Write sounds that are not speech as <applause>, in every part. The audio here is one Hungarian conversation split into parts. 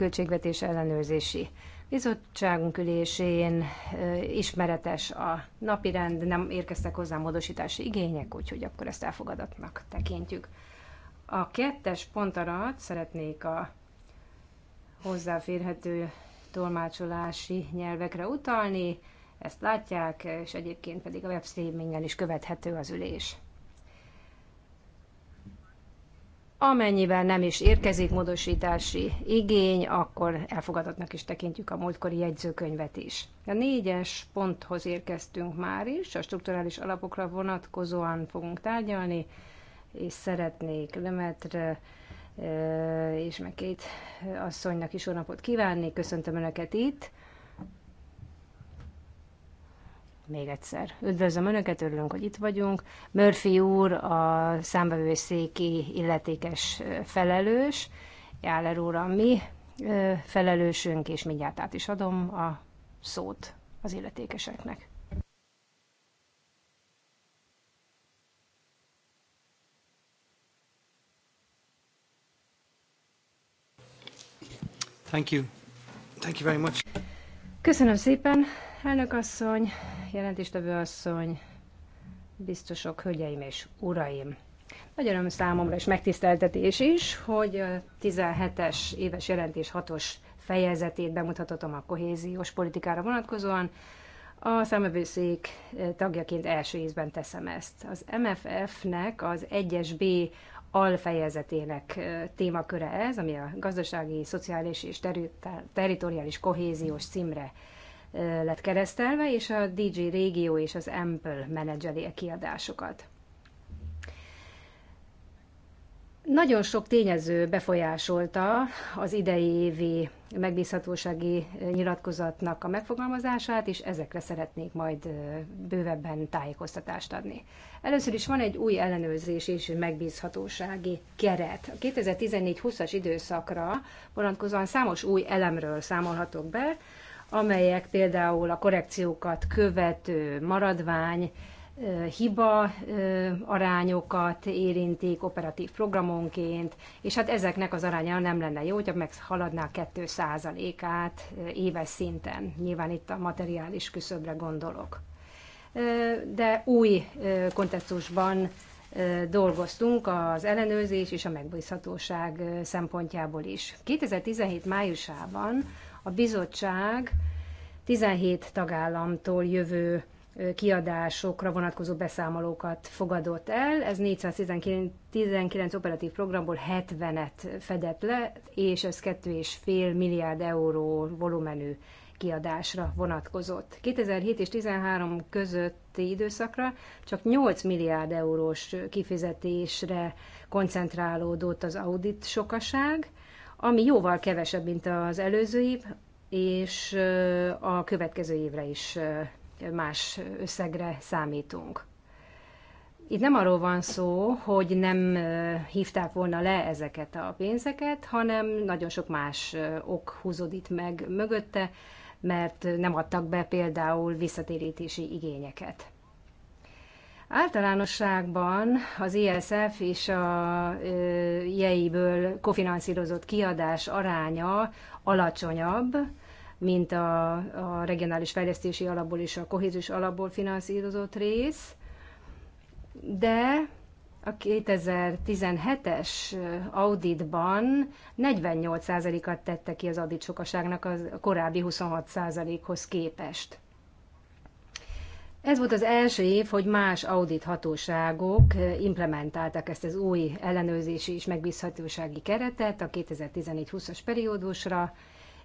Költségvetés Ellenőrzési Bizottságunk ülésén ismeretes a napirend, nem érkeztek hozzá módosítási igények, úgyhogy akkor ezt elfogadatnak tekintjük. A kettes pont alatt szeretnék a hozzáférhető tolmácsolási nyelvekre utalni, ezt látják, és egyébként pedig a webstreamingen is követhető az ülés. Amennyiben nem is érkezik módosítási igény, akkor elfogadottnak is tekintjük a múltkori jegyzőkönyvet is. A négyes ponthoz érkeztünk már is, a strukturális alapokra vonatkozóan fogunk tárgyalni, és szeretnék Lemetre eh, és meg két asszonynak is jó napot kívánni. Köszöntöm Önöket itt még egyszer. Üdvözlöm Önöket, örülünk, hogy itt vagyunk. Murphy úr a számbevőszéki illetékes felelős, Jáler úr a mi felelősünk, és mindjárt át is adom a szót az illetékeseknek. Thank you. Thank you very much. Köszönöm szépen, elnök asszony, jelentéstevő asszony, biztosok, hölgyeim és uraim! Nagy öröm számomra és megtiszteltetés is, hogy a 17-es éves jelentés 6-os fejezetét bemutathatom a kohéziós politikára vonatkozóan. A számövőszék eh, tagjaként első ízben teszem ezt. Az MFF-nek az 1-es B alfejezetének eh, témaköre ez, ami a gazdasági, szociális és teritoriális kohéziós címre lett keresztelve, és a DJ Régió és az Ample menedzseli a e kiadásokat. Nagyon sok tényező befolyásolta az idei évi megbízhatósági nyilatkozatnak a megfogalmazását, és ezekre szeretnék majd bővebben tájékoztatást adni. Először is van egy új ellenőrzés és megbízhatósági keret. A 2014-20-as időszakra vonatkozóan számos új elemről számolhatok be, amelyek például a korrekciókat követő maradvány, hiba arányokat érintik operatív programonként, és hát ezeknek az aránya nem lenne jó, hogyha meghaladná 2%-át éves szinten. Nyilván itt a materiális küszöbre gondolok. De új kontextusban dolgoztunk az ellenőrzés és a megbízhatóság szempontjából is. 2017 májusában a bizottság 17 tagállamtól jövő kiadásokra vonatkozó beszámolókat fogadott el. Ez 419 operatív programból 70-et fedett le, és ez 2,5 milliárd euró volumenű kiadásra vonatkozott. 2007 és 2013 közötti időszakra csak 8 milliárd eurós kifizetésre koncentrálódott az audit sokaság, ami jóval kevesebb, mint az előző év, és a következő évre is más összegre számítunk. Itt nem arról van szó, hogy nem hívták volna le ezeket a pénzeket, hanem nagyon sok más ok húzódik meg mögötte, mert nem adtak be például visszatérítési igényeket. Általánosságban az ISF és a jeiből kofinanszírozott kiadás aránya alacsonyabb, mint a, a regionális fejlesztési alapból és a kohézus alapból finanszírozott rész, de a 2017-es auditban 48%-at tette ki az adicsokaságnak a korábbi 26%-hoz képest. Ez volt az első év, hogy más audit hatóságok eh, implementálták ezt az új ellenőrzési és megbízhatósági keretet a 2014-20-as periódusra,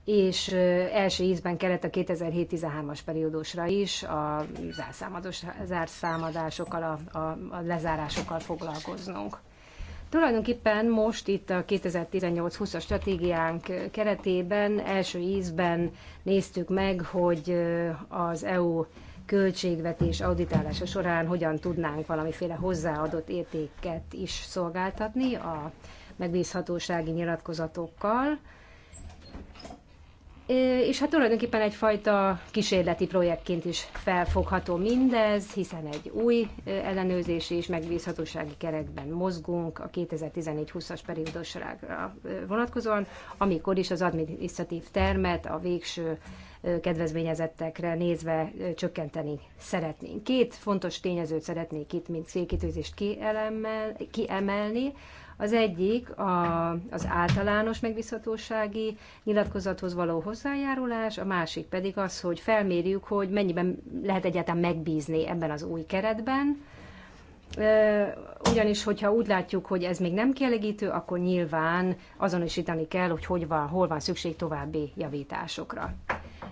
és eh, első ízben keret a 2007-13-as periódusra is a zárszámadásokkal, a, a, a lezárásokkal foglalkoznunk. Tulajdonképpen most itt a 2018-20-as stratégiánk eh, keretében első ízben néztük meg, hogy az EU költségvetés auditálása során hogyan tudnánk valamiféle hozzáadott értéket is szolgáltatni a megbízhatósági nyilatkozatokkal, és hát tulajdonképpen egyfajta kísérleti projektként is felfogható mindez, hiszen egy új ellenőrzési és megbízhatósági keretben mozgunk a 2014-20-as periódusra vonatkozóan, amikor is az administratív termet a végső kedvezményezettekre nézve csökkenteni szeretnénk. Két fontos tényezőt szeretnék itt, mint célkitűzést kiemelni. Az egyik a, az általános megbízhatósági nyilatkozathoz való hozzájárulás, a másik pedig az, hogy felmérjük, hogy mennyiben lehet egyáltalán megbízni ebben az új keretben. Ugyanis, hogyha úgy látjuk, hogy ez még nem kielégítő, akkor nyilván azonosítani kell, hogy, hogy van, hol van szükség további javításokra.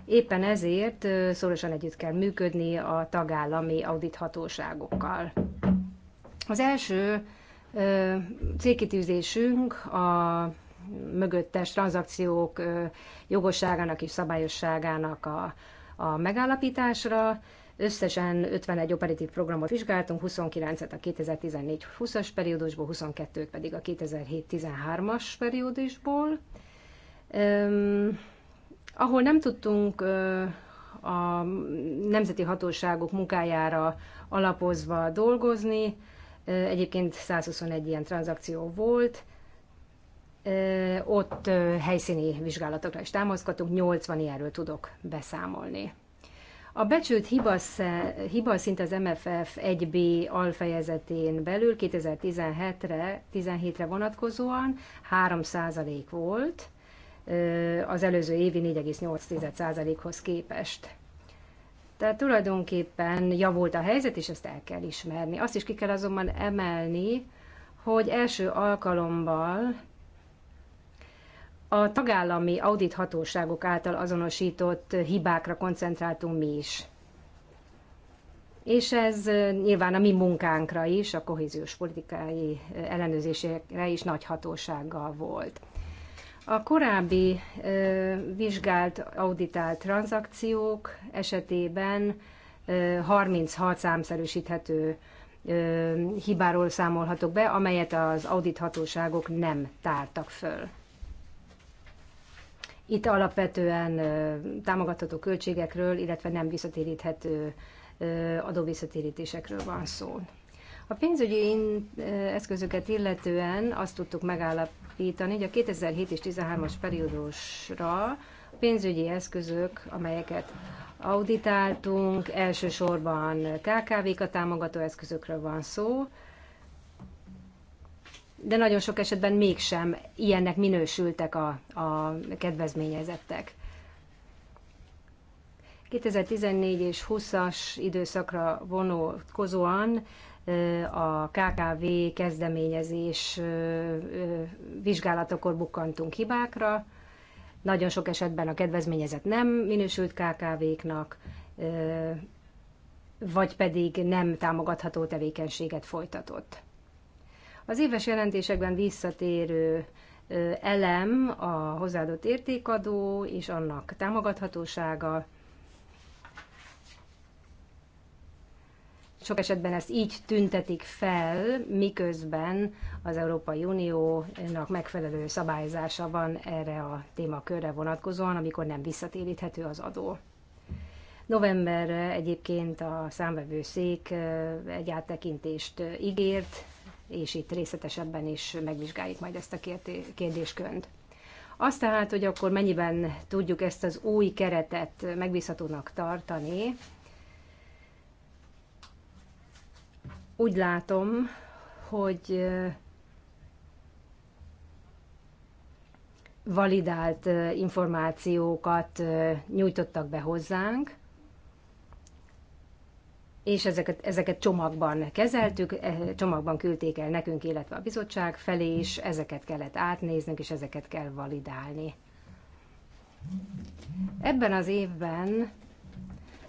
Éppen ezért szorosan együtt kell működni a tagállami audithatóságokkal. Az első célkitűzésünk a mögöttes tranzakciók jogosságának és szabályosságának a, a megállapításra. Összesen 51 operatív programot vizsgáltunk, 29-et a 2014-20-as periódusból, 22 pedig a 2007-13-as periódusból. Um, ahol nem tudtunk a nemzeti hatóságok munkájára alapozva dolgozni, Egyébként 121 ilyen tranzakció volt, ott helyszíni vizsgálatokra is támaszkodtunk, 80 ilyenről tudok beszámolni. A becsült hibaszint az MFF 1B alfejezetén belül 2017-re 17-re vonatkozóan 3% volt, az előző évi 4,8%-hoz képest. Tehát tulajdonképpen javult a helyzet, és ezt el kell ismerni. Azt is ki kell azonban emelni, hogy első alkalommal a tagállami audithatóságok által azonosított hibákra koncentráltunk mi is. És ez nyilván a mi munkánkra is, a kohéziós politikai ellenőrzésekre is nagy hatósággal volt. A korábbi ö, vizsgált, auditált tranzakciók esetében ö, 36 számszerűsíthető ö, hibáról számolhatok be, amelyet az audithatóságok nem tártak föl. Itt alapvetően ö, támogatható költségekről, illetve nem visszatéríthető ö, adóvisszatérítésekről van szó. A pénzügyi eszközöket illetően azt tudtuk megállap, megállapítani, hogy a 2007 és 2013-as periódusra pénzügyi eszközök, amelyeket auditáltunk, elsősorban KKV-kat támogató eszközökről van szó, de nagyon sok esetben mégsem ilyennek minősültek a, a kedvezményezettek. 2014 és 20-as időszakra vonatkozóan a KKV kezdeményezés vizsgálatakor bukkantunk hibákra. Nagyon sok esetben a kedvezményezett nem minősült KKV-knak, vagy pedig nem támogatható tevékenységet folytatott. Az éves jelentésekben visszatérő elem a hozzáadott értékadó és annak támogathatósága, sok esetben ezt így tüntetik fel, miközben az Európai Uniónak megfelelő szabályzása van erre a témakörre vonatkozóan, amikor nem visszatéríthető az adó. November egyébként a számvevőszék egy áttekintést ígért, és itt részletesebben is megvizsgáljuk majd ezt a kérdéskönt. Azt tehát, hogy akkor mennyiben tudjuk ezt az új keretet megbízhatónak tartani, Úgy látom, hogy validált információkat nyújtottak be hozzánk, és ezeket, ezeket csomagban kezeltük, e, csomagban küldték el nekünk, illetve a bizottság felé is, ezeket kellett átnéznünk, és ezeket kell validálni. Ebben az évben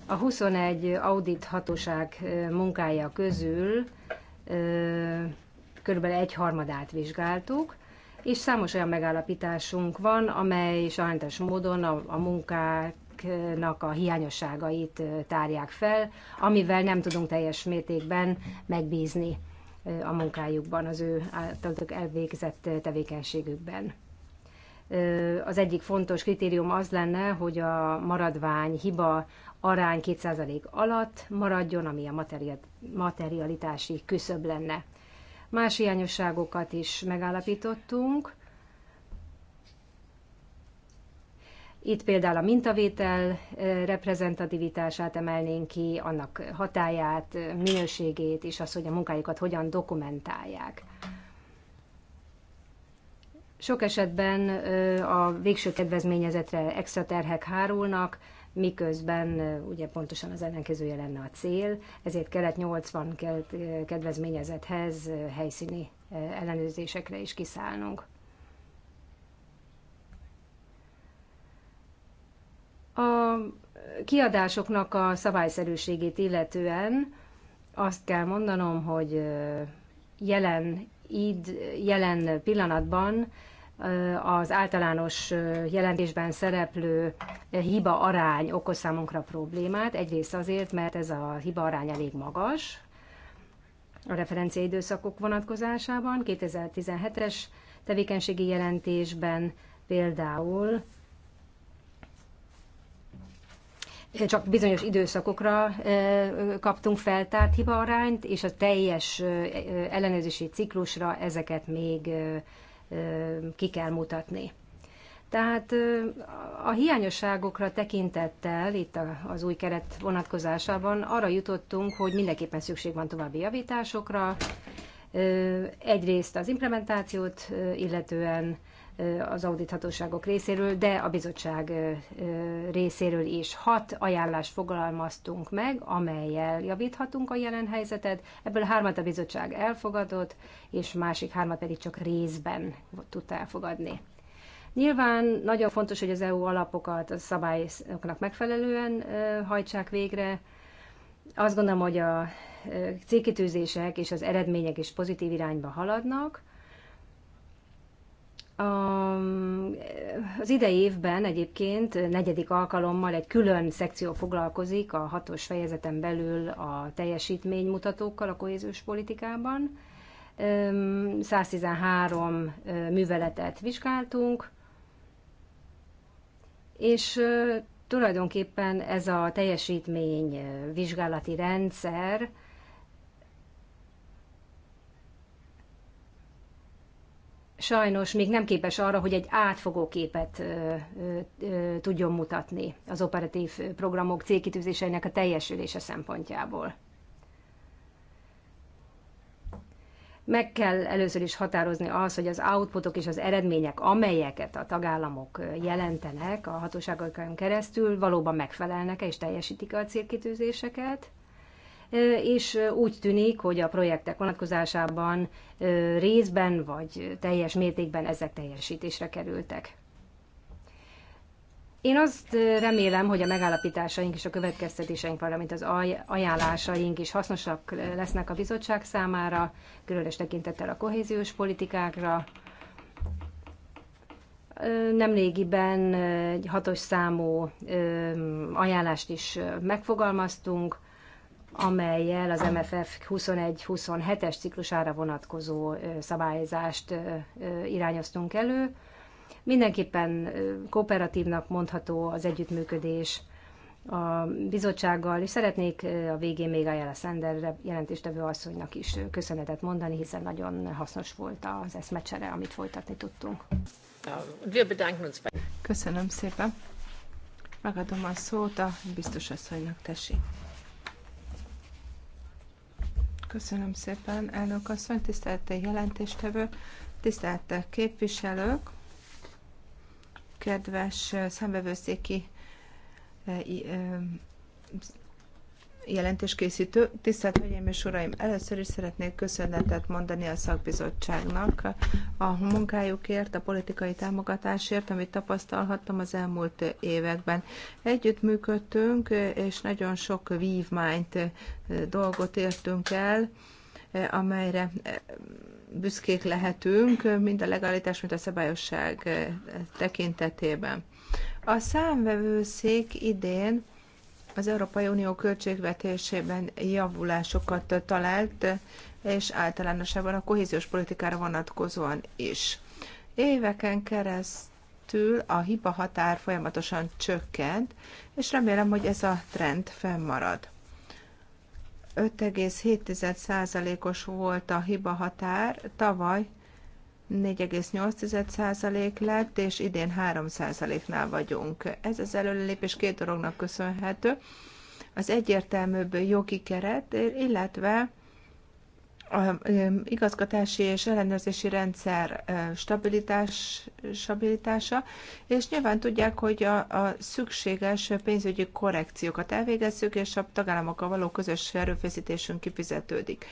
a 21 audit hatóság munkája közül körülbelül egy harmadát vizsgáltuk, és számos olyan megállapításunk van, amely sajnos módon a, a munkáknak a hiányosságait tárják fel, amivel nem tudunk teljes mértékben megbízni a munkájukban, az ő általuk elvégzett tevékenységükben. Az egyik fontos kritérium az lenne, hogy a maradvány hiba arány 2% alatt maradjon, ami a materialitási küszöb lenne. Más hiányosságokat is megállapítottunk. Itt például a mintavétel reprezentativitását emelnénk ki, annak hatáját, minőségét és az, hogy a munkájukat hogyan dokumentálják. Sok esetben a végső kedvezményezetre extra terhek hárulnak, miközben ugye pontosan az ellenkezője lenne a cél, ezért kellett 80 kedvezményezethez helyszíni ellenőrzésekre is kiszállnunk. A kiadásoknak a szabályszerűségét illetően azt kell mondanom, hogy jelen, id, jelen pillanatban az általános jelentésben szereplő hiba arány okoz számunkra problémát. Egyrészt azért, mert ez a hiba arány elég magas a referenciaidőszakok vonatkozásában. 2017-es tevékenységi jelentésben például csak bizonyos időszakokra kaptunk feltárt hibaarányt, és a teljes ellenőrzési ciklusra ezeket még ki kell mutatni. Tehát a hiányosságokra tekintettel itt az új keret vonatkozásában arra jutottunk, hogy mindenképpen szükség van további javításokra. Egyrészt az implementációt illetően, az audíthatóságok részéről, de a bizottság részéről is hat ajánlást fogalmaztunk meg, amelyel javíthatunk a jelen helyzetet. Ebből hármat a bizottság elfogadott, és másik hármat pedig csak részben tudta elfogadni. Nyilván nagyon fontos, hogy az EU alapokat a szabályoknak megfelelően hajtsák végre. Azt gondolom, hogy a cégkitűzések és az eredmények is pozitív irányba haladnak, a, az idei évben egyébként negyedik alkalommal egy külön szekció foglalkozik a hatos fejezeten belül a teljesítménymutatókkal a kohéziós politikában. 113 műveletet vizsgáltunk, és tulajdonképpen ez a teljesítmény vizsgálati rendszer sajnos még nem képes arra, hogy egy átfogó képet ö, ö, tudjon mutatni az operatív programok célkitűzéseinek a teljesülése szempontjából. Meg kell először is határozni az, hogy az outputok és az eredmények, amelyeket a tagállamok jelentenek a hatóságokon keresztül, valóban megfelelnek-e és teljesítik a célkitűzéseket és úgy tűnik, hogy a projektek vonatkozásában részben vagy teljes mértékben ezek teljesítésre kerültek. Én azt remélem, hogy a megállapításaink és a következtetéseink, valamint az ajánlásaink is hasznosak lesznek a bizottság számára, különös tekintettel a kohéziós politikákra. Nemrégiben egy hatos számú ajánlást is megfogalmaztunk, amelyel az MFF 21-27-es ciklusára vonatkozó szabályozást irányoztunk elő. Mindenképpen kooperatívnak mondható az együttműködés a bizottsággal, és szeretnék a végén még Ajala Szender jelentéstevő asszonynak is köszönetet mondani, hiszen nagyon hasznos volt az eszmecsere, amit folytatni tudtunk. Köszönöm szépen. Megadom a szót a biztos asszonynak, tessék. Köszönöm szépen, elnök asszony, tisztelt jelentéstevő, tisztelt képviselők, kedves eh, szembevőszéki eh, eh, jelentéskészítő. Tisztelt Hölgyeim és Uraim, először is szeretnék köszönetet mondani a szakbizottságnak a munkájukért, a politikai támogatásért, amit tapasztalhattam az elmúlt években. Együttműködtünk, és nagyon sok vívmányt, eh, dolgot értünk el, eh, amelyre eh, büszkék lehetünk, mind a legalitás, mind a szabályosság tekintetében. A számvevőszék idén az Európai Unió költségvetésében javulásokat talált, és általánosában a kohéziós politikára vonatkozóan is. Éveken keresztül a hiba határ folyamatosan csökkent, és remélem, hogy ez a trend fennmarad. 5,7%-os volt a hiba határ, tavaly 4,8% lett, és idén 3%-nál vagyunk. Ez az előlépés két dolognak köszönhető. Az egyértelműbb jogi keret, illetve a igazgatási és ellenőrzési rendszer stabilitás, stabilitása, és nyilván tudják, hogy a, a szükséges pénzügyi korrekciókat elvégezzük, és a tagállamokkal való közös erőfeszítésünk kifizetődik.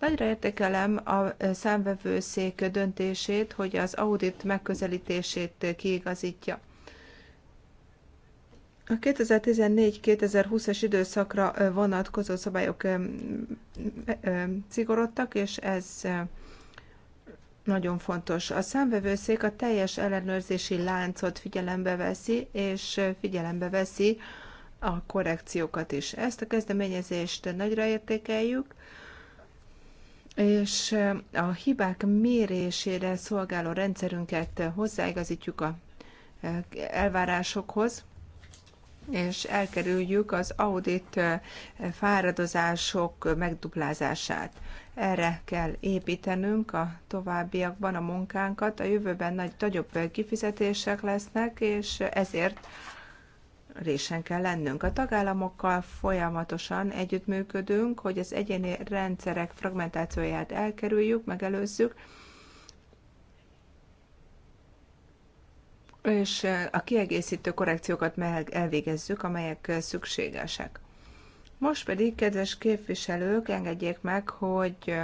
Nagyra értékelem a számvevőszék döntését, hogy az audit megközelítését kiigazítja. A 2014 2020 es időszakra vonatkozó szabályok szigorodtak, és ez nagyon fontos. A számvevőszék a teljes ellenőrzési láncot figyelembe veszi, és figyelembe veszi a korrekciókat is. Ezt a kezdeményezést nagyra értékeljük, és a hibák mérésére szolgáló rendszerünket hozzáigazítjuk a elvárásokhoz, és elkerüljük az audit fáradozások megduplázását. Erre kell építenünk a továbbiakban a munkánkat. A jövőben nagy, nagyobb kifizetések lesznek, és ezért résen kell lennünk. A tagállamokkal folyamatosan együttműködünk, hogy az egyéni rendszerek fragmentációját elkerüljük, megelőzzük, és a kiegészítő korrekciókat elvégezzük, amelyek szükségesek. Most pedig, kedves képviselők, engedjék meg, hogy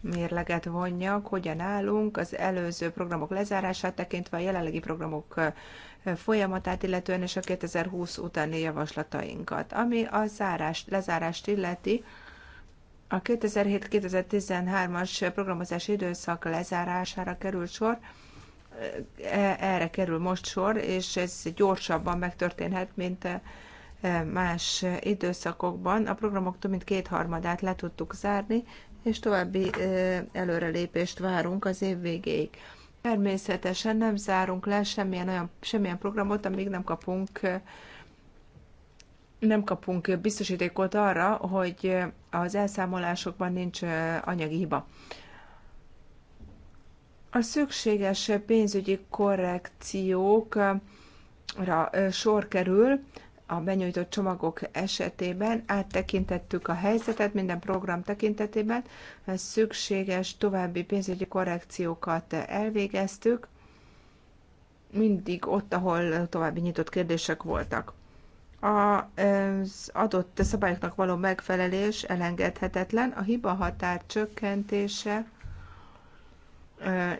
mérleget vonjak, hogyan állunk az előző programok lezárását tekintve a jelenlegi programok folyamatát, illetően és a 2020 utáni javaslatainkat. Ami a zárást, lezárást illeti, a 2007-2013-as programozási időszak lezárására került sor, e, erre kerül most sor, és ez gyorsabban megtörténhet, mint e, más időszakokban. A programok több mint kétharmadát le tudtuk zárni, és további e, előrelépést várunk az év végéig. Természetesen nem zárunk le semmilyen, olyan, semmilyen programot, amíg nem kapunk nem kapunk biztosítékot arra, hogy az elszámolásokban nincs anyagi hiba. A szükséges pénzügyi korrekciókra sor kerül, a benyújtott csomagok esetében áttekintettük a helyzetet minden program tekintetében, szükséges további pénzügyi korrekciókat elvégeztük, mindig ott, ahol további nyitott kérdések voltak. Az adott szabályoknak való megfelelés elengedhetetlen, a hiba határ csökkentése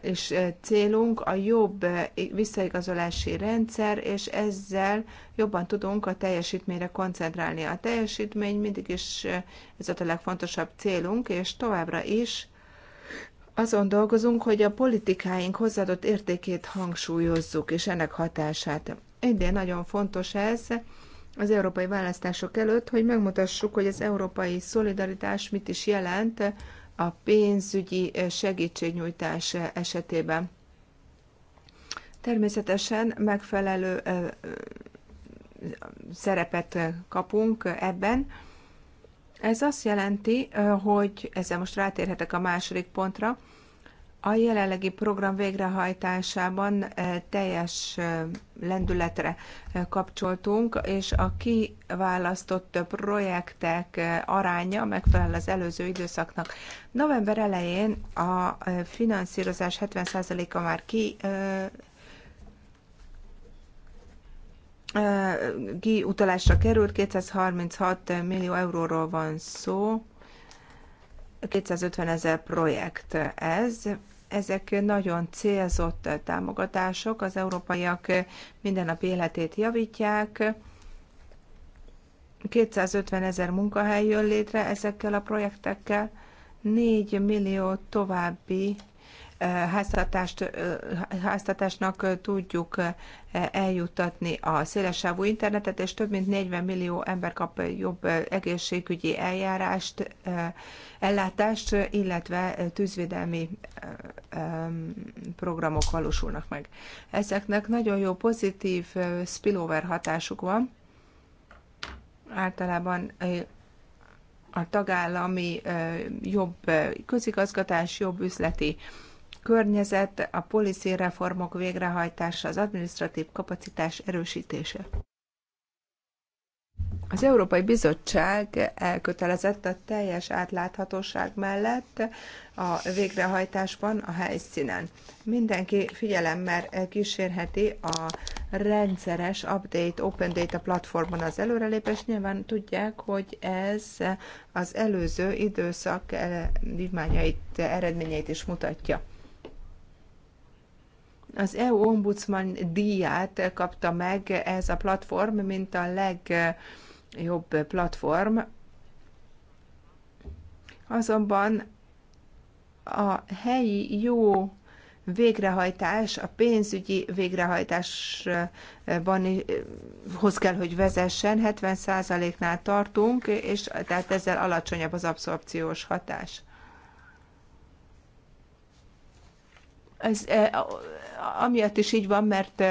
és célunk a jobb visszaigazolási rendszer, és ezzel jobban tudunk a teljesítményre koncentrálni. A teljesítmény mindig is ez a legfontosabb célunk, és továbbra is azon dolgozunk, hogy a politikáink hozzáadott értékét hangsúlyozzuk, és ennek hatását. Egyébként nagyon fontos ez, az európai választások előtt, hogy megmutassuk, hogy az európai szolidaritás mit is jelent a pénzügyi eh, segítségnyújtás eh, esetében. Természetesen megfelelő eh, szerepet kapunk ebben. Ez azt jelenti, hogy ezzel most rátérhetek a második pontra, a jelenlegi program végrehajtásában eh, teljes eh, lendületre eh, kapcsoltunk, és a kiválasztott projektek aránya megfelel az előző időszaknak. November elején a finanszírozás 70%-a már ki kiutalásra került, 236 millió euróról van szó, 250 ezer projekt ez, ezek nagyon célzott támogatások, az európaiak mindennapi életét javítják, 250 ezer munkahely jön létre ezekkel a projektekkel, 4 millió további háztartást, háztartásnak tudjuk eljuttatni a szélesávú internetet, és több mint 40 millió ember kap jobb egészségügyi eljárást, ellátást, illetve tűzvédelmi programok valósulnak meg. Ezeknek nagyon jó pozitív spillover hatásuk van. Általában a tagállami jobb közigazgatás, jobb üzleti környezet, a policy reformok végrehajtása, az administratív kapacitás erősítése. Az Európai Bizottság elkötelezett a teljes átláthatóság mellett a végrehajtásban a helyszínen. Mindenki figyelemmel kísérheti a rendszeres update, open data platformon az előrelépés. Nyilván tudják, hogy ez az előző időszak eh, vívmányait, eredményeit is mutatja. Az EU Ombudsman díját kapta meg ez a platform, mint a legjobb platform. Azonban a helyi jó végrehajtás, a pénzügyi végrehajtásban hoz kell, hogy vezessen, 70%-nál tartunk, és tehát ezzel alacsonyabb az abszorpciós hatás. Ez, e, amiatt is így van, mert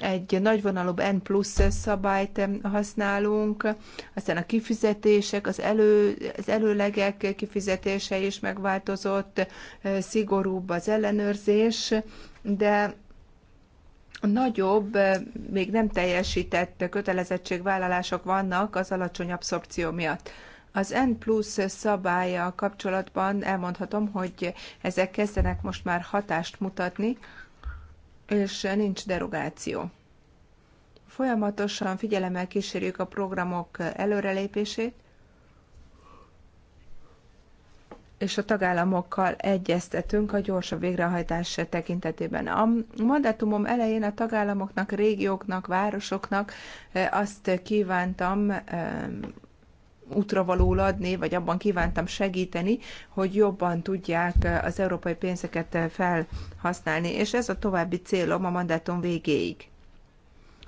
egy nagyvonalúbb N plusz szabályt használunk, aztán a kifizetések, az, elő, az előlegek kifizetése is megváltozott, szigorúbb az ellenőrzés, de nagyobb, még nem teljesített kötelezettségvállalások vannak az alacsony abszorpció miatt. Az N plusz szabálya kapcsolatban elmondhatom, hogy ezek kezdenek most már hatást mutatni, és nincs derogáció. Folyamatosan figyelemmel kísérjük a programok előrelépését, és a tagállamokkal egyeztetünk a gyorsabb végrehajtás tekintetében. A mandátumom elején a tagállamoknak, régióknak, városoknak eh, azt kívántam eh, útra való adni, vagy abban kívántam segíteni, hogy jobban tudják eh, az európai pénzeket eh, felhasználni, és ez a további célom a mandátum végéig.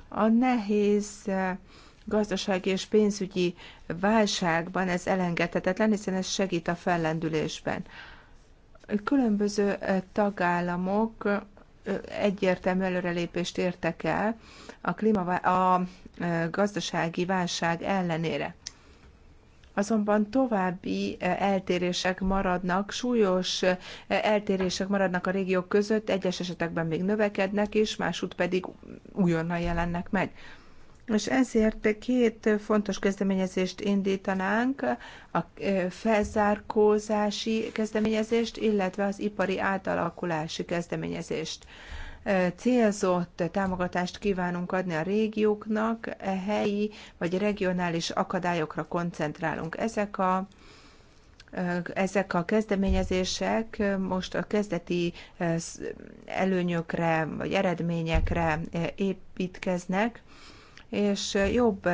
A nehéz eh, gazdasági és pénzügyi válságban ez elengedhetetlen, hiszen ez segít a fellendülésben. Különböző tagállamok egyértelmű előrelépést értek el a, klíma, a gazdasági válság ellenére azonban további e, eltérések maradnak, súlyos e, eltérések maradnak a régiók között, egyes esetekben még növekednek és másút pedig újonnan jelennek meg. És ezért két fontos kezdeményezést indítanánk, a e, felzárkózási kezdeményezést, illetve az ipari átalakulási kezdeményezést célzott támogatást kívánunk adni a régióknak, e helyi vagy regionális akadályokra koncentrálunk. Ezek a ezek a kezdeményezések most a kezdeti előnyökre vagy eredményekre építkeznek, és jobb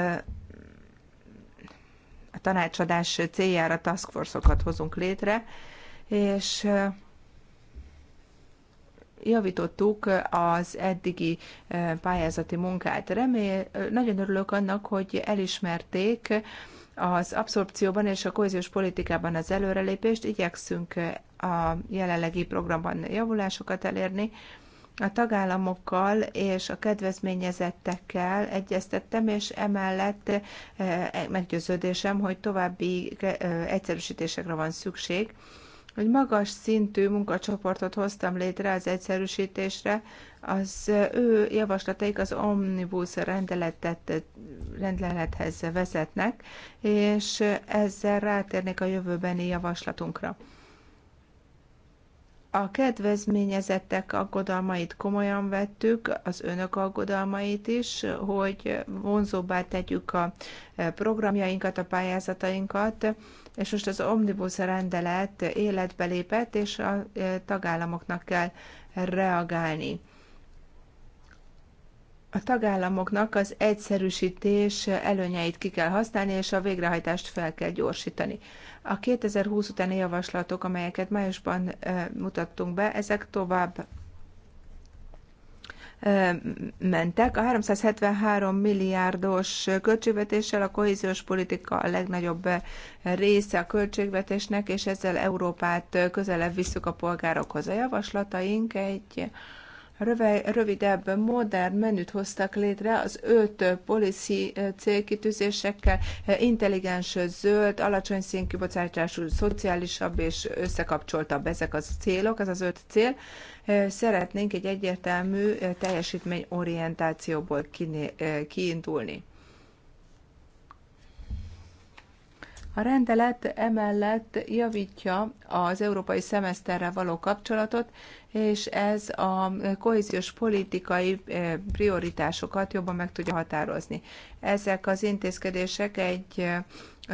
a tanácsadás céljára taskforce-okat hozunk létre, és javítottuk az eddigi eh, pályázati munkát. Remél, nagyon örülök annak, hogy elismerték az abszorpcióban és a kohéziós politikában az előrelépést, igyekszünk eh, a jelenlegi programban javulásokat elérni. A tagállamokkal és a kedvezményezettekkel egyeztettem, és emellett eh, meggyőződésem, hogy további egyszerűsítésekre van szükség hogy magas szintű munkacsoportot hoztam létre az egyszerűsítésre, az ő javaslataik az omnibus rendelethez vezetnek, és ezzel rátérnék a jövőbeni javaslatunkra. A kedvezményezettek aggodalmait komolyan vettük, az önök aggodalmait is, hogy vonzóbbá tegyük a programjainkat, a pályázatainkat, és most az omnibus rendelet életbe lépett, és a e, tagállamoknak kell reagálni. A tagállamoknak az egyszerűsítés előnyeit ki kell használni, és a végrehajtást fel kell gyorsítani. A 2020 utáni javaslatok, amelyeket májusban e, mutattunk be, ezek tovább mentek. A 373 milliárdos költségvetéssel a kohéziós politika a legnagyobb része a költségvetésnek, és ezzel Európát közelebb visszük a polgárokhoz. A javaslataink egy rövidebb, modern menüt hoztak létre az öt policy célkitűzésekkel, intelligens, zöld, alacsony szénkibocsátású, szociálisabb és összekapcsoltabb ezek az célok, ez az öt cél szeretnénk egy egyértelmű teljesítményorientációból kiindulni. A rendelet emellett javítja az európai szemeszterrel való kapcsolatot, és ez a kohéziós politikai prioritásokat jobban meg tudja határozni. Ezek az intézkedések egy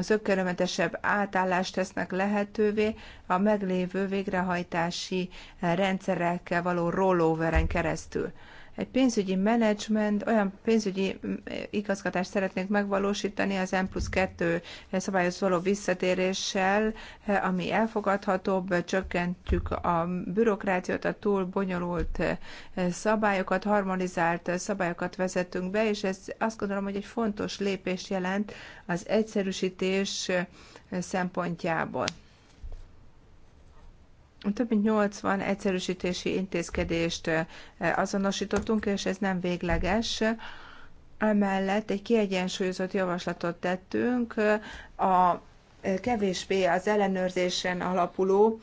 ökörömetesebb átállást tesznek lehetővé a meglévő végrehajtási rendszerekkel való rollover keresztül egy pénzügyi menedzsment, olyan pénzügyi igazgatást szeretnénk megvalósítani az M plusz 2 szabályhoz való visszatéréssel, eh, ami elfogadhatóbb, csökkentjük a bürokrációt, a túl bonyolult eh, szabályokat, harmonizált szabályokat vezetünk be, és ez azt gondolom, hogy egy fontos lépés jelent az egyszerűsítés eh, szempontjából több mint 80 egyszerűsítési intézkedést azonosítottunk, és ez nem végleges. Emellett egy kiegyensúlyozott javaslatot tettünk a kevésbé az ellenőrzésen alapuló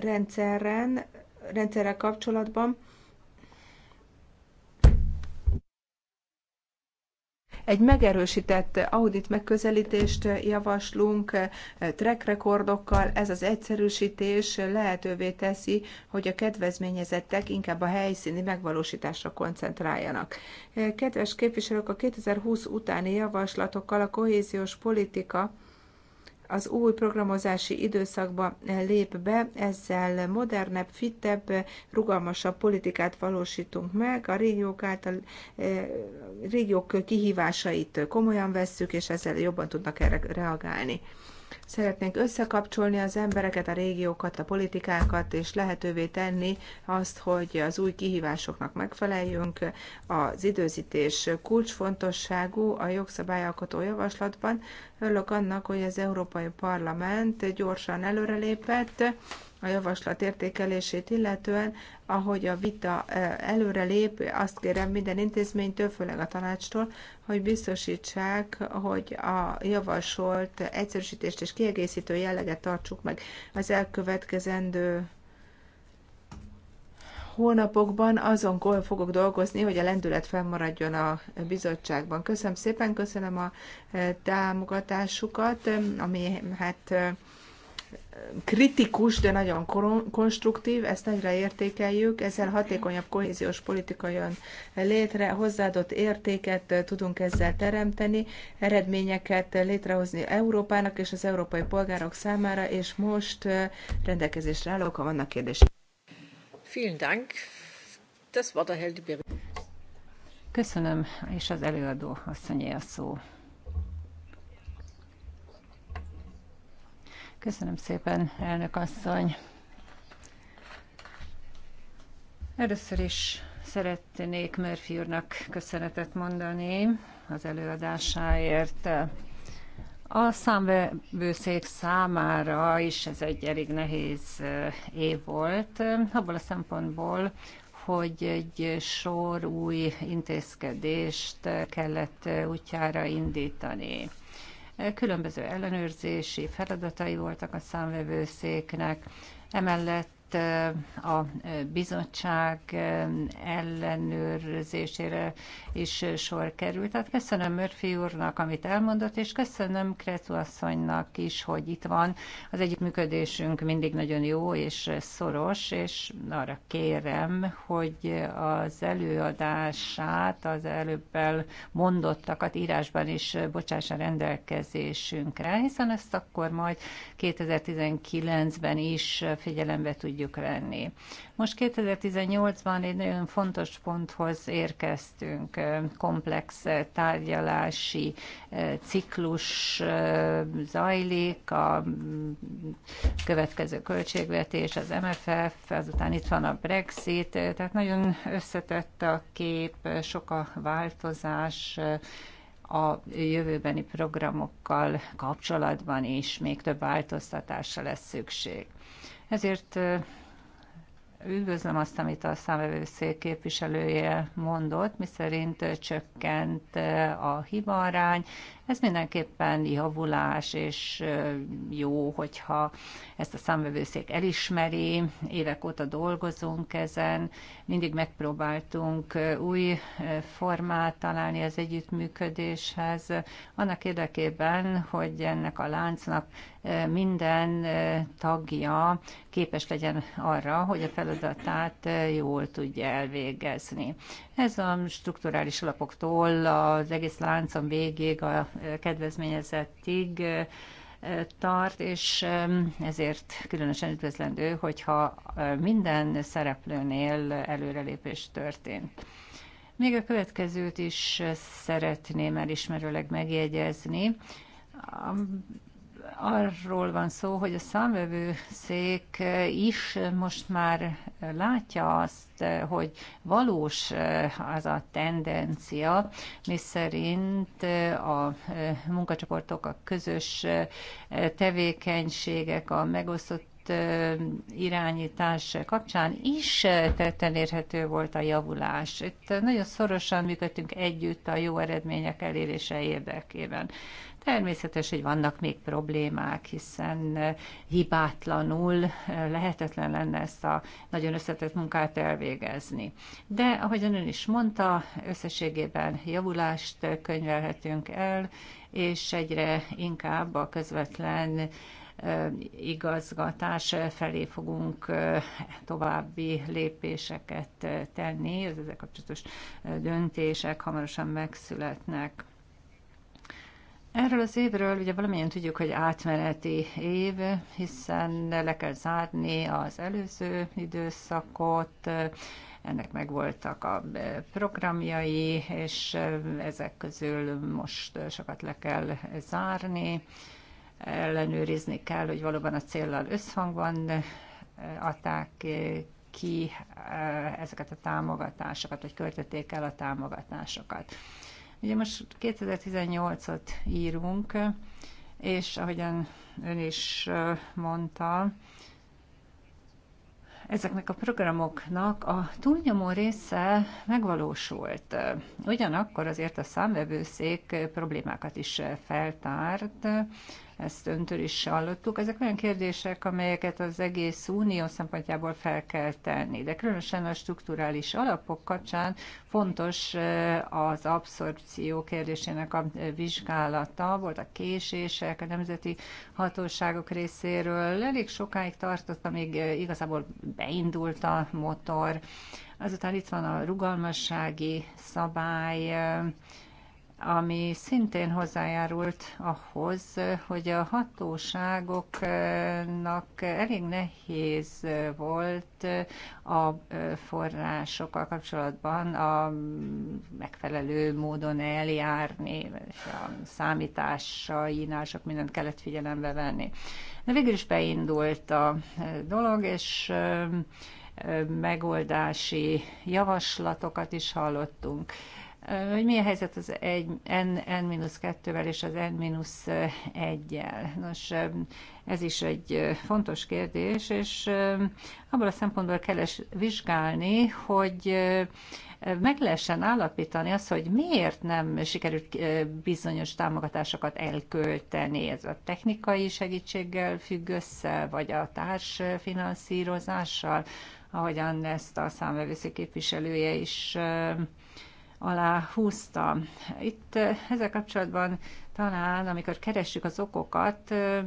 rendszeren, rendszerrel kapcsolatban, Egy megerősített audit megközelítést javaslunk eh, track recordokkal. Ez az egyszerűsítés lehetővé teszi, hogy a kedvezményezettek inkább a helyszíni megvalósításra koncentráljanak. Eh, kedves képviselők, a 2020 utáni javaslatokkal a kohéziós politika az új programozási időszakba lép be, ezzel modernebb, fittebb, rugalmasabb politikát valósítunk meg, a régiók, által, eh, régiók kihívásait komolyan vesszük, és ezzel jobban tudnak erre reagálni. Szeretnénk összekapcsolni az embereket, a régiókat, a politikákat, és lehetővé tenni azt, hogy az új kihívásoknak megfeleljünk. Az időzítés kulcsfontosságú a jogszabályalkotó javaslatban. Örülök annak, hogy az Európai Parlament gyorsan előrelépett, a javaslat értékelését illetően, ahogy a vita eh, előre lép, azt kérem minden intézménytől, főleg a tanácstól, hogy biztosítsák, hogy a javasolt egyszerűsítést és kiegészítő jelleget tartsuk meg az elkövetkezendő hónapokban azon fogok dolgozni, hogy a lendület fennmaradjon a bizottságban. Köszönöm szépen, köszönöm a eh, támogatásukat, ami hát eh, kritikus, de nagyon konstruktív, ezt nagyra értékeljük, ezzel hatékonyabb kohéziós politika jön létre, hozzáadott értéket eh, tudunk ezzel teremteni, eredményeket létrehozni Európának és az európai polgárok számára, és most eh, rendelkezésre állok, ha vannak kérdések. Vielen Dank. Das war der Köszönöm, és az előadó asszonyé a szó. Köszönöm szépen, elnök asszony. Először is szeretnék Murphy úrnak köszönetet mondani az előadásáért. A számvevőszék számára is ez egy elég nehéz eh, év volt, abból a szempontból, hogy egy sor új intézkedést kellett útjára indítani. Különböző ellenőrzési feladatai voltak a számvevőszéknek, emellett ezért a bizottság ellenőrzésére is sor került. Tehát köszönöm Murphy úrnak, amit elmondott, és köszönöm Kretu asszonynak is, hogy itt van. Az együttműködésünk mindig nagyon jó és szoros, és arra kérem, hogy az előadását, az előbb mondottakat írásban is bocsássa rendelkezésünkre, hiszen ezt akkor majd 2019-ben is figyelembe tudjuk tudjuk venni. Most 2018-ban egy nagyon fontos ponthoz érkeztünk, komplex tárgyalási ciklus zajlik, a következő költségvetés, az MFF, azután itt van a Brexit, tehát nagyon összetett a kép, sok a változás, a jövőbeni programokkal kapcsolatban is még több változtatásra lesz szükség. Ezért üdvözlöm azt, amit a számvevőszék képviselője mondott, miszerint csökkent a hibarány, ez mindenképpen javulás, és jó, hogyha ezt a számvevőszék elismeri. Évek óta dolgozunk ezen, mindig megpróbáltunk új formát találni az együttműködéshez, annak érdekében, hogy ennek a láncnak minden tagja képes legyen arra, hogy a feladatát jól tudja elvégezni. Ez a strukturális alapoktól az egész láncon végig a kedvezményezettig tart, és ezért különösen üdvözlendő, hogyha minden szereplőnél előrelépés történt. Még a következőt is szeretném elismerőleg megjegyezni arról van szó, hogy a számvevőszék is most már látja azt, hogy valós eh, az a tendencia, mi szerint eh, a eh, munkacsoportok, a közös tevékenységek, a megosztott irányítás kapcsán is tetten érhető volt a javulás. Itt nagyon szorosan működtünk együtt a jó eredmények elérése érdekében. Természetes, hogy vannak még problémák, hiszen eh, hibátlanul eh, lehetetlen lenne ezt a nagyon összetett munkát elvégezni. De ahogy ön is mondta, összességében javulást eh, könyvelhetünk el, és egyre inkább a közvetlen igazgatás felé fogunk további lépéseket tenni. Az ezzel kapcsolatos döntések hamarosan megszületnek. Erről az évről ugye valamilyen tudjuk, hogy átmeneti év, hiszen le kell zárni az előző időszakot, ennek megvoltak a programjai, és ezek közül most sokat le kell zárni, ellenőrizni kell, hogy valóban a céllal összhangban adták ki eh, ezeket a támogatásokat, vagy költötték el a támogatásokat. Ugye most 2018 ot írunk, és ahogyan ön is mondta, ezeknek a programoknak a túlnyomó része megvalósult. Ugyanakkor azért a számvevőszék problémákat is feltárt, ezt öntől is hallottuk. Ezek olyan kérdések, amelyeket az egész unió szempontjából fel kell tenni, de különösen a strukturális alapok kapcsán fontos az abszorpció kérdésének a vizsgálata, voltak késések a nemzeti hatóságok részéről, elég sokáig tartott, amíg igazából beindult a motor, Azután itt van a rugalmassági szabály, ami szintén hozzájárult ahhoz, hogy a hatóságoknak elég nehéz volt a forrásokkal kapcsolatban a megfelelő módon eljárni, és a számításainál sok mindent kellett figyelembe venni. De végül is beindult a dolog, és megoldási javaslatokat is hallottunk hogy mi a helyzet az egy, N-2-vel és az N-1-jel. Nos, ez is egy fontos kérdés, és abból a szempontból kell vizsgálni, hogy meg lehessen állapítani azt, hogy miért nem sikerült bizonyos támogatásokat elkölteni. Ez a technikai segítséggel függ össze, vagy a társfinanszírozással, ahogyan ezt a számvevőszék képviselője is alá húzta. Itt eh, ezzel kapcsolatban talán, amikor keressük az okokat, eh,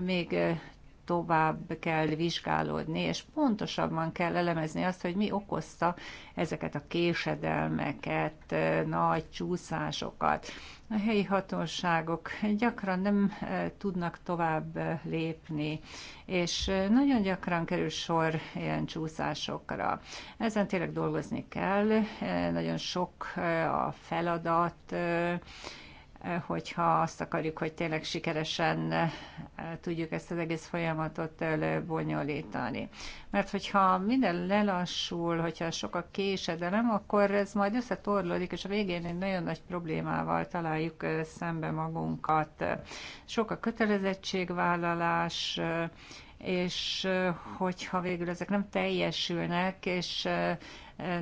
még eh, tovább kell vizsgálódni, és pontosabban kell elemezni azt, hogy mi okozta ezeket a késedelmeket, nagy csúszásokat. A helyi hatóságok gyakran nem tudnak tovább lépni, és nagyon gyakran kerül sor ilyen csúszásokra. Ezen tényleg dolgozni kell, nagyon sok a feladat, hogyha azt akarjuk, hogy tényleg sikeresen eh, tudjuk ezt az egész folyamatot eh, bonyolítani. Mert hogyha minden lelassul, hogyha sok a késedelem, akkor ez majd összetorlódik, és a végén egy nagyon nagy problémával találjuk eh, szembe magunkat. Sok a kötelezettségvállalás, és hogyha végül ezek nem teljesülnek, és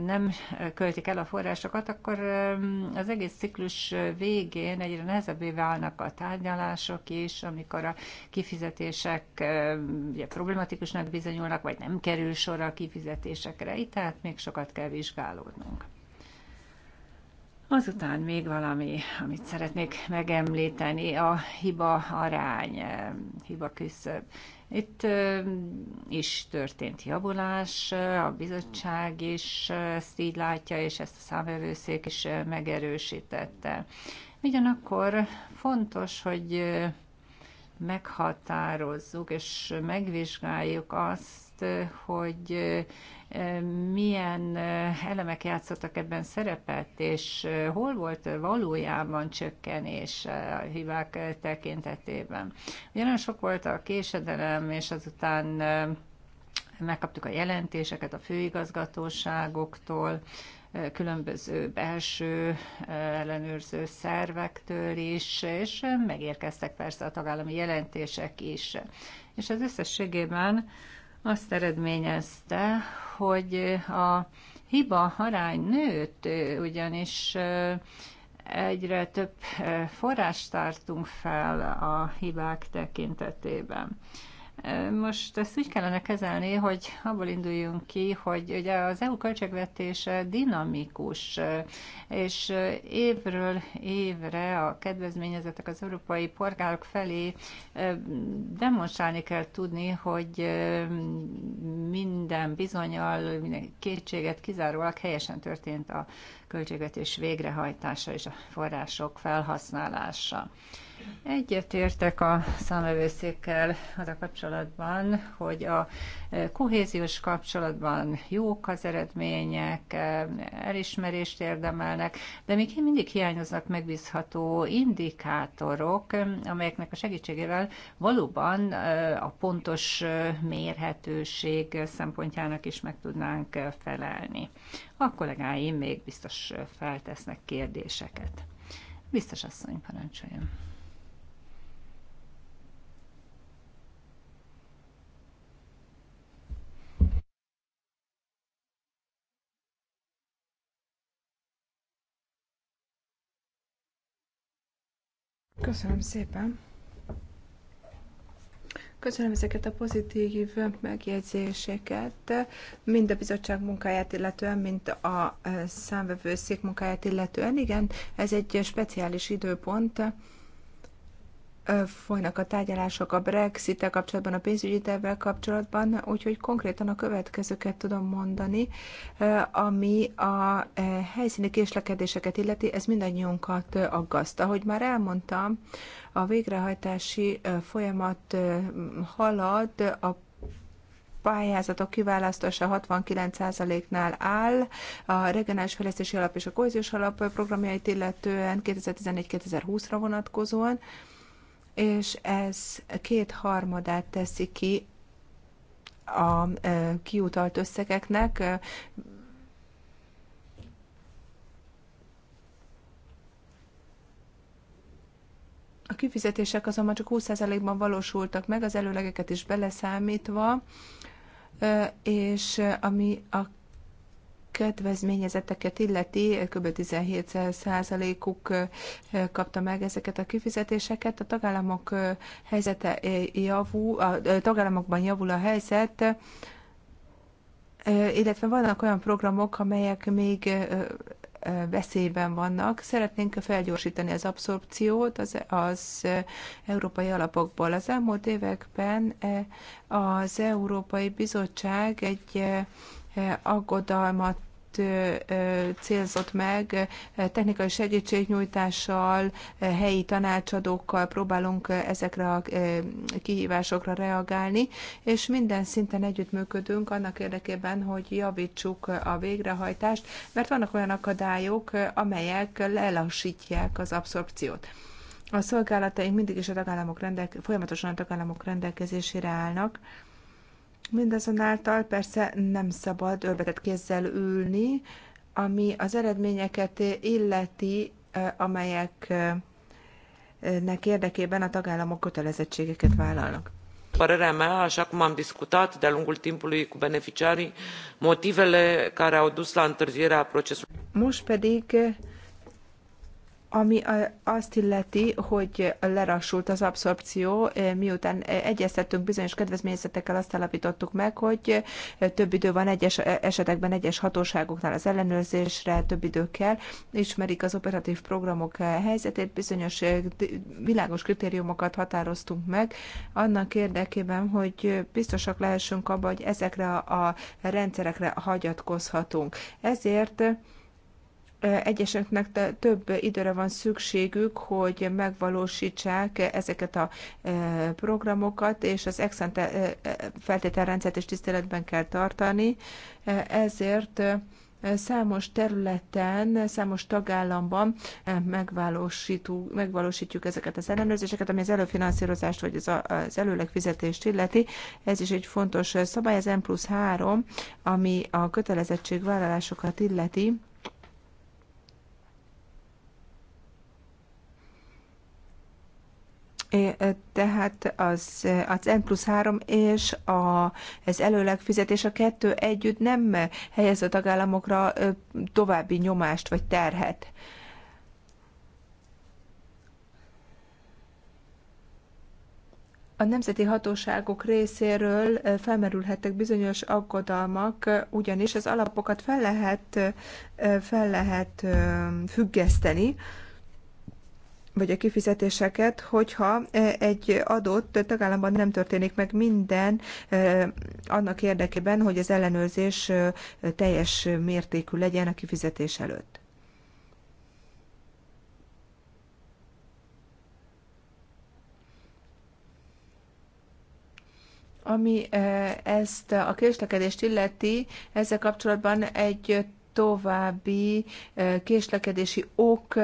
nem költik el a forrásokat, akkor um, az egész ciklus végén egyre nehezebbé válnak a tárgyalások is, amikor a kifizetések um, ugye, problematikusnak bizonyulnak, vagy nem kerül sor a kifizetésekre. Itt tehát még sokat kell vizsgálódnunk. Azután még valami, amit szeretnék megemlíteni, a hiba arány, um, hiba küszöb. Itt is történt javulás, a bizottság is ezt így látja, és ezt a számvevőszék is megerősítette. Ugyanakkor fontos, hogy meghatározzuk és megvizsgáljuk azt, hogy milyen elemek játszottak ebben szerepet, és hol volt valójában csökkenés a hibák tekintetében. Ugye nagyon sok volt a késedelem, és azután megkaptuk a jelentéseket a főigazgatóságoktól, különböző belső ellenőrző szervektől is, és megérkeztek persze a tagállami jelentések is. És az összességében azt eredményezte, hogy a hiba arány nőtt, ugyanis egyre több forrást tartunk fel a hibák tekintetében. Most ezt úgy kellene kezelni, hogy abból induljunk ki, hogy ugye az EU költségvetése dinamikus, és évről évre a kedvezményezetek az európai polgárok felé demonstrálni kell tudni, hogy minden bizonyal, minden kétséget kizárólag helyesen történt a költségvetés végrehajtása és a források felhasználása értek a számövőszékkel az a kapcsolatban, hogy a e, kohéziós kapcsolatban jók az eredmények, e, elismerést érdemelnek, de még mindig hiányoznak megbízható indikátorok, e, amelyeknek a segítségével valóban a pontos mérhetőség szempontjának is meg tudnánk felelni. A kollégáim még biztos feltesznek kérdéseket. Biztos asszony, parancsoljon! Köszönöm szépen. Köszönöm ezeket a pozitív megjegyzéseket, mind a bizottság munkáját illetően, mint a számvevőszék munkáját illetően. Igen, ez egy speciális időpont, folynak a tárgyalások a brexit kapcsolatban, a pénzügyi tervvel kapcsolatban, úgyhogy konkrétan a következőket tudom mondani, ami a helyszíni késlekedéseket illeti, ez mindannyiunkat aggaszt. Ahogy már elmondtam, a végrehajtási folyamat halad, a pályázatok kiválasztása 69%-nál áll, a regionális fejlesztési alap és a kohéziós alap programjait illetően 2011 2020 ra vonatkozóan és ez két harmadát teszi ki a kiutalt összegeknek, A kifizetések azonban csak 20%-ban valósultak meg, az előlegeket is beleszámítva, és ami a kedvezményezeteket illeti, kb. 17 százalékuk kapta meg ezeket a kifizetéseket. A tagállamok helyzete javul, a tagállamokban javul a helyzet, illetve vannak olyan programok, amelyek még veszélyben vannak. Szeretnénk felgyorsítani az abszorpciót az, az európai alapokból. Az elmúlt években az Európai Bizottság egy aggodalmat célzott meg, technikai segítségnyújtással, helyi tanácsadókkal próbálunk ezekre a kihívásokra reagálni, és minden szinten együttműködünk annak érdekében, hogy javítsuk a végrehajtást, mert vannak olyan akadályok, amelyek lelassítják az abszorpciót. A szolgálataink mindig is a tagállamok rendelke- folyamatosan a tagállamok rendelkezésére állnak, Mindazonáltal persze nem szabad ölbetett kézzel ülni, ami az eredményeket illeti, amelyeknek érdekében a tagállamok kötelezettségeket vállalnak. Părerea mea, așa cum am discutat de-a lungul timpului cu beneficiarii, motivele care au dus la întârzierea procesului. Most pedig ami azt illeti, hogy lerassult az abszorpció, miután egyeztettünk bizonyos kedvezményezetekkel, azt állapítottuk meg, hogy több idő van egyes esetekben egyes hatóságoknál az ellenőrzésre, több idő kell, ismerik az operatív programok helyzetét, bizonyos világos kritériumokat határoztunk meg, annak érdekében, hogy biztosak lehessünk abban, hogy ezekre a rendszerekre hagyatkozhatunk. Ezért egyeseknek több időre van szükségük, hogy megvalósítsák ezeket a e, programokat, és az ante e, e, feltételrendszert is tiszteletben kell tartani. Ezért számos területen, számos tagállamban megvalósítjuk ezeket az ellenőrzéseket, ami az előfinanszírozást vagy az, az előleg fizetést illeti. Ez is egy fontos szabály, az N plusz 3, ami a kötelezettségvállalásokat illeti tehát az, az N plusz 3 és a, ez előleg fizetés a kettő együtt nem helyez a tagállamokra további nyomást vagy terhet. A nemzeti hatóságok részéről felmerülhettek bizonyos aggodalmak, ugyanis az alapokat fel lehet, fel lehet függeszteni, vagy a kifizetéseket, hogyha e, egy adott tagállamban nem történik meg minden e, annak érdekében, hogy az ellenőrzés e, teljes mértékű legyen a kifizetés előtt. Ami ezt a késlekedést illeti, ezzel kapcsolatban egy további késlekedési ok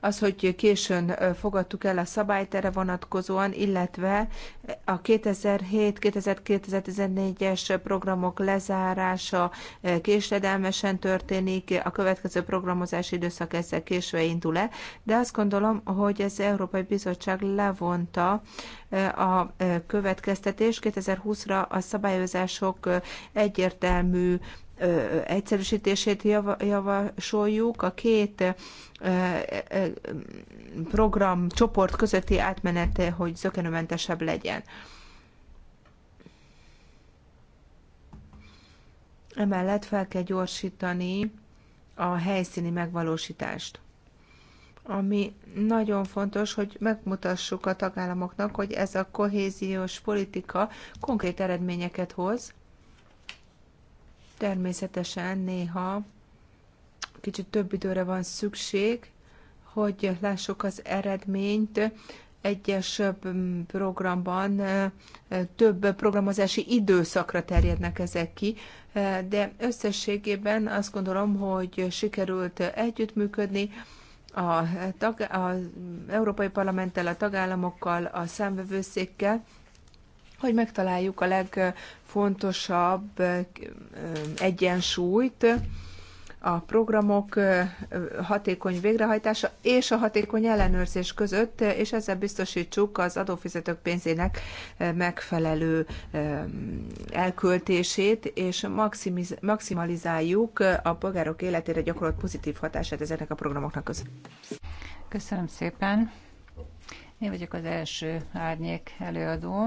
az, hogy későn fogadtuk el a szabályt erre vonatkozóan, illetve a 2007-2014-es programok lezárása késledelmesen történik, a következő programozási időszak ezzel késve indul le, de azt gondolom, hogy az Európai Bizottság levonta a következtetés 2020-ra a szabályozások egyértelmű egyszerűsítését javasoljuk. A két program csoport közötti átmenete, hogy zökenőmentesebb legyen. Emellett fel kell gyorsítani a helyszíni megvalósítást ami nagyon fontos, hogy megmutassuk a tagállamoknak, hogy ez a kohéziós politika konkrét eredményeket hoz, Természetesen néha kicsit több időre van szükség, hogy lássuk az eredményt. Egyes mm, programban több programozási időszakra terjednek ezek ki, de összességében azt gondolom, hogy sikerült együttműködni a tag, az Európai Parlamenttel, a tagállamokkal, a számvevőszékkel, hogy megtaláljuk a legfontosabb egyensúlyt a programok hatékony végrehajtása és a hatékony ellenőrzés között, és ezzel biztosítsuk az adófizetők pénzének megfelelő elköltését, és maximiz, maximalizáljuk a polgárok életére gyakorolt pozitív hatását ezeknek a programoknak között. Köszönöm szépen. Én vagyok az első árnyék előadó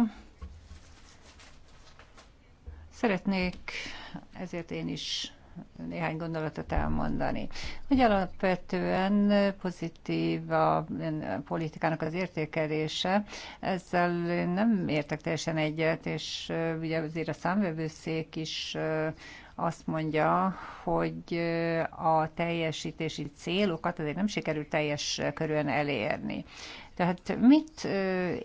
Szeretnék ezért én is néhány gondolatot elmondani. Hogy alapvetően pozitív a politikának az értékelése, ezzel nem értek teljesen egyet, és ugye azért a számvevőszék is azt mondja, hogy a teljesítési célokat azért nem sikerült teljes körülön elérni. Tehát mit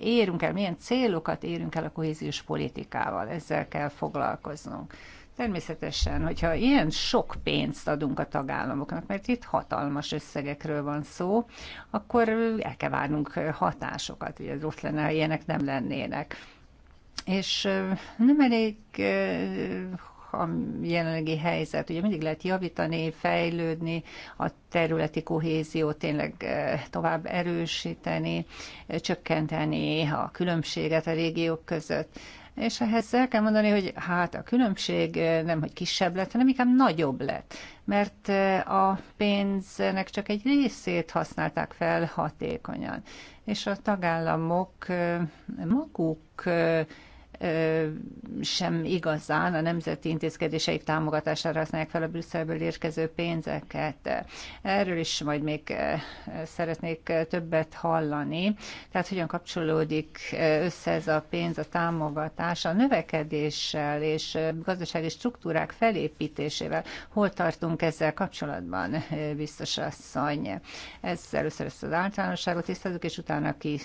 érünk el, milyen célokat érünk el a kohéziós politikával, ezzel kell foglalkoznunk. Természetesen, hogyha ilyen sok pénzt adunk a tagállamoknak, mert itt hatalmas összegekről van szó, akkor el kell várnunk hatásokat, ugye ott lenne, ha ilyenek nem lennének. És nem elég a jelenlegi helyzet. Ugye mindig lehet javítani, fejlődni, a területi kohéziót tényleg eh, tovább erősíteni, eh, csökkenteni a különbséget a régiók között. És ehhez el kell mondani, hogy hát a különbség eh, nem, hogy kisebb lett, hanem inkább nagyobb lett, mert a pénznek csak egy részét használták fel hatékonyan. És a tagállamok maguk sem igazán a nemzeti intézkedéseik támogatására használják fel a Brüsszelből érkező pénzeket. Erről is majd még szeretnék többet hallani. Tehát hogyan kapcsolódik össze ez a pénz, a támogatás a növekedéssel és gazdasági struktúrák felépítésével. Hol tartunk ezzel kapcsolatban, biztos asszony? Ez először ezt az általánosságot tisztázunk, és utána kis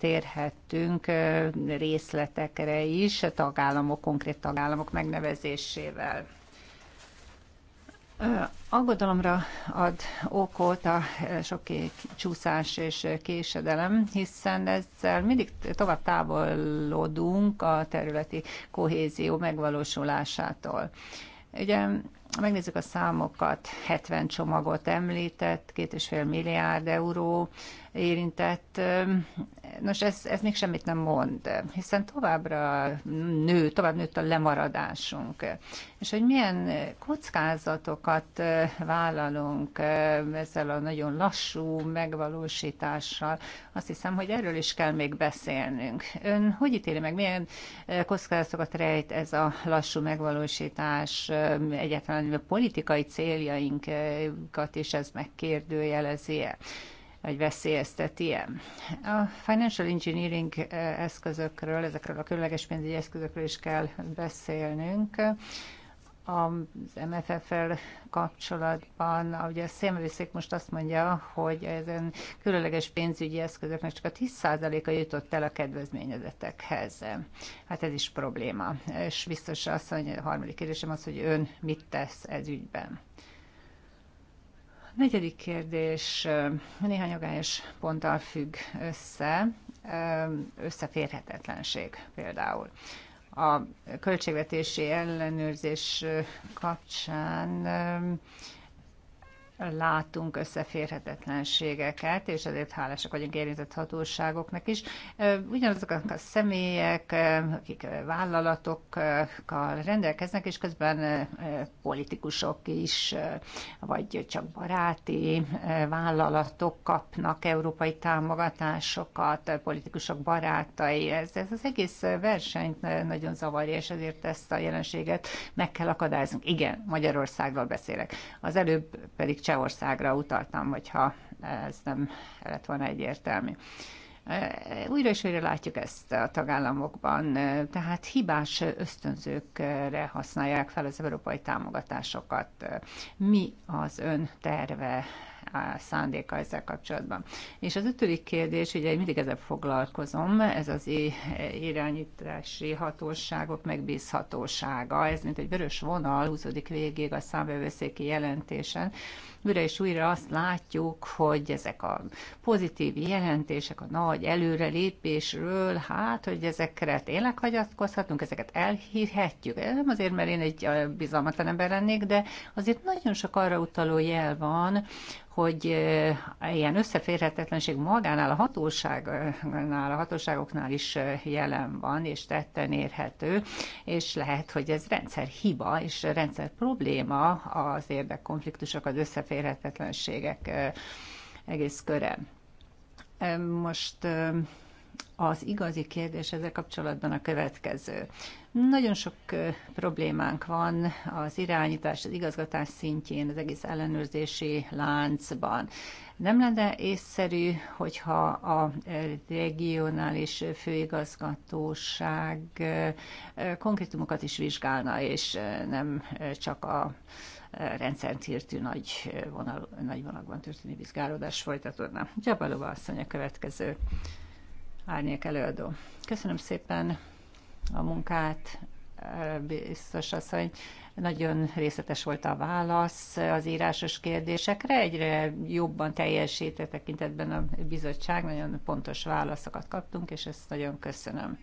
térhettünk részletekre is, a tagállamok, konkrét tagállamok megnevezésével. Aggodalomra ad okot a sok csúszás és késedelem, hiszen ezzel mindig tovább távolodunk a területi kohézió megvalósulásától. Ugye megnézzük a számokat, 70 csomagot említett, 2,5 milliárd euró érintett Nos, ez, ez még semmit nem mond, hiszen továbbra nő, tovább nőtt a lemaradásunk. És hogy milyen kockázatokat vállalunk ezzel a nagyon lassú megvalósítással, azt hiszem, hogy erről is kell még beszélnünk. Ön hogy ítéli meg, milyen kockázatokat rejt ez a lassú megvalósítás, egyáltalán a politikai céljainkat is ez megkérdőjelezi -e? vagy veszélyezteti-e. A financial engineering eh, eszközökről, ezekről a különleges pénzügyi eszközökről is kell beszélnünk az MFF-el kapcsolatban, ugye a szemvészék most azt mondja, hogy ezen különleges pénzügyi eszközöknek csak a 10%-a jutott el a kedvezményezetekhez. Hát ez is probléma. És biztos azt mondja, a harmadik kérdésem az, hogy ön mit tesz ez ügyben negyedik kérdés néhány agályos ponttal függ össze, összeférhetetlenség például. A költségvetési ellenőrzés kapcsán látunk összeférhetetlenségeket, és ezért hálásak vagyunk érintett hatóságoknak is. Ugyanazok a személyek, akik vállalatokkal rendelkeznek, és közben politikusok is, vagy csak baráti vállalatok kapnak európai támogatásokat, politikusok barátai. Ez, ez az egész versenyt nagyon zavarja, és ezért ezt a jelenséget meg kell akadályozni. Igen, Magyarországról beszélek. Az előbb pedig csak Csehországra utaltam, hogyha ez nem lett volna egyértelmű. Újra és újra látjuk ezt a tagállamokban, tehát hibás ösztönzőkre használják fel az európai támogatásokat. Mi az ön terve szándéka ezzel kapcsolatban. És az ötödik kérdés, ugye mindig ezzel foglalkozom, ez az irányítási hatóságok megbízhatósága, ez mint egy vörös vonal húzódik végig a számbevőszéki jelentésen, újra és újra azt látjuk, hogy ezek a pozitív jelentések a nagy előrelépésről, hát, hogy ezekre tényleg hagyatkozhatunk, ezeket elhírhetjük. Nem azért, mert én egy bizalmatlan ember lennék, de azért nagyon sok arra utaló jel van, hogy eh, ilyen összeférhetetlenség magánál a hatóságnál, a hatóságoknál is eh, jelen van, és tetten érhető, és lehet, hogy ez rendszer hiba, és rendszer probléma az érdekkonfliktusok, az összeférhetetlenségek eh, egész köre. Most az igazi kérdés ezzel kapcsolatban a következő. Nagyon sok problémánk van az irányítás, az igazgatás szintjén, az egész ellenőrzési láncban. Nem lenne észszerű, hogyha a regionális főigazgatóság konkrétumokat is vizsgálna, és nem csak a rendszert írtű nagy, vonal, nagy vonalakban történő vizsgálódás folytatódna. Gyabalova asszony a következő árnyék előadó. Köszönöm szépen a munkát, biztos asszony. Nagyon részletes volt a válasz az írásos kérdésekre, egyre jobban teljesített tekintetben a bizottság, nagyon pontos válaszokat kaptunk, és ezt nagyon köszönöm.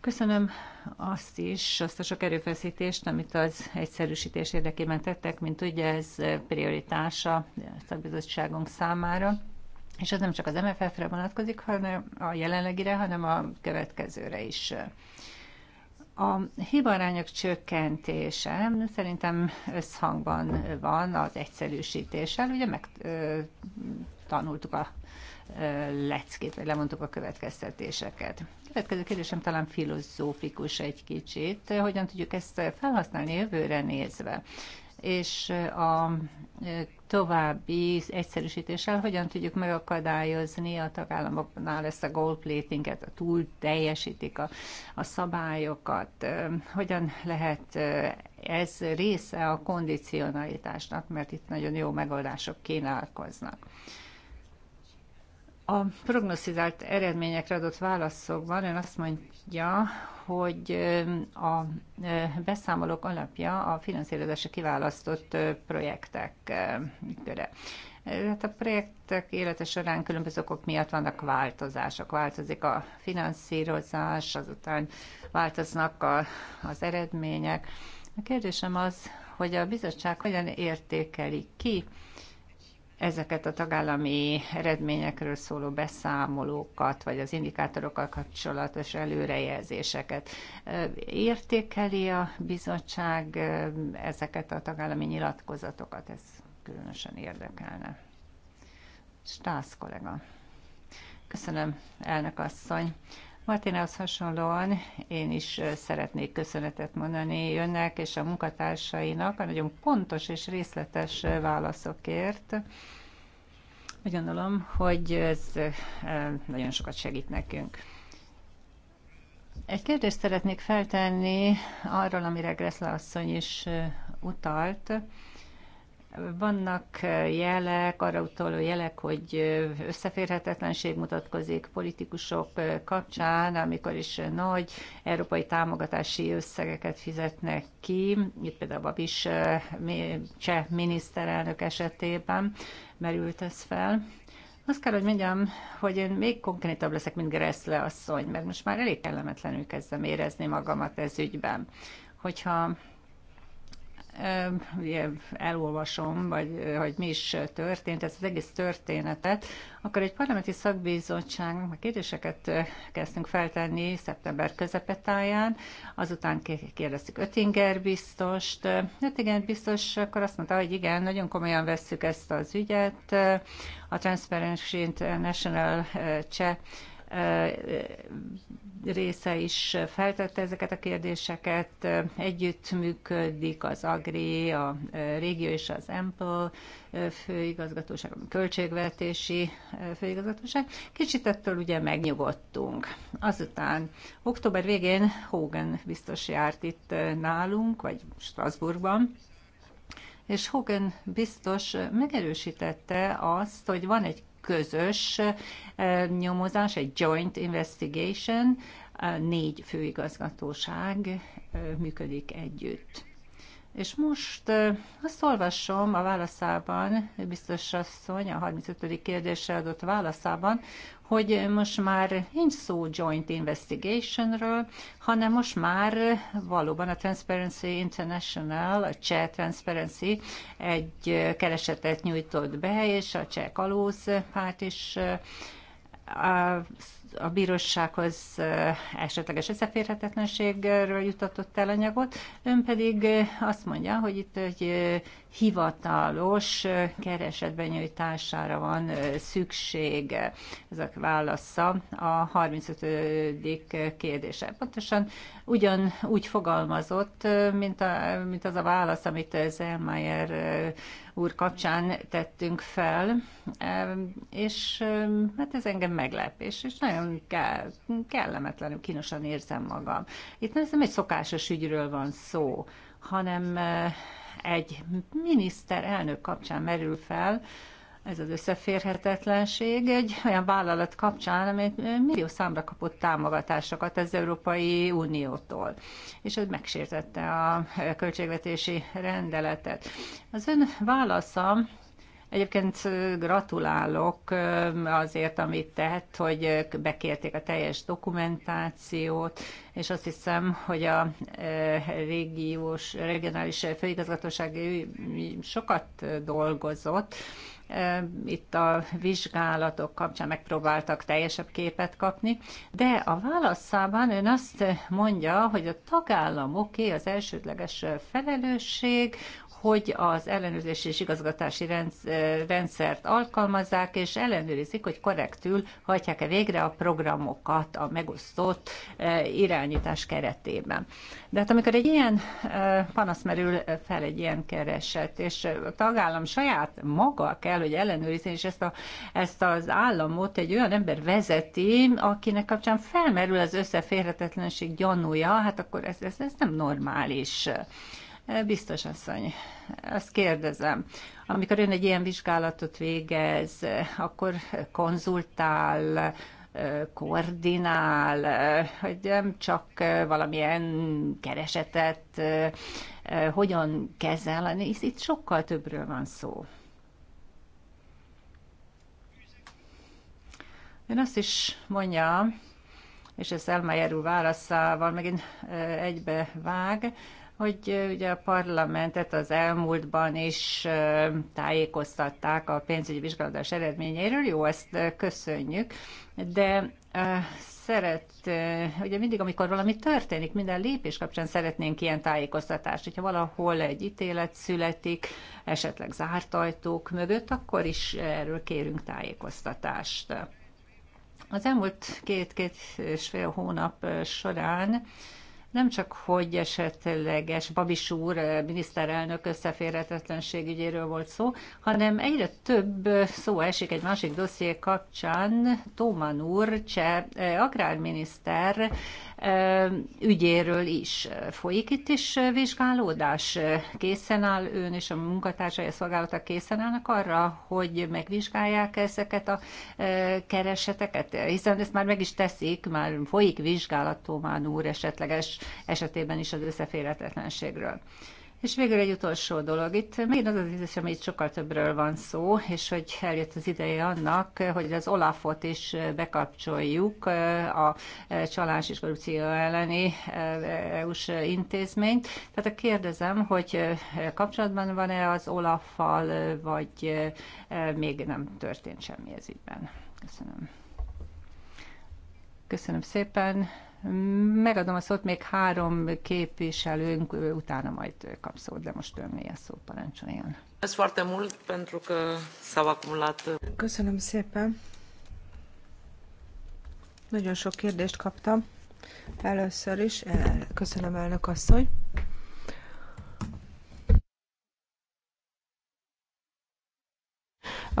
Köszönöm azt is, azt a sok erőfeszítést, amit az egyszerűsítés érdekében tettek, mint ugye ez prioritása a szakbizottságunk számára és ez nem csak az MFF-re vonatkozik, hanem a jelenlegire, hanem a következőre is. A hibarányok csökkentése szerintem összhangban van az egyszerűsítéssel. Ugye megtanultuk a leckét, vagy lemondtuk a következtetéseket. Következő kérdésem talán filozófikus egy kicsit. Hogyan tudjuk ezt felhasználni jövőre nézve? és a további egyszerűsítéssel hogyan tudjuk megakadályozni a tagállamoknál ezt a goal platinget, a túl teljesítik a, a szabályokat, hogyan lehet ez része a kondicionalitásnak, mert itt nagyon jó megoldások kínálkoznak. A prognosztizált eredményekre adott válaszokban ön azt mondja, hogy a beszámolók alapja a finanszírozása kiválasztott projektek köre. Hát a projektek élete során különböző okok miatt vannak változások. Változik a finanszírozás, azután változnak a, az eredmények. A kérdésem az, hogy a bizottság hogyan értékeli ki ezeket a tagállami eredményekről szóló beszámolókat, vagy az indikátorokkal kapcsolatos előrejelzéseket. Értékeli a bizottság ezeket a tagállami nyilatkozatokat? Ez különösen érdekelne. Stász kollega. Köszönöm, elnök asszony. Martinához hasonlóan én is szeretnék köszönetet mondani önnek és a munkatársainak a nagyon pontos és részletes válaszokért. Úgy gondolom, hogy ez nagyon sokat segít nekünk. Egy kérdést szeretnék feltenni arról, amire Greszla asszony is utalt. Vannak jelek, arra utoló jelek, hogy összeférhetetlenség mutatkozik politikusok kapcsán, amikor is nagy európai támogatási összegeket fizetnek ki, itt például is cseh miniszterelnök esetében merült ez fel. Azt kell, hogy mondjam, hogy én még konkrétabb leszek, mint Gressle asszony, mert most már elég kellemetlenül kezdem érezni magamat ez ügyben. Hogyha elolvasom, vagy hogy mi is történt, ez az egész történetet, akkor egy parlamenti szakbizottságnak kérdéseket kezdtünk feltenni szeptember közepetáján, azután kérdeztük Ötinger biztost. Ötinger biztos akkor azt mondta, hogy igen, nagyon komolyan vesszük ezt az ügyet, a Transparency International cseh része is feltette ezeket a kérdéseket. Együttműködik az AGRI, a Régió és az EMPL főigazgatóság, a költségvetési főigazgatóság. Kicsit ettől ugye megnyugodtunk. Azután október végén Hogan biztos járt itt nálunk, vagy Strasbourgban, és Hogan biztos megerősítette azt, hogy van egy közös nyomozás, egy joint investigation, négy főigazgatóság működik együtt. És most azt olvasom a válaszában, biztos asszony a 35. kérdésre adott válaszában, hogy most már nincs szó joint investigationről, hanem most már valóban a Transparency International, a Cseh Transparency egy keresetet nyújtott be, és a Cseh Kalóz párt is a bírósághoz esetleges összeférhetetlenségről jutatott el anyagot, ön pedig azt mondja, hogy itt egy hivatalos keresetben nyújtására van szükség. Ez a válasza a 35. kérdése. Pontosan ugyan úgy fogalmazott, mint, a, mint az a válasz, amit Zellmeyer úr kapcsán tettünk fel, és hát ez engem meglep, és, nagyon kell, kellemetlenül, kínosan érzem magam. Itt nem egy szokásos ügyről van szó, hanem eh, egy elnök kapcsán merül fel, ez az összeférhetetlenség egy olyan vállalat kapcsán, amely millió számra kapott támogatásokat az Európai Uniótól, és ez megsértette a költségvetési rendeletet. Az ön válasza Egyébként gratulálok azért, amit tett, hogy bekérték a teljes dokumentációt, és azt hiszem, hogy a e, régiós, regionális főigazgatóság sokat dolgozott, itt a vizsgálatok kapcsán megpróbáltak teljesebb képet kapni, de a válaszában ön azt mondja, hogy a tagállamoké az elsődleges felelősség, hogy az ellenőrzési és igazgatási rendszert alkalmazzák, és ellenőrizik, hogy korrektül hagyják e végre a programokat a megosztott e, irányítás keretében. De hát amikor egy ilyen e, panasz merül fel, egy ilyen kereset, és a tagállam saját maga kell, hogy ellenőrizni, és ezt, a, ezt az államot egy olyan ember vezeti, akinek kapcsán felmerül az összeférhetetlenség gyanúja, hát akkor ez, ez, ez nem normális. Biztos asszony, azt kérdezem, amikor ön egy ilyen vizsgálatot végez, akkor konzultál, koordinál, hogy nem csak valamilyen keresetet hogyan kezel, hisz itt sokkal többről van szó. Ön azt is mondja, és ez Elmeyer válaszával megint egybe vág, hogy ugye a parlamentet az elmúltban is tájékoztatták a pénzügyi vizsgálatás eredményeiről. Jó, ezt köszönjük, de szeret, ugye mindig, amikor valami történik, minden lépés kapcsán szeretnénk ilyen tájékoztatást. Hogyha valahol egy ítélet születik, esetleg zárt ajtók mögött, akkor is erről kérünk tájékoztatást. Az elmúlt két-két és fél hónap során nem csak hogy esetleges Babis úr eh, miniszterelnök összeférhetetlenség ügyéről volt szó, hanem egyre több szó esik egy másik dosszié kapcsán Tóman úr, cseh eh, agrárminiszter ügyéről is folyik itt is vizsgálódás. Készen áll ön és a munkatársai a szolgálata készen állnak arra, hogy megvizsgálják ezeket a kereseteket, hiszen ezt már meg is teszik, már folyik vizsgálat Tomán úr esetleges esetében is az összeférhetetlenségről. És végül egy utolsó dolog. Itt még az az ízes, itt sokkal többről van szó, és hogy eljött az ideje annak, hogy az Olafot is bekapcsoljuk a csalás és korrupció elleni EU-s intézményt. Tehát a kérdezem, hogy kapcsolatban van-e az Olaffal, vagy még nem történt semmi ez ügyben. Köszönöm. Köszönöm szépen. Megadom a szót még három képviselőnk, utána majd kap szót, de most önné a szó, parancsoljon. Ez foarte mult pentru că s-au acumulat. Köszönöm szépen. Nagyon sok kérdést kaptam. Először is eh, köszönöm elnök asszony.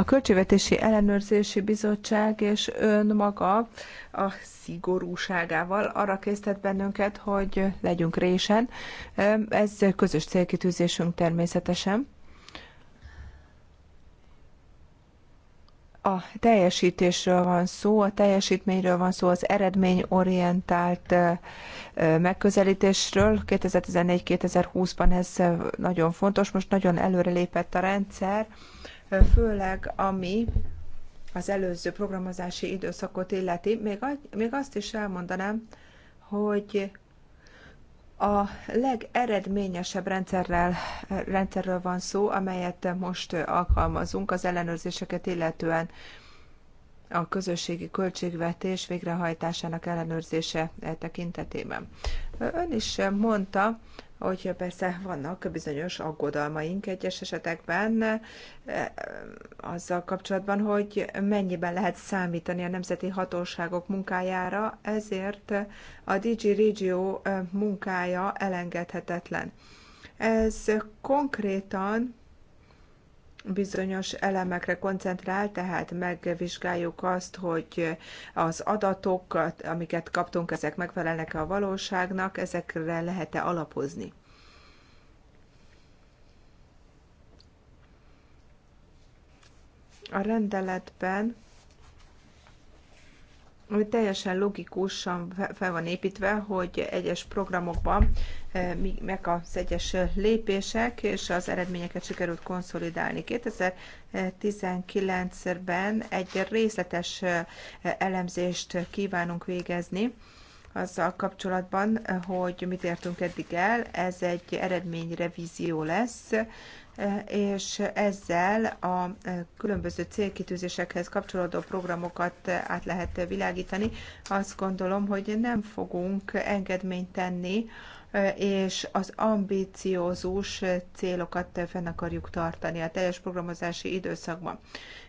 A Költségvetési Ellenőrzési Bizottság és ön maga a szigorúságával arra késztet bennünket, hogy legyünk résen. Ez közös célkitűzésünk természetesen. a teljesítésről van szó, a teljesítményről van szó, az eredményorientált megközelítésről. 2014-2020-ban ez nagyon fontos, most nagyon előrelépett a rendszer, főleg ami az előző programozási időszakot illeti. Még, még azt is elmondanám, hogy a legeredményesebb rendszerrel, rendszerről van szó, amelyet most alkalmazunk az ellenőrzéseket illetően a közösségi költségvetés végrehajtásának ellenőrzése e tekintetében. Ön is mondta, hogy persze vannak bizonyos aggodalmaink egyes esetekben e, azzal kapcsolatban, hogy mennyiben lehet számítani a nemzeti hatóságok munkájára, ezért a DG Regio e, munkája elengedhetetlen. Ez konkrétan bizonyos elemekre koncentrál, tehát megvizsgáljuk azt, hogy az adatok, amiket kaptunk, ezek megfelelnek-e a valóságnak, ezekre lehet-e alapozni. A rendeletben ami teljesen logikusan fel van építve, hogy egyes programokban e, meg az egyes lépések és az eredményeket sikerült konszolidálni. 2019-ben egy részletes e, elemzést kívánunk végezni azzal kapcsolatban, hogy mit értünk eddig el. Ez egy eredményrevízió lesz, és ezzel a e, különböző célkitűzésekhez kapcsolódó programokat át lehet világítani. Azt gondolom, hogy nem fogunk engedményt tenni, e, és az ambíciózus célokat fenn akarjuk tartani a teljes programozási időszakban.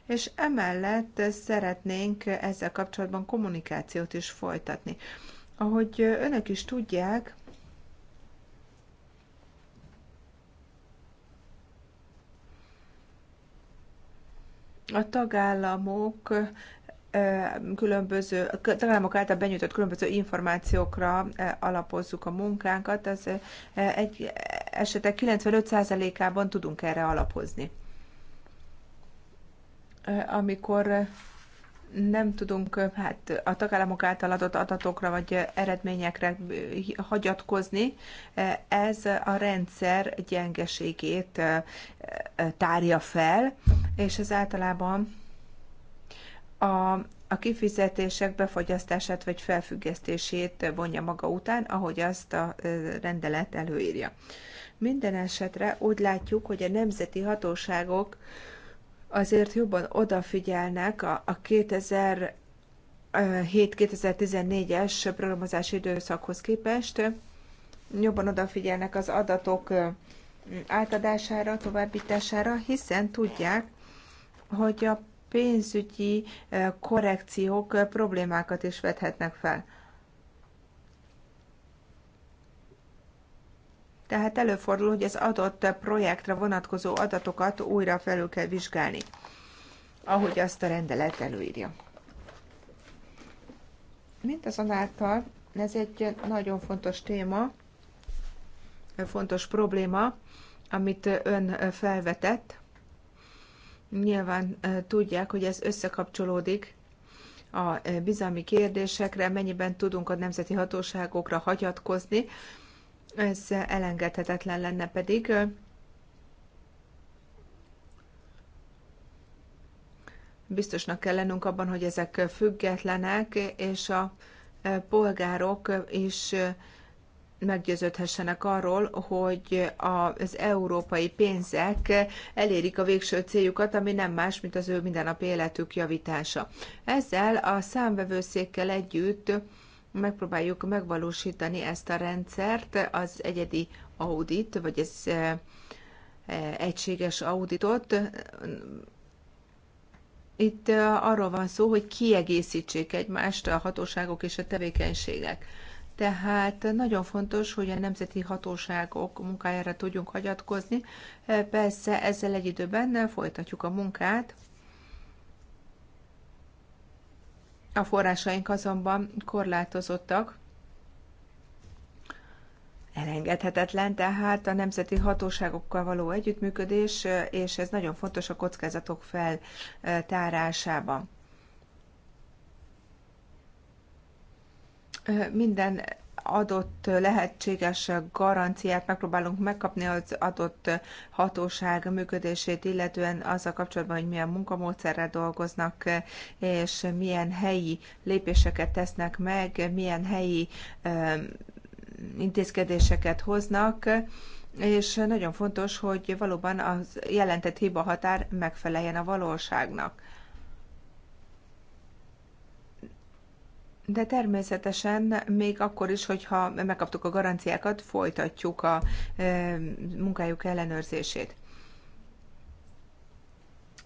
És emellett szeretnénk ezzel kapcsolatban kommunikációt is folytatni. Ahogy önök is tudják, a tagállamok különböző, a tagállamok által benyújtott különböző információkra alapozzuk a munkánkat, az egy esetek 95%-ában tudunk erre alapozni. Amikor nem tudunk hát a tagállamok által adott adatokra vagy eredményekre hagyatkozni, ez a rendszer gyengeségét tárja fel, és ez általában a, a kifizetések befogyasztását vagy felfüggesztését vonja maga után, ahogy azt a rendelet előírja. Minden esetre úgy látjuk, hogy a nemzeti hatóságok azért jobban odafigyelnek a, a 2000 2007-2014-es programozási időszakhoz képest jobban odafigyelnek az adatok átadására, továbbítására, hiszen tudják, hogy a pénzügyi korrekciók problémákat is vethetnek fel. tehát előfordul, hogy az adott projektre vonatkozó adatokat újra felül kell vizsgálni, ahogy azt a rendelet előírja. Mint Mindazonáltal ez egy nagyon fontos téma, fontos probléma, amit ön felvetett. Nyilván tudják, hogy ez összekapcsolódik a bizalmi kérdésekre, mennyiben tudunk a nemzeti hatóságokra hagyatkozni, ez elengedhetetlen lenne pedig. Biztosnak kell lennünk abban, hogy ezek függetlenek, és a polgárok is meggyőződhessenek arról, hogy az európai pénzek elérik a végső céljukat, ami nem más, mint az ő mindennapi életük javítása. Ezzel a számvevőszékkel együtt megpróbáljuk megvalósítani ezt a rendszert, az egyedi audit, vagy ez e, e, egységes auditot. Itt e, arról van szó, hogy kiegészítsék egymást a hatóságok és a tevékenységek. Tehát nagyon fontos, hogy a nemzeti hatóságok munkájára tudjunk hagyatkozni. Persze ezzel egy időben folytatjuk a munkát, A forrásaink azonban korlátozottak, elengedhetetlen, tehát a nemzeti hatóságokkal való együttműködés, és ez nagyon fontos a kockázatok feltárásában. Minden adott lehetséges garanciát megpróbálunk megkapni az adott hatóság működését, illetően azzal kapcsolatban, hogy milyen munkamódszerrel dolgoznak, és milyen helyi lépéseket tesznek meg, milyen helyi intézkedéseket hoznak és nagyon fontos, hogy valóban az jelentett hiba határ megfeleljen a valóságnak. De természetesen még akkor is, hogyha megkaptuk a garanciákat, folytatjuk a munkájuk ellenőrzését.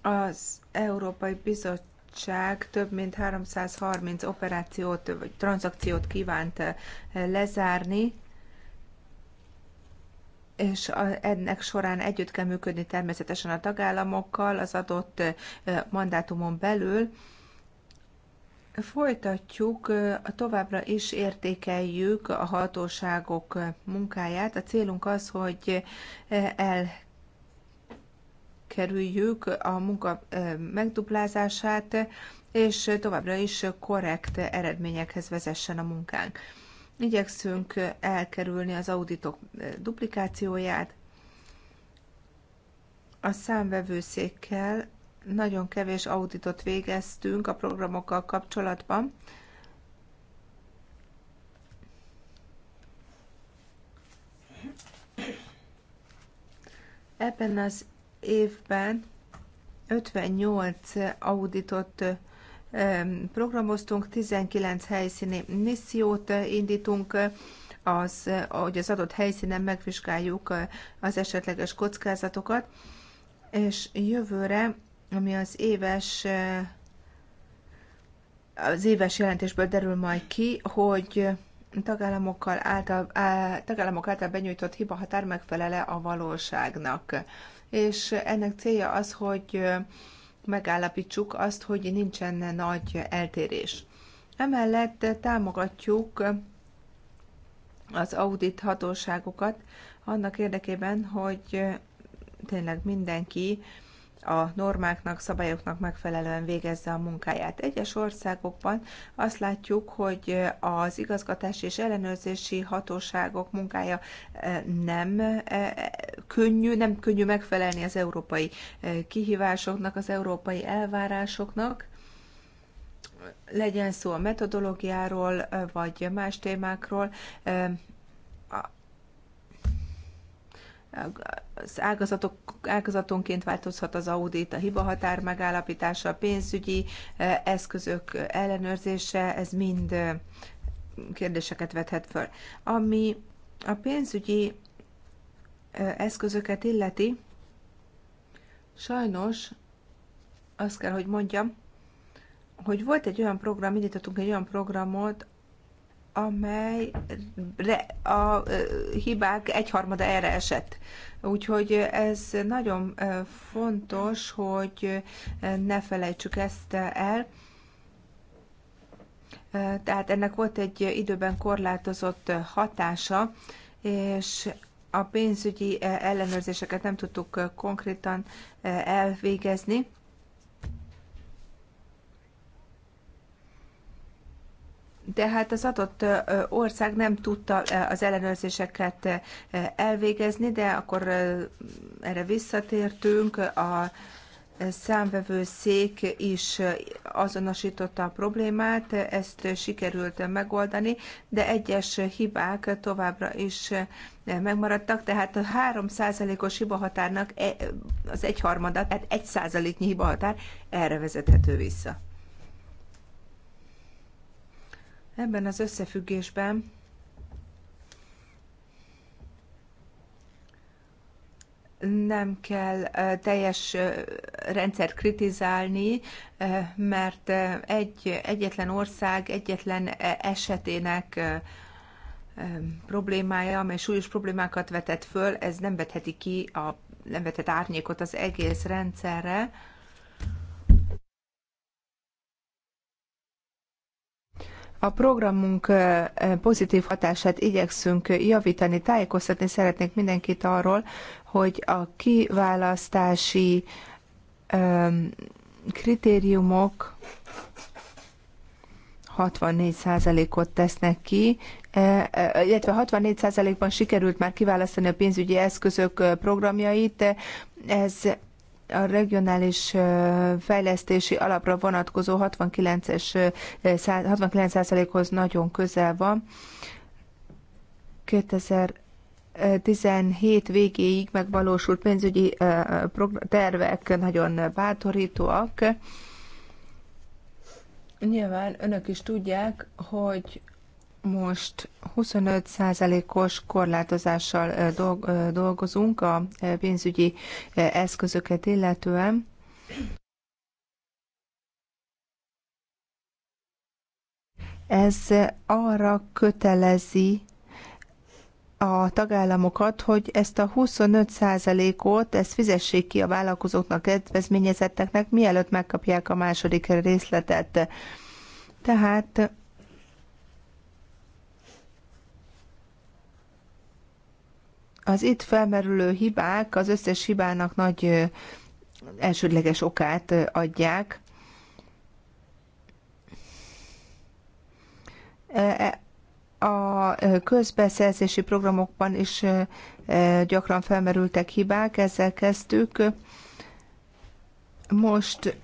Az Európai bizottság több mint 330 operációt vagy tranzakciót kívánt lezárni, és ennek során együtt kell működni természetesen a tagállamokkal az adott mandátumon belül, Folytatjuk, továbbra is értékeljük a hatóságok munkáját. A célunk az, hogy elkerüljük a munka megduplázását, és továbbra is korrekt eredményekhez vezessen a munkánk. Igyekszünk elkerülni az auditok duplikációját, a számvevőszékkel nagyon kevés auditot végeztünk a programokkal kapcsolatban. Ebben az évben 58 auditot programoztunk, 19 helyszíni missziót indítunk, az, hogy az adott helyszínen megvizsgáljuk az esetleges kockázatokat, és jövőre ami az éves eh, az éves jelentésből derül majd ki, hogy tagállamokkal által, á, tagállamok által benyújtott határ megfelele a valóságnak. És ennek célja az, hogy eh, megállapítsuk azt, hogy nincsen nagy eltérés. Emellett támogatjuk az audit hatóságokat annak érdekében, hogy eh, tényleg mindenki a normáknak, szabályoknak megfelelően végezze a munkáját. Egyes országokban azt látjuk, hogy az igazgatási és ellenőrzési hatóságok munkája eh, nem eh, könnyű, nem könnyű megfelelni az európai eh, kihívásoknak, az európai elvárásoknak legyen szó a metodológiáról, vagy más témákról, az ágazatok, ágazatonként változhat az audit, a hibahatár megállapítása, a pénzügyi eh, eszközök ellenőrzése, ez mind eh, kérdéseket vethet föl. Ami a pénzügyi eh, eszközöket illeti, sajnos azt kell, hogy mondjam, hogy volt egy olyan program, indítottunk egy olyan programot, amely a hibák egyharmada erre esett. Úgyhogy ez nagyon fontos, hogy ne felejtsük ezt el. Tehát ennek volt egy időben korlátozott hatása, és a pénzügyi ellenőrzéseket nem tudtuk konkrétan elvégezni. tehát az adott ország nem tudta az ellenőrzéseket elvégezni, de akkor erre visszatértünk. A számvevőszék is azonosította a problémát, ezt sikerült megoldani, de egyes hibák továbbra is megmaradtak, tehát a 3%-os hibahatárnak e, az egyharmada, tehát 1%-nyi hibahatár erre vezethető vissza. Ebben az összefüggésben nem kell teljes rendszer kritizálni, mert egy, egyetlen ország egyetlen esetének problémája, amely súlyos problémákat vetett föl, ez nem vetheti ki, a, nem vethet árnyékot az egész rendszerre. A programunk pozitív hatását igyekszünk javítani. Tájékoztatni szeretnék mindenkit arról, hogy a kiválasztási kritériumok 64%-ot tesznek ki, illetve 64%-ban sikerült már kiválasztani a pénzügyi eszközök programjait. Ez a regionális fejlesztési alapra vonatkozó 69-es 69%-hoz nagyon közel van. 2017 végéig megvalósult pénzügyi tervek nagyon bátorítóak. Nyilván önök is tudják, hogy most 25%-os korlátozással dolgozunk a pénzügyi eszközöket illetően. Ez arra kötelezi a tagállamokat, hogy ezt a 25%-ot, ezt fizessék ki a vállalkozóknak, kedvezményezetteknek, mielőtt megkapják a második részletet. Tehát Az itt felmerülő hibák az összes hibának nagy elsődleges okát adják. E, e, a közbeszerzési programokban is gyakran felmerültek hibák, ezzel kezdtük. Most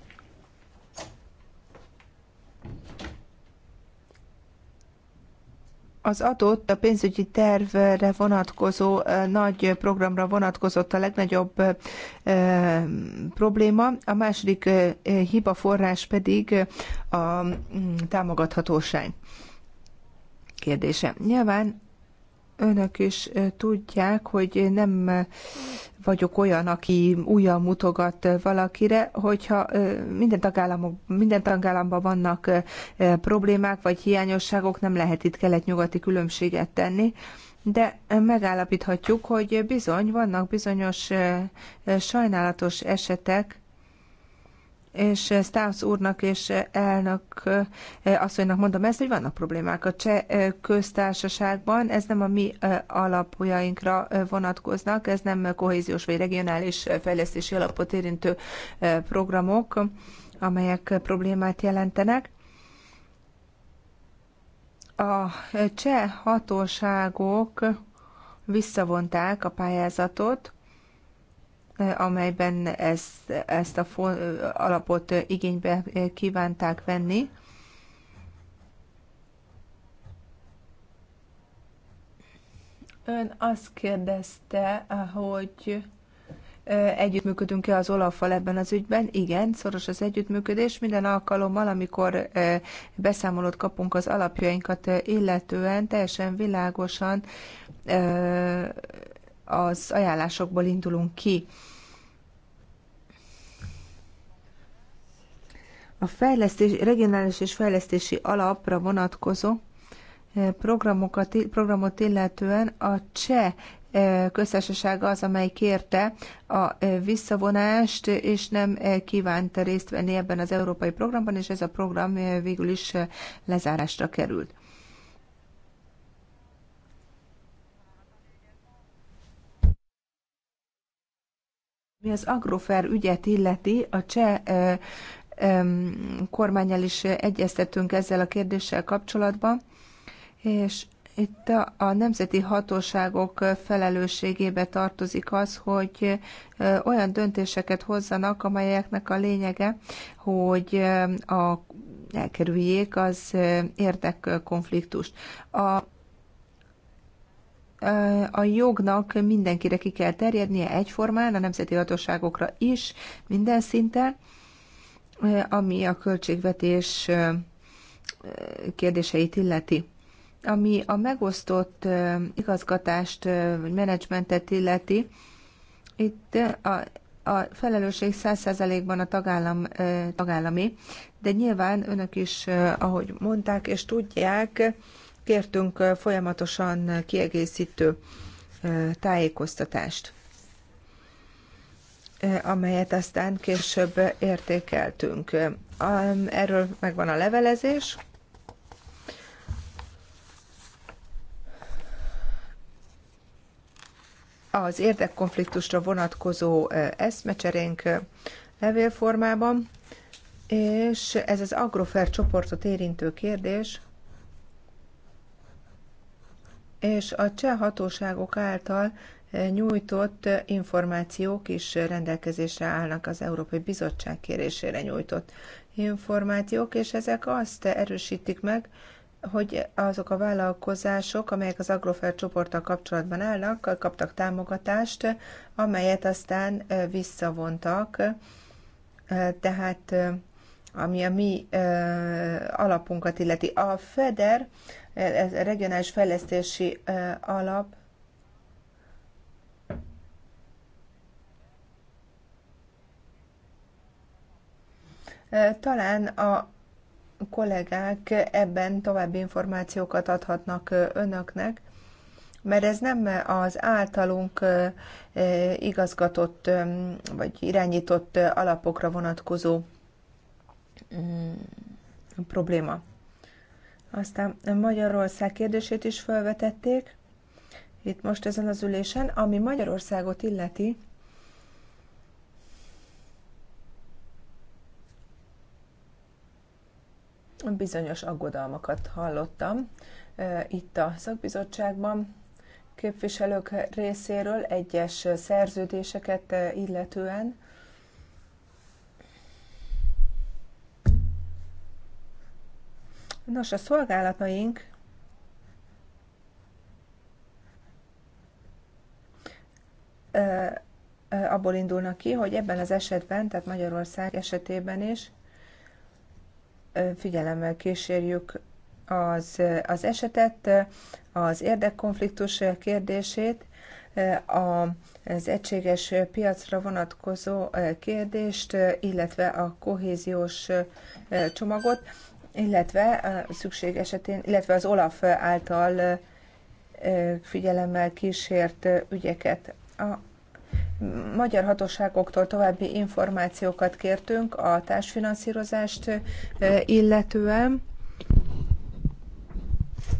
az adott a pénzügyi tervre vonatkozó nagy programra vonatkozott a legnagyobb e, probléma, a második e, hiba forrás pedig a m, mm, támogathatóság kérdése. Nyilván önök is tudják, hogy nem vagyok olyan, aki újra mutogat valakire, hogyha minden, tagállamok, minden tagállamban vannak problémák vagy hiányosságok, nem lehet itt kelet-nyugati különbséget tenni, de megállapíthatjuk, hogy bizony vannak bizonyos sajnálatos esetek, és Staus úrnak és elnök eh, asszonynak mondom ezt, hogy vannak problémák a cseh eh, köztársaságban, ez nem a mi eh, alapjainkra vonatkoznak, ez nem kohéziós vagy regionális fejlesztési alapot érintő programok, amelyek problémát jelentenek. A cseh hatóságok visszavonták a pályázatot, amelyben ezt, ezt a alapot igénybe kívánták venni. Ön azt kérdezte, hogy együttműködünk-e az Olaffal ebben az ügyben? Igen, szoros az együttműködés. Minden alkalommal, amikor beszámolót kapunk az alapjainkat illetően, teljesen világosan az ajánlásokból indulunk ki. a fejlesztés, regionális és fejlesztési alapra vonatkozó eh, programokat, programot illetően a cseh eh, köztársaság az, amely kérte a eh, visszavonást, és nem kívánta részt venni ebben az európai programban, és ez a program végül is lezárásra került. Mi az agrofer ügyet illeti, a cseh kormányjal is egyeztetünk ezzel a kérdéssel kapcsolatban, és itt a, a nemzeti hatóságok felelősségébe tartozik az, hogy olyan döntéseket hozzanak, amelyeknek a lényege, hogy a, elkerüljék az érdekkonfliktust. A a jognak mindenkire ki kell terjednie egyformán, a nemzeti hatóságokra is, minden szinten, ami a költségvetés kérdéseit illeti. Ami a megosztott igazgatást vagy menedzsmentet illeti, itt a, a felelősség 100%-ban a tagállam, tagállami, de nyilván önök is, ahogy mondták és tudják, kértünk folyamatosan kiegészítő tájékoztatást amelyet aztán később értékeltünk. Erről megvan a levelezés. Az érdekkonfliktusra vonatkozó eszmecserénk levélformában, és ez az Agrofer csoportot érintő kérdés, és a cseh hatóságok által nyújtott információk is rendelkezésre állnak az Európai Bizottság kérésére nyújtott információk, és ezek azt erősítik meg, hogy azok a vállalkozások, amelyek az Agrofert csoporttal kapcsolatban állnak, kaptak támogatást, amelyet aztán visszavontak. Tehát ami a mi alapunkat illeti. A FEDER, ez a regionális fejlesztési alap, Talán a kollégák ebben további információkat adhatnak önöknek, mert ez nem az általunk igazgatott vagy irányított alapokra vonatkozó mm, probléma. Aztán Magyarország kérdését is felvetették, itt most ezen az ülésen, ami Magyarországot illeti, bizonyos aggodalmakat hallottam e, itt a szakbizottságban képviselők részéről egyes szerződéseket e, illetően. Nos, a szolgálataink e, abból indulnak ki, hogy ebben az esetben, tehát Magyarország esetében is, figyelemmel kísérjük az, az esetet, az érdekkonfliktus kérdését, az egységes piacra vonatkozó kérdést, illetve a kohéziós csomagot, illetve szükség esetén, illetve az OLAF által figyelemmel kísért ügyeket. A magyar hatóságoktól további információkat kértünk a társfinanszírozást e, illetően,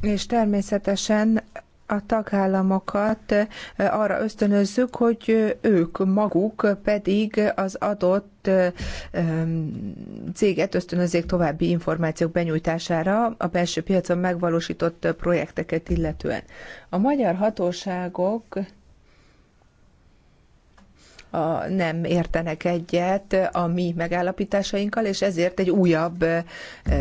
és természetesen a tagállamokat e, arra ösztönözzük, hogy ők maguk pedig az adott e, céget ösztönözzék további információk benyújtására a belső piacon megvalósított projekteket illetően. A magyar hatóságok a, nem értenek egyet a mi megállapításainkkal, és ezért egy újabb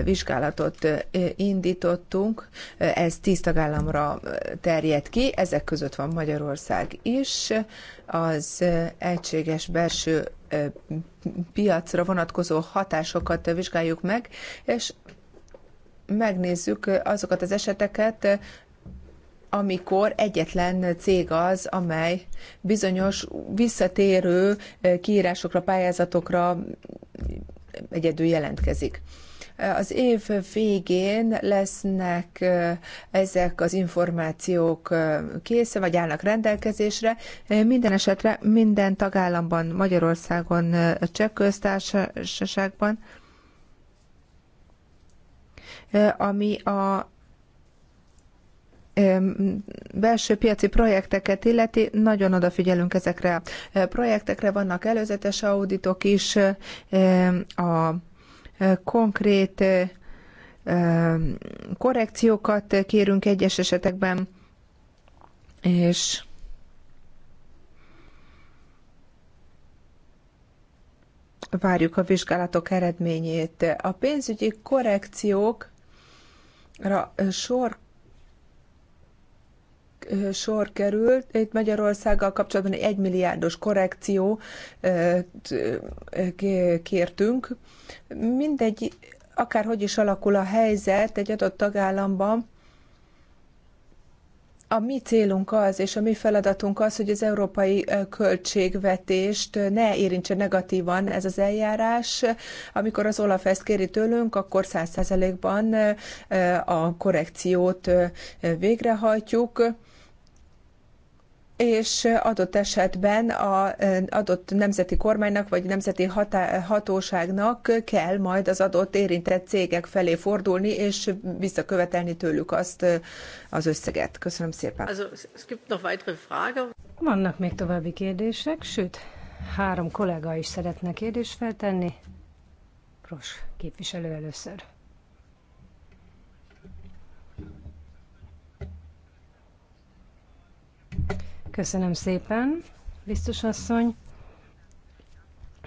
vizsgálatot indítottunk. Ez tíz tagállamra terjed ki, ezek között van Magyarország is. Az egységes belső piacra vonatkozó hatásokat vizsgáljuk meg, és megnézzük azokat az eseteket, amikor egyetlen cég az, amely bizonyos visszatérő kiírásokra, pályázatokra egyedül jelentkezik. Az év végén lesznek ezek az információk készen, vagy állnak rendelkezésre. Minden esetre minden tagállamban, Magyarországon, a Cseh köztársaságban, ami a belső piaci projekteket illeti, nagyon odafigyelünk ezekre a projektekre, vannak előzetes auditok is, a konkrét korrekciókat kérünk egyes esetekben, és várjuk a vizsgálatok eredményét. A pénzügyi korrekciókra sor sor került. Itt Magyarországgal kapcsolatban egy egymilliárdos korrekció kértünk. Mindegy, akárhogy is alakul a helyzet egy adott tagállamban, a mi célunk az, és a mi feladatunk az, hogy az európai költségvetést ne érintse negatívan ez az eljárás. Amikor az Olaf ezt kéri tőlünk, akkor 100%-ban a korrekciót végrehajtjuk és adott esetben a adott nemzeti kormánynak vagy nemzeti hatá- hatóságnak kell majd az adott érintett cégek felé fordulni, és visszakövetelni tőlük azt az összeget. Köszönöm szépen. Also, es gibt noch weitere Frage. Vannak még további kérdések, sőt, három kollega is szeretne kérdést feltenni. Pros képviselő először. Köszönöm szépen, biztos asszony.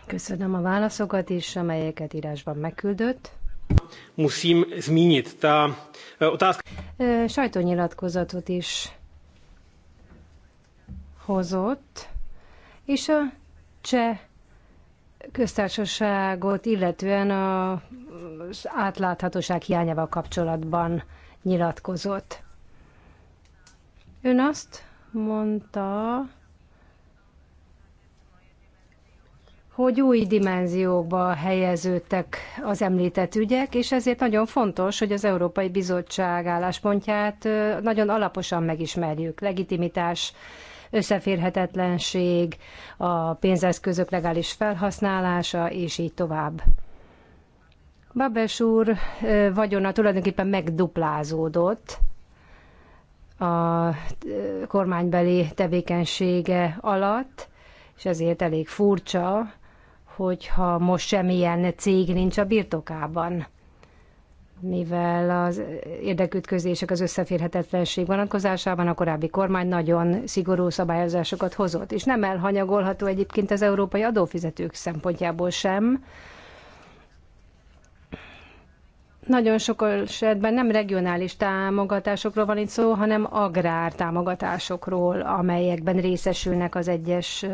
Köszönöm a válaszokat is, amelyeket írásban megküldött. Muszim zmínit. Ta e, otázka... E, sajtónyilatkozatot is hozott, és a cseh köztársaságot, illetően az átláthatóság hiányával kapcsolatban nyilatkozott. Ön azt mondta, hogy új dimenzióba helyeződtek az említett ügyek, és ezért nagyon fontos, hogy az Európai Bizottság álláspontját nagyon alaposan megismerjük. Legitimitás, összeférhetetlenség, a pénzeszközök legális felhasználása, és így tovább. Babes úr vagyona tulajdonképpen megduplázódott, a kormánybeli tevékenysége alatt, és ezért elég furcsa, hogyha most semmilyen cég nincs a birtokában mivel az érdekütközések az összeférhetetlenség vonatkozásában a korábbi kormány nagyon szigorú szabályozásokat hozott, és nem elhanyagolható egyébként az európai adófizetők szempontjából sem, nagyon sok esetben nem regionális támogatásokról van itt szó, hanem agrár támogatásokról, amelyekben részesülnek az egyes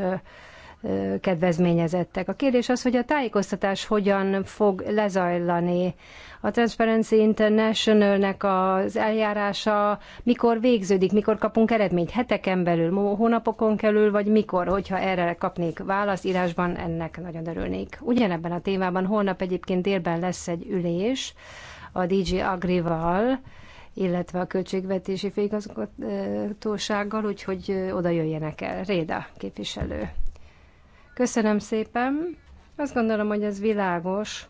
kedvezményezettek. A kérdés az, hogy a tájékoztatás hogyan fog lezajlani a Transparency Internationalnek az eljárása mikor végződik, mikor kapunk eredményt? Heteken belül, hónapokon kerül, vagy mikor? Hogyha erre kapnék választ írásban, ennek nagyon örülnék. Ugyanebben a témában holnap egyébként délben lesz egy ülés a DG Agrival, illetve a költségvetési főigazgatósággal, úgyhogy oda jöjjenek el. Réda képviselő. Köszönöm szépen. Azt gondolom, hogy ez világos,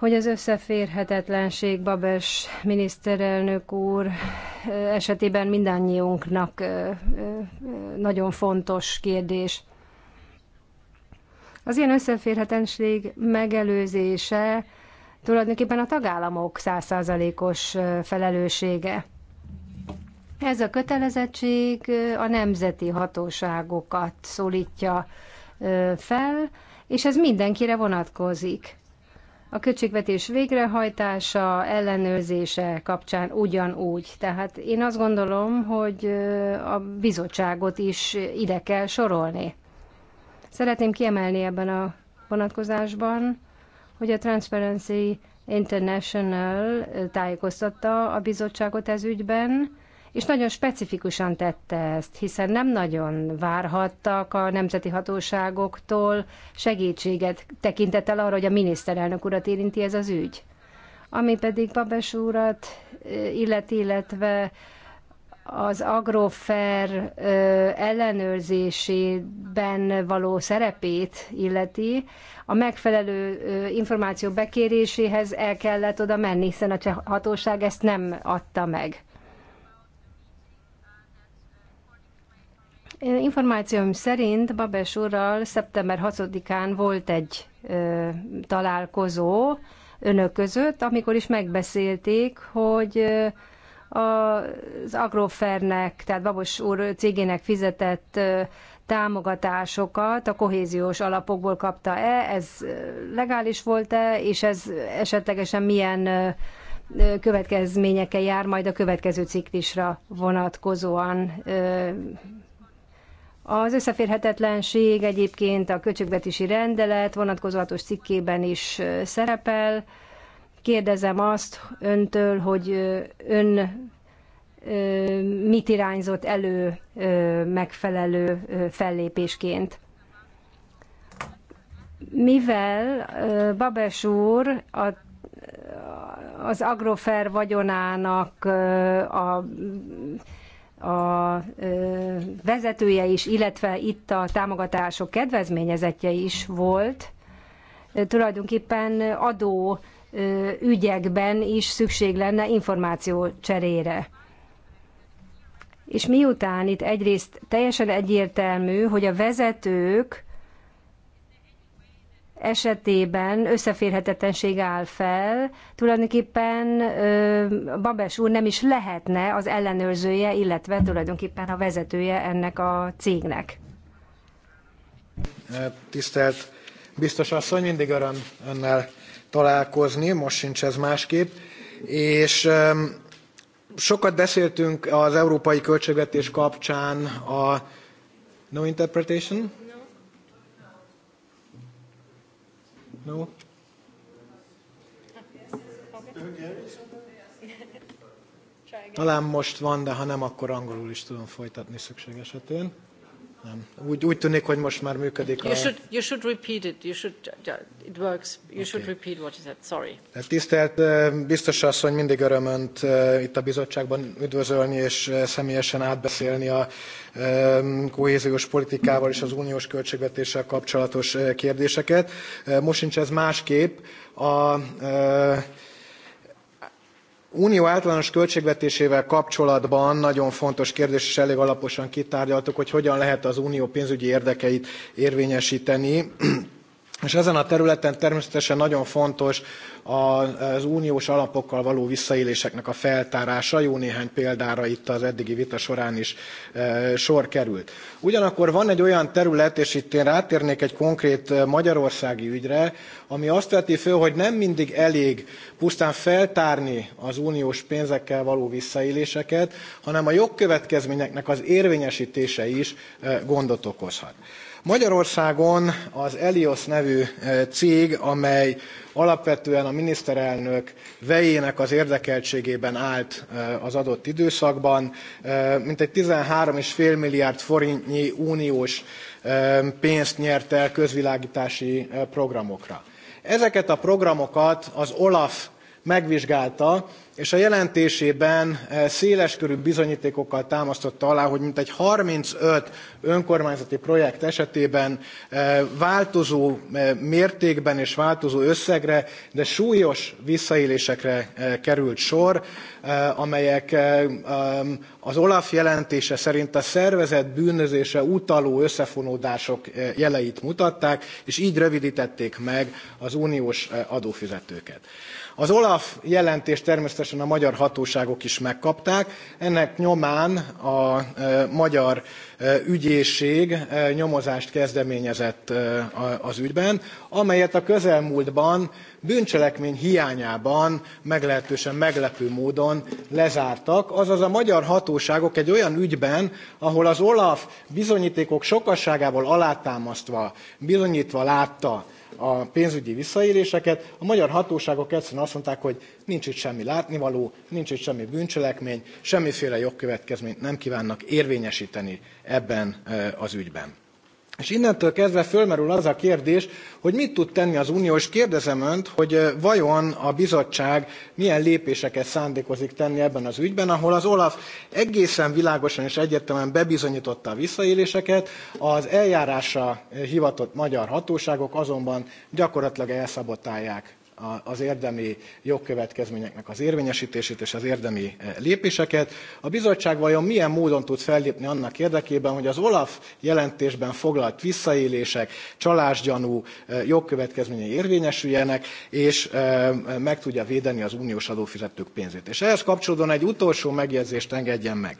hogy az összeférhetetlenség Babes miniszterelnök úr esetében mindannyiunknak nagyon fontos kérdés. Az ilyen összeférhetetlenség megelőzése tulajdonképpen a tagállamok százszázalékos felelőssége. Ez a kötelezettség a nemzeti hatóságokat szólítja fel, és ez mindenkire vonatkozik a költségvetés végrehajtása, ellenőrzése kapcsán ugyanúgy. Tehát én azt gondolom, hogy a bizottságot is ide kell sorolni. Szeretném kiemelni ebben a vonatkozásban, hogy a Transparency International tájékoztatta a bizottságot ez ügyben, és nagyon specifikusan tette ezt, hiszen nem nagyon várhattak a nemzeti hatóságoktól segítséget tekintettel arra, hogy a miniszterelnök urat érinti ez az ügy. Ami pedig Babes urat illet, illetve az agrofer ellenőrzésében való szerepét illeti, a megfelelő információ bekéréséhez el kellett oda menni, hiszen a cseh hatóság ezt nem adta meg. Információim szerint Babes úrral szeptember 6-án volt egy ö, találkozó önök között, amikor is megbeszélték, hogy ö, az Agrofernek, tehát Babos úr cégének fizetett ö, támogatásokat a kohéziós alapokból kapta-e, ez legális volt-e, és ez esetlegesen milyen ö, következményekkel jár majd a következő ciklisra vonatkozóan az összeférhetetlenség egyébként a köcsögvetési rendelet vonatkozatos cikkében is szerepel. Kérdezem azt öntől, hogy ön mit irányzott elő megfelelő fellépésként. Mivel Babes úr a az Agrofer vagyonának a a vezetője is, illetve itt a támogatások kedvezményezetje is volt. Tulajdonképpen adó ügyekben is szükség lenne információ cserére. És miután itt egyrészt teljesen egyértelmű, hogy a vezetők esetében összeférhetetlenség áll fel, tulajdonképpen Babes úr nem is lehetne az ellenőrzője, illetve tulajdonképpen a vezetője ennek a cégnek. Tisztelt biztos asszony, mindig öröm önnel találkozni, most sincs ez másképp. És sokat beszéltünk az európai költségvetés kapcsán a no interpretation, No? Talán most van, de ha nem, akkor angolul is tudom folytatni szükség esetén. Nem. Úgy, úgy tűnik, hogy most már működik you a... Should, you should repeat it. You should, it works. You okay. should repeat what you said. Sorry. Tisztelt biztos asszony, mindig öröm önt itt a bizottságban üdvözölni és személyesen átbeszélni a kohéziós politikával és az uniós költségvetéssel kapcsolatos kérdéseket. Most nincs ez másképp. A, a unió általános költségvetésével kapcsolatban nagyon fontos kérdés, és elég alaposan kitárgyaltuk, hogy hogyan lehet az unió pénzügyi érdekeit érvényesíteni és ezen a területen természetesen nagyon fontos az uniós alapokkal való visszaéléseknek a feltárása. Jó néhány példára itt az eddigi vita során is e, sor került. Ugyanakkor van egy olyan terület, és itt én rátérnék egy konkrét e, magyarországi ügyre, ami azt veti föl, hogy nem mindig elég pusztán feltárni az uniós pénzekkel való visszaéléseket, hanem a jogkövetkezményeknek az érvényesítése is e, gondot okozhat. Magyarországon az Elios nevű eh, cég, amely alapvetően a miniszterelnök vejének az érdekeltségében állt eh, az adott időszakban, eh, mintegy 13,5 milliárd forintnyi uniós pénzt nyert el közvilágítási programokra. Ezeket a programokat az OLAF megvizsgálta, és a jelentésében eh, széleskörű bizonyítékokkal támasztotta alá, hogy mintegy 35 önkormányzati projekt esetében eh, változó eh, mértékben és változó összegre, de súlyos visszaélésekre került sor, amelyek az Olaf jelentése szerint a szervezet bűnözése utaló összefonódások jeleit mutatták, és így rövidítették meg az uniós adófizetőket. Az OLAF jelentést természetesen a magyar hatóságok is megkapták, ennek nyomán a e, magyar e, ügyészség e, nyomozást kezdeményezett az ügyben, amelyet a közelmúltban bűncselekmény hiányában meglehetősen meglepő módon lezártak, azaz a magyar hatóságok egy olyan ügyben, ahol az OLAF bizonyítékok sokasságával alátámasztva, bizonyítva látta, a pénzügyi visszaéléseket. A magyar hatóságok egyszerűen azt mondták, hogy nincs itt semmi látnivaló, nincs itt semmi bűncselekmény, semmiféle jogkövetkezményt nem kívánnak érvényesíteni ebben az ügyben. És innentől kezdve fölmerül az a kérdés, hogy mit tud tenni az Unió, és kérdezem Önt, hogy vajon a bizottság milyen lépéseket szándékozik tenni ebben az ügyben, ahol az Olaf egészen világosan és egyértelműen bebizonyította a visszaéléseket, az eljárásra hivatott magyar hatóságok azonban gyakorlatilag elszabotálják az érdemi jogkövetkezményeknek az érvényesítését és az érdemi eh, lépéseket. A bizottság vajon milyen módon tud fellépni annak érdekében, hogy az OLAF jelentésben foglalt visszaélések, csalásgyanú eh, jogkövetkezményei érvényesüljenek, és eh, meg tudja védeni az uniós adófizetők pénzét. És ehhez kapcsolódóan egy utolsó megjegyzést engedjen meg.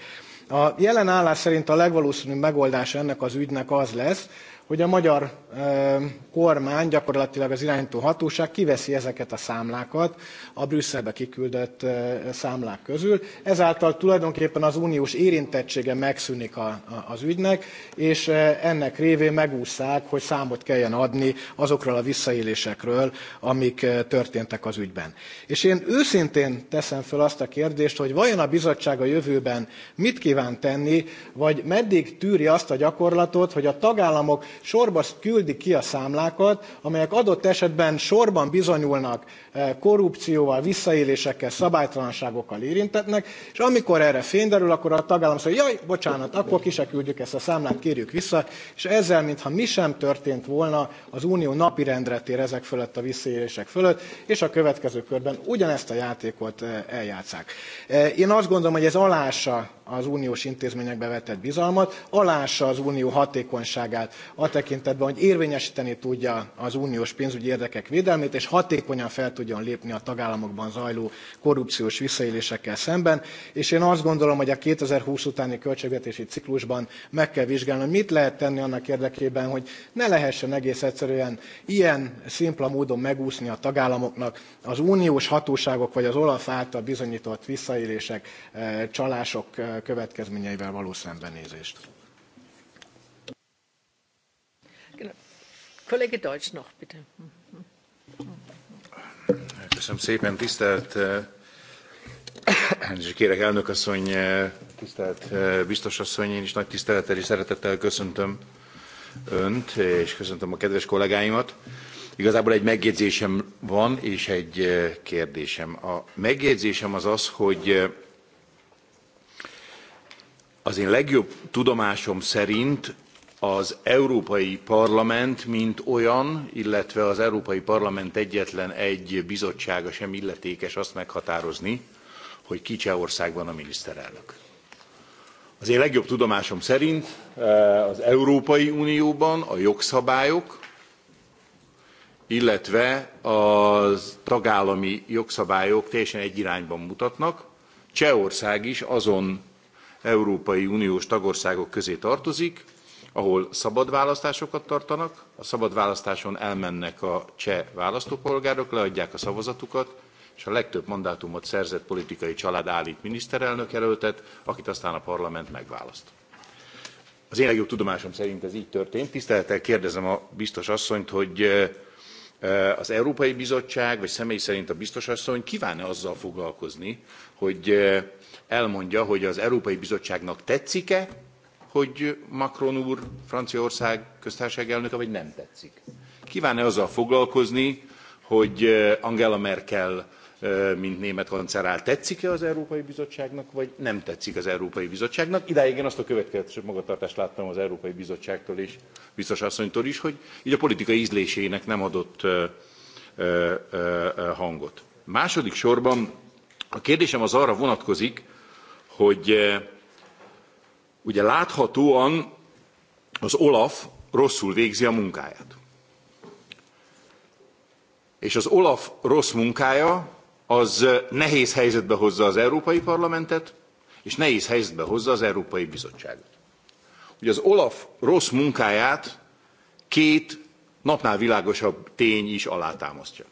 A jelen állás szerint a legvalószínűbb megoldása ennek az ügynek az lesz, hogy a magyar kormány, gyakorlatilag az irányító hatóság kiveszi ezeket a számlákat a Brüsszelbe kiküldött számlák közül. Ezáltal tulajdonképpen az uniós érintettsége megszűnik a, az ügynek, és ennek révén megúszszák, hogy számot kelljen adni azokról a visszaélésekről, amik történtek az ügyben. És én őszintén teszem fel azt a kérdést, hogy vajon a bizottság a jövőben mit kíván tenni, vagy meddig tűri azt a gyakorlatot, hogy a tagállamok sorba küldi ki a számlákat, amelyek adott esetben sorban bizonyulnak eh, korrupcióval, visszaélésekkel, szabálytalanságokkal érintetnek, és amikor erre fény derül, akkor a tagállam szólja, jaj, bocsánat, akkor ki se küldjük ezt a számlát, kérjük vissza, és ezzel, mintha mi sem történt volna, az Unió napirendre tér ezek fölött a visszaélések fölött, és a következő körben ugyanezt a játékot eh, eljátszák. Eh, én azt gondolom, hogy ez alássa az uniós intézményekbe vetett bizalmat, alássa az unió hatékonyságát a tekintetben, hogy érvényesíteni tudja az uniós pénzügyi érdekek védelmét, és hatékonyan fel tudjon lépni a tagállamokban zajló korrupciós visszaélésekkel szemben. És én azt gondolom, hogy a 2020 utáni költségvetési ciklusban meg kell vizsgálni, hogy mit lehet tenni annak érdekében, hogy ne lehessen egész egyszerűen ilyen szimpla módon megúszni a tagállamoknak az uniós hatóságok vagy az Olaf által bizonyított visszaélések, eh, csalások eh, következményeivel való szembenézést. Kollégi Deutsch noch, bitte. Köszönöm szépen, tisztelt eh, és kérek elnökasszony, eh, tisztelt eh, biztosasszony, én is nagy tisztelettel és szeretettel köszöntöm önt, és köszöntöm a kedves kollégáimat. Igazából egy megjegyzésem van, és egy kérdésem. A megjegyzésem az az, hogy az én legjobb tudomásom szerint az Európai Parlament, mint olyan, illetve az Európai Parlament egyetlen egy bizottsága sem illetékes azt meghatározni, hogy ki Csehországban a miniszterelnök. Az én legjobb tudomásom szerint eh, az Európai Unióban a jogszabályok, illetve a tagállami jogszabályok teljesen egy irányban mutatnak. Csehország is azon Európai Uniós tagországok közé tartozik, ahol szabad választásokat tartanak, a szabad választáson elmennek a cseh választópolgárok, leadják a szavazatukat, és a legtöbb mandátumot szerzett politikai család állít miniszterelnök jelöltet, akit aztán a parlament megválaszt. Az én legjobb tudomásom szerint ez így történt. Tisztelettel kérdezem a biztos asszonyt, hogy az Európai Bizottság, vagy személy szerint a biztos asszony kívánne azzal foglalkozni, hogy elmondja, hogy az Európai Bizottságnak tetszik-e, hogy Macron úr Franciaország köztársaság elnöke, vagy nem tetszik. Kíván-e azzal foglalkozni, hogy Angela Merkel, mint német kancellár, tetszik-e az Európai Bizottságnak, vagy nem tetszik az Európai Bizottságnak? Idáig én azt a következő magatartást láttam az Európai Bizottságtól és biztos asszonytól is, hogy így a politikai ízlésének nem adott hangot. Második sorban a kérdésem az arra vonatkozik, hogy eh, ugye láthatóan az Olaf rosszul végzi a munkáját. És az Olaf rossz munkája az eh, nehéz helyzetbe hozza az Európai Parlamentet, és nehéz helyzetbe hozza az Európai Bizottságot. Ugye az Olaf rossz munkáját két napnál világosabb tény is alátámasztja.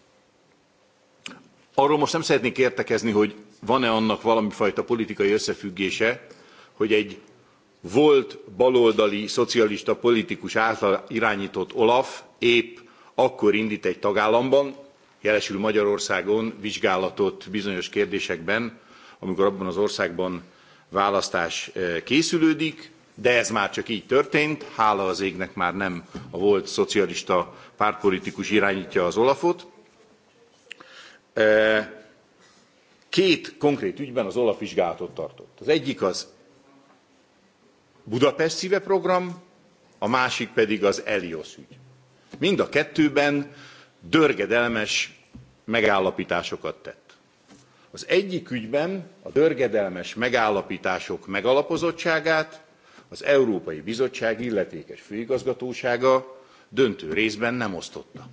Arról most nem szeretnék értekezni, hogy van-e annak valami fajta politikai összefüggése, hogy egy volt baloldali szocialista politikus által irányított Olaf épp akkor indít egy tagállamban, jelesül Magyarországon vizsgálatot bizonyos kérdésekben, amikor abban az országban választás eh, készülődik, de ez már csak így történt, hála az égnek már nem a volt szocialista pártpolitikus irányítja az Olafot. Eh, Két konkrét ügyben az Olaf vizsgálatot tartott. Az egyik az Budapest szíve program, a másik pedig az Elios ügy. Mind a kettőben dörgedelmes megállapításokat tett. Az egyik ügyben a dörgedelmes megállapítások megalapozottságát az Európai Bizottság illetékes főigazgatósága döntő részben nem osztotta.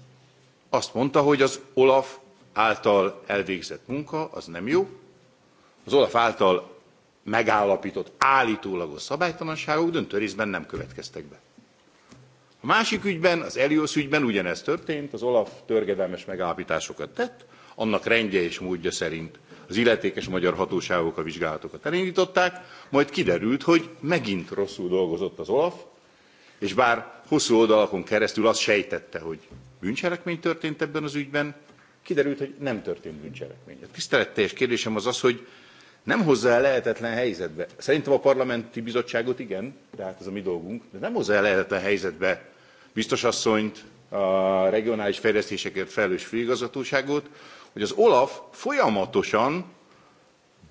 Azt mondta, hogy az Olaf által elvégzett munka az nem jó, az Olaf által megállapított állítólagos szabálytalanságok döntő részben nem következtek be. A másik ügyben, az Elios ügyben ugyanez történt, az Olaf törgedelmes megállapításokat tett, annak rendje és módja szerint az illetékes magyar hatóságok a vizsgálatokat elindították, majd kiderült, hogy megint rosszul dolgozott az Olaf, és bár hosszú oldalakon keresztül azt sejtette, hogy bűncselekmény történt ebben az ügyben, kiderült, hogy nem történt bűncselekmény. A tiszteletteljes kérdésem az az, hogy nem hozza el lehetetlen helyzetbe. Szerintem a parlamenti bizottságot igen, de hát ez a mi dolgunk, de nem hozza el lehetetlen helyzetbe biztos asszonyt, a regionális fejlesztésekért felelős főigazgatóságot, hogy az OLAF folyamatosan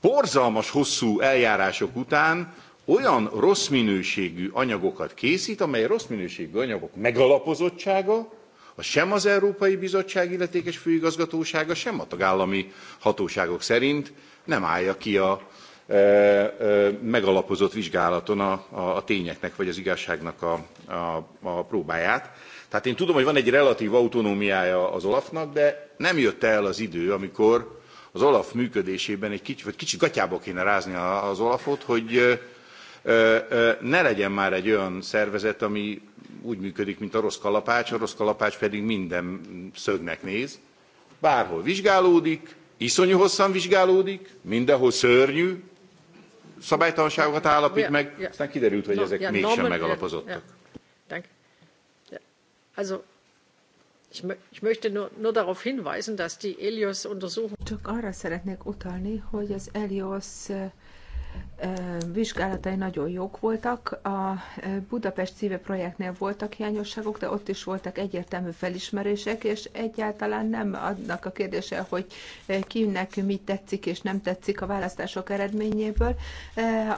borzalmas hosszú eljárások után olyan rossz minőségű anyagokat készít, amely rossz minőségű anyagok megalapozottsága az sem az Európai Bizottság illetékes főigazgatósága, sem a tagállami hatóságok szerint nem állja ki a e, e, megalapozott vizsgálaton a, a, a, tényeknek vagy az igazságnak a, a, a próbáját. Tehát én tudom, hogy van egy relatív autonómiája az Olafnak, de nem jött el az idő, amikor az Olaf működésében egy kicsit, vagy gatyába kéne rázni az Olafot, hogy e, e, ne legyen már egy olyan szervezet, ami úgy működik, mint a rossz kalapács, a rossz kalapács pedig minden szögnek néz. Bárhol vizsgálódik, iszonyú hosszan vizsgálódik, mindenhol szörnyű, szabálytalanságokat állapít yeah, meg, yeah. aztán kiderült, hogy no, ezek yeah, mégsem normal, megalapozottak. Csak arra szeretnék utalni, hogy az Elios vizsgálatai nagyon jók voltak. A Budapest Szíve projektnél voltak hiányosságok, de ott is voltak egyértelmű felismerések, és egyáltalán nem adnak a kérdése, hogy kinek mit tetszik és nem tetszik a választások eredményéből,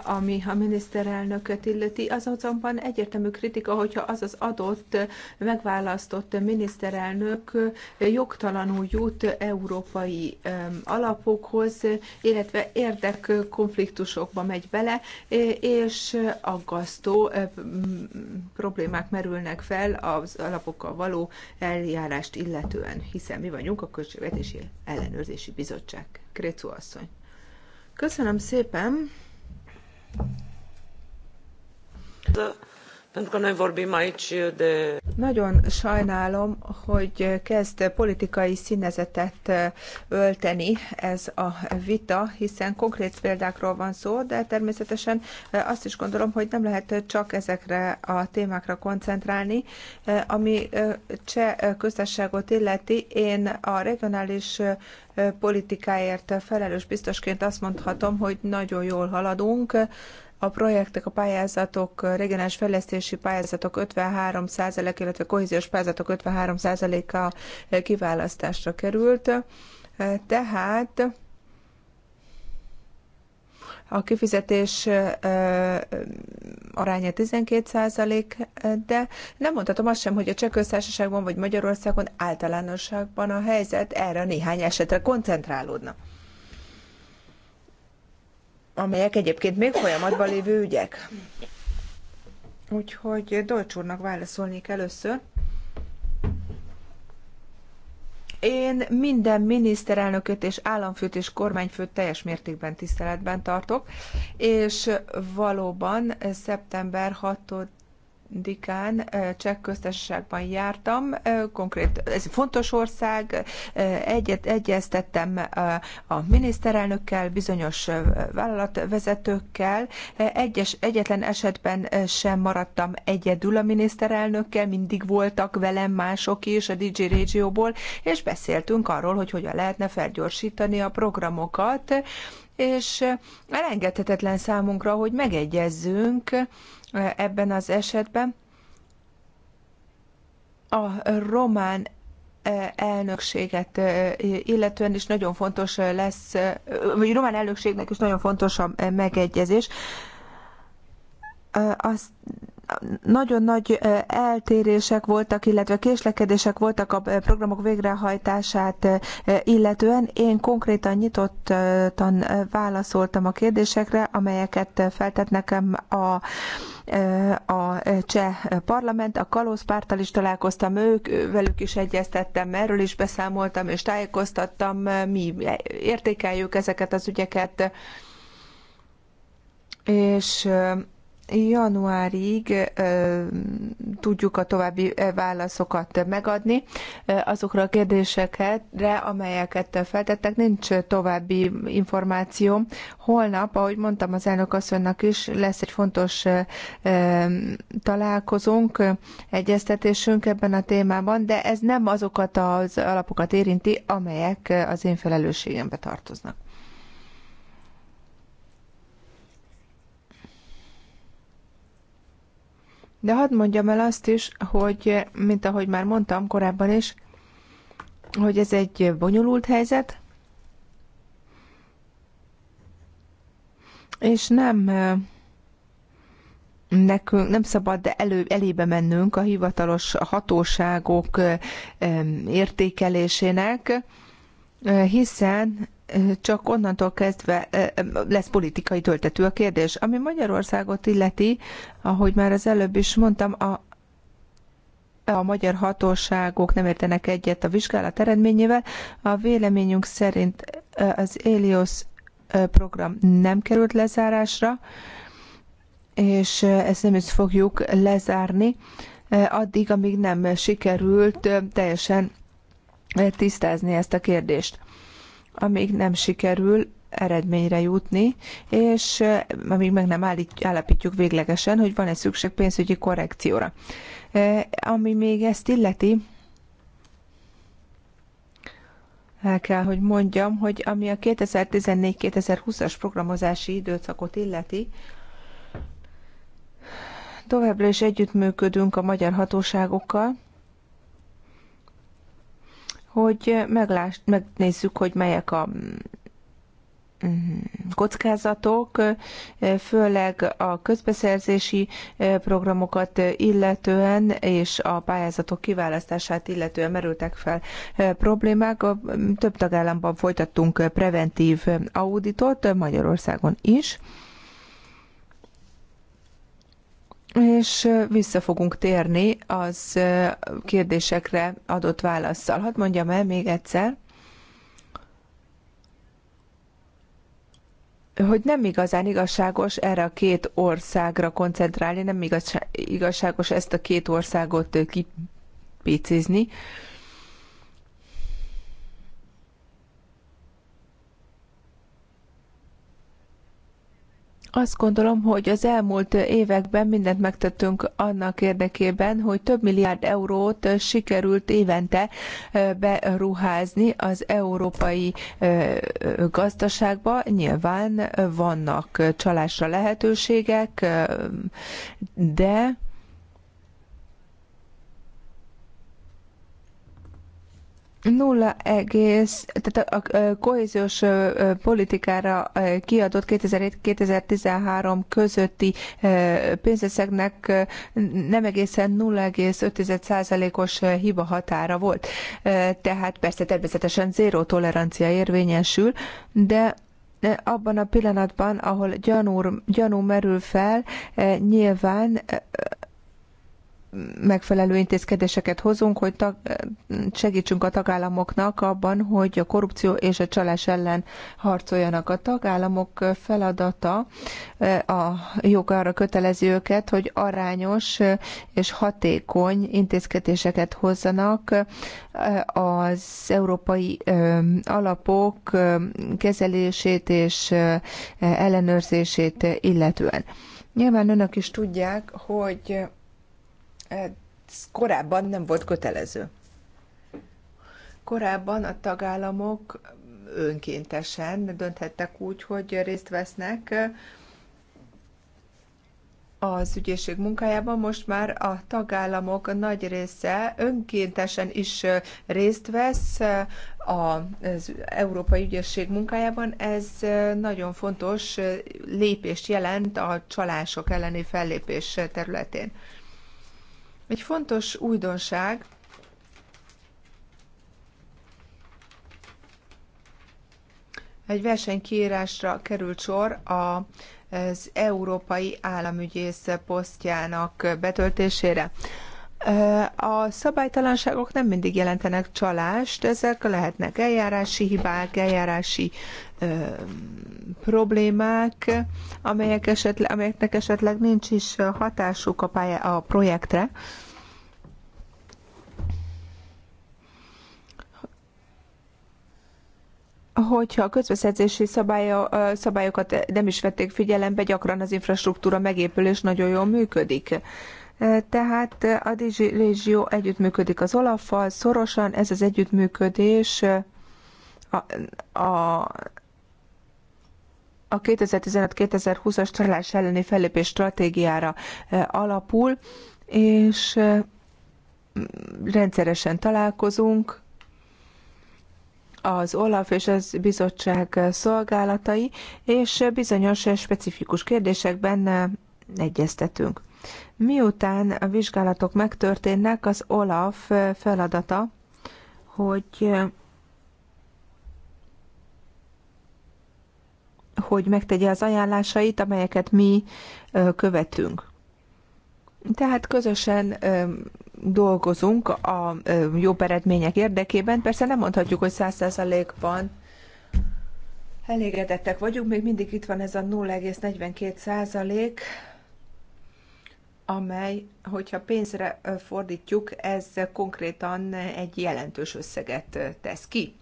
ami a miniszterelnököt illeti. Az azonban egyértelmű kritika, hogyha az az adott, megválasztott miniszterelnök jogtalanul jut európai alapokhoz, illetve érdekkonfliktusok dolgokba megy bele, és aggasztó problémák merülnek fel az alapokkal való eljárást illetően, hiszen mi vagyunk a Költségvetési Ellenőrzési Bizottság. Krécu asszony. Köszönöm szépen! Nagyon sajnálom, hogy kezd politikai színezetet ölteni ez a vita, hiszen konkrét példákról van szó, de természetesen azt is gondolom, hogy nem lehet csak ezekre a témákra koncentrálni. Ami cseh köztársaságot illeti, én a regionális politikáért felelős biztosként azt mondhatom, hogy nagyon jól haladunk, a projektek, a pályázatok, regionális fejlesztési pályázatok 53%, illetve kohéziós pályázatok 53%-a kiválasztásra került. Tehát a kifizetés aránya 12 de nem mondhatom azt sem, hogy a Csehköztársaságban vagy Magyarországon általánosságban a helyzet erre a néhány esetre koncentrálódna amelyek egyébként még folyamatban lévő ügyek. Úgyhogy Dolcs úrnak válaszolnék először. Én minden miniszterelnököt és államfőt és kormányfőt teljes mértékben tiszteletben tartok, és valóban szeptember 6 dikán án Cseh köztársaságban jártam, konkrét, ez fontos ország, egyet, egyeztettem a miniszterelnökkel, bizonyos vállalatvezetőkkel, egyes, egyetlen esetben sem maradtam egyedül a miniszterelnökkel, mindig voltak velem mások is a DJ Régióból, és beszéltünk arról, hogy hogyan lehetne felgyorsítani a programokat, és elengedhetetlen számunkra, hogy megegyezzünk ebben az esetben. A román e, elnökséget e, illetően is nagyon fontos lesz, e, vagy román elnökségnek is nagyon fontos a megegyezés. Azt nagyon nagy eltérések voltak, illetve késlekedések voltak a programok végrehajtását illetően. Én konkrétan nyitottan válaszoltam a kérdésekre, amelyeket feltett nekem a a cseh parlament, a kalózpárttal is találkoztam ők, velük is egyeztettem, erről is beszámoltam és tájékoztattam, mi értékeljük ezeket az ügyeket, és januárig tudjuk a további válaszokat megadni. Azokra a kérdésekre, amelyeket feltettek, nincs további információ. Holnap, ahogy mondtam az elnök asszonynak is, lesz egy fontos találkozónk, egyeztetésünk ebben a témában, de ez nem azokat az alapokat érinti, amelyek az én felelősségembe tartoznak. De hadd mondjam el azt is, hogy, mint ahogy már mondtam korábban is, hogy ez egy bonyolult helyzet, és nem nekünk nem szabad de elő, elébe mennünk a hivatalos hatóságok értékelésének, hiszen csak onnantól kezdve lesz politikai töltetű a kérdés. Ami Magyarországot illeti, ahogy már az előbb is mondtam, a, a magyar hatóságok nem értenek egyet a vizsgálat eredményével. A véleményünk szerint az Elios program nem került lezárásra, és ezt nem is fogjuk lezárni addig, amíg nem sikerült teljesen tisztázni ezt a kérdést amíg nem sikerül eredményre jutni, és eh, amíg meg nem állapítjuk véglegesen, hogy van-e szükség pénzügyi korrekcióra. Eh, ami még ezt illeti, el kell, hogy mondjam, hogy ami a 2014-2020-as programozási időszakot illeti, továbbra is együttműködünk a magyar hatóságokkal, hogy meglás, megnézzük, hogy melyek a mm, kockázatok, főleg a közbeszerzési e, programokat illetően és a pályázatok kiválasztását illetően merültek fel e, problémák. Mm, több tagállamban folytattunk preventív auditot, Magyarországon is. és vissza fogunk térni az kérdésekre adott válaszsal. Hadd mondjam el még egyszer, hogy nem igazán igazságos erre a két országra koncentrálni, nem igazságos ezt a két országot kipécézni. Azt gondolom, hogy az elmúlt években mindent megtettünk annak érdekében, hogy több milliárd eurót sikerült évente beruházni az európai gazdaságba. Nyilván vannak csalásra lehetőségek, de egész, tehát a kohéziós politikára kiadott 2007-2013 közötti pénzösszegnek nem egészen 0,5%-os hiba határa volt. Tehát persze természetesen zéró tolerancia érvényesül, de abban a pillanatban, ahol gyanú, gyanú merül fel, nyilván megfelelő intézkedéseket hozunk, hogy tag, segítsünk a tagállamoknak abban, hogy a korrupció és a csalás ellen harcoljanak. A tagállamok feladata e, a jog arra kötelezi őket, hogy arányos és hatékony intézkedéseket hozzanak az európai e, alapok e, kezelését és ellenőrzését illetően. Nyilván önök is tudják, hogy ez korábban nem volt kötelező. Korábban a tagállamok önkéntesen dönthettek úgy, hogy részt vesznek az ügyészség munkájában most már a tagállamok nagy része önkéntesen is részt vesz az Európai Ügyészség munkájában. Ez nagyon fontos lépést jelent a csalások elleni fellépés területén. Egy fontos újdonság, egy versenykiírásra került sor az európai államügyész posztjának betöltésére. A szabálytalanságok nem mindig jelentenek csalást, ezek lehetnek eljárási hibák, eljárási ö, problémák, amelyek esetleg, amelyeknek esetleg nincs is hatásuk a, pályá, a projektre. hogyha a közbeszerzési szabálya, szabályokat nem is vették figyelembe, gyakran az infrastruktúra megépülés nagyon jól működik. Tehát a Digi Régió együttműködik az Olaffal szorosan, ez az együttműködés a, a a 2015-2020-as csalás elleni fellépés stratégiára alapul, és rendszeresen találkozunk az OLAF és az bizottság szolgálatai, és bizonyos specifikus kérdésekben egyeztetünk. Miután a vizsgálatok megtörténnek, az OLAF feladata, hogy hogy megtegye az ajánlásait, amelyeket mi követünk. Tehát közösen dolgozunk a jobb eredmények érdekében. Persze nem mondhatjuk, hogy 100%-ban elégedettek vagyunk, még mindig itt van ez a 0,42 százalék, amely, hogyha pénzre fordítjuk, ez konkrétan egy jelentős összeget tesz ki.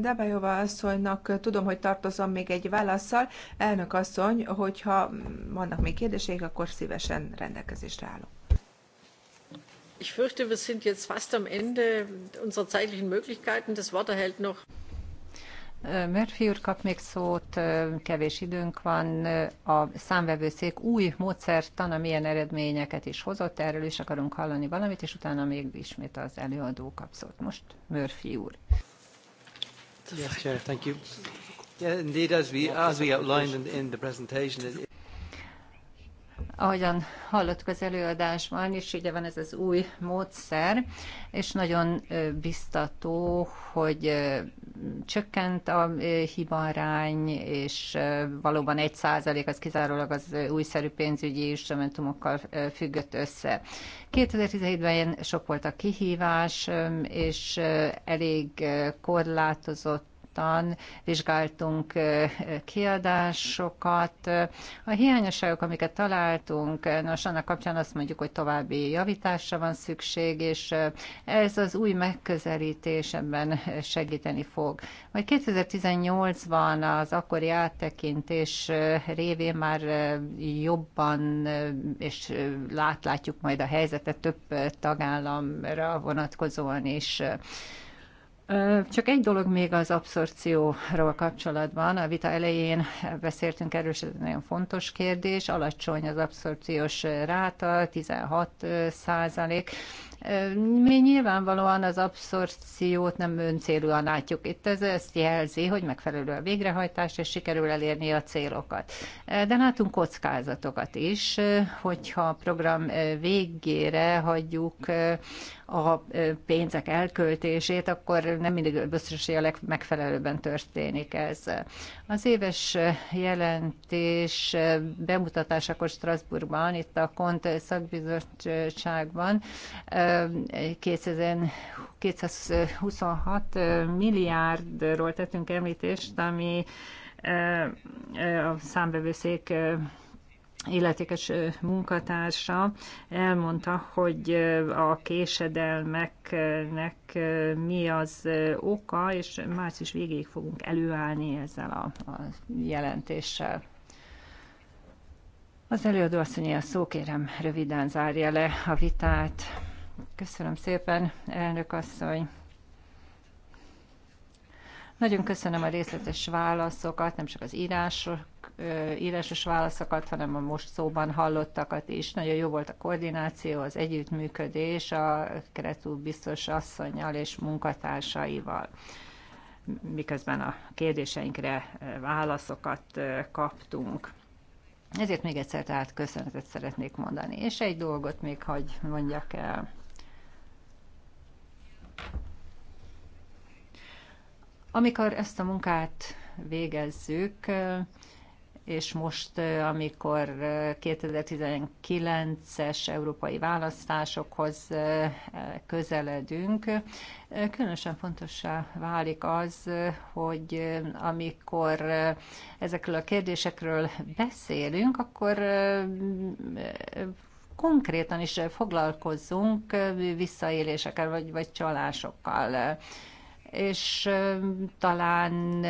Dabajova asszonynak tudom, hogy tartozom még egy válaszsal. Elnök asszony, hogyha vannak még kérdéseik, akkor szívesen rendelkezésre állok. Ich fürchte, wir sind jetzt fast am Ende unserer zeitlichen Möglichkeiten. Das Wort erhält noch. Murphy úr kap még szót, kevés időnk van. A számvevőszék új módszertan, amilyen eredményeket is hozott, erről is akarunk hallani valamit, és utána még ismét az előadó kap szót. Most Murphy úr. Yes, Chair, thank you. Yeah, indeed, as we, as we outlined in, in the presentation, it, Ahogyan hallottuk az előadásban és ugye van ez az új módszer, és nagyon biztató, hogy csökkent a hibarány, és valóban egy százalék az kizárólag az újszerű pénzügyi instrumentumokkal függött össze. 2017-ben sok volt a kihívás, és elég korlátozott nyugodtan, vizsgáltunk kiadásokat. A hiányosságok, amiket találtunk, nos, annak kapcsán azt mondjuk, hogy további javításra van szükség, és ez az új megközelítés ebben segíteni fog. Majd 2018-ban az akkori áttekintés révén már jobban, és lát, látjuk majd a helyzetet több tagállamra vonatkozóan is. Csak egy dolog még az abszorcióról kapcsolatban. A vita elején beszéltünk erről, és ez nagyon fontos kérdés. Alacsony az abszorpciós ráta, 16 százalék. Mi nyilvánvalóan az abszorciót nem öncélúan látjuk. Itt ez ezt jelzi, hogy megfelelő a végrehajtás, és sikerül elérni a célokat. De látunk kockázatokat is, hogyha a program végére hagyjuk a pénzek elköltését, akkor nem mindig biztosan a legmegfelelőbben történik ez. Az éves jelentés bemutatásakor Strasbourgban, itt a Kont szakbizottságban 226 milliárdról tettünk említést, ami a számbevőszék illetékes munkatársa elmondta, hogy a késedelmeknek mi az oka, és március végéig fogunk előállni ezzel a, a jelentéssel. Az előadó asszonyi a szó, kérem, röviden zárja le a vitát. Köszönöm szépen, elnök asszony. Nagyon köszönöm a részletes válaszokat, nem csak az írások, írásos válaszokat, hanem a most szóban hallottakat is. Nagyon jó volt a koordináció, az együttműködés a keretú biztos asszonynal és munkatársaival miközben a kérdéseinkre válaszokat kaptunk. Ezért még egyszer tehát köszönetet szeretnék mondani. És egy dolgot még hagy mondjak el. Amikor ezt a munkát végezzük, és most, amikor 2019-es európai választásokhoz közeledünk, különösen fontossá válik az, hogy amikor ezekről a kérdésekről beszélünk, akkor konkrétan is foglalkozzunk visszaélésekkel vagy, vagy csalásokkal és talán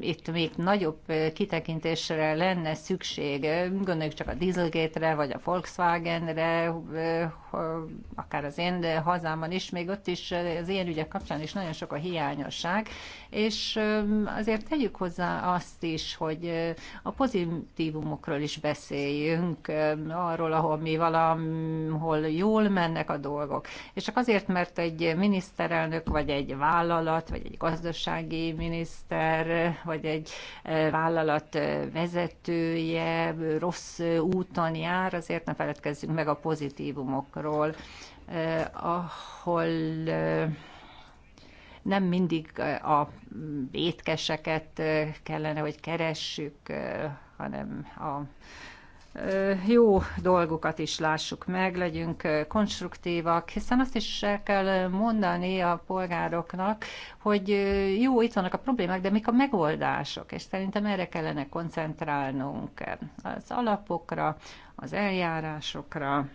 itt még nagyobb kitekintésre lenne szükség. Gondoljuk csak a Dieselgate-re, vagy a Volkswagenre, akár az én hazámban is, még ott is az ilyen ügyek kapcsán is nagyon sok a hiányosság, és azért tegyük hozzá azt is, hogy a pozitívumokról is beszéljünk, arról, ahol mi valahol jól mennek a dolgok. És csak azért, mert egy miniszterelnök vagy egy vállalat, vállalat, vagy egy gazdasági miniszter, vagy egy e, vállalat e, vezetője rossz e, úton jár, azért ne feledkezzünk meg a pozitívumokról, ahol nem mindig a vétkeseket kellene, hogy keressük, hanem a jó dolgokat is lássuk meg, legyünk konstruktívak, hiszen azt is el kell mondani a polgároknak, hogy jó, itt vannak a problémák, de mik a megoldások, és szerintem erre kellene koncentrálnunk az alapokra, az eljárásokra,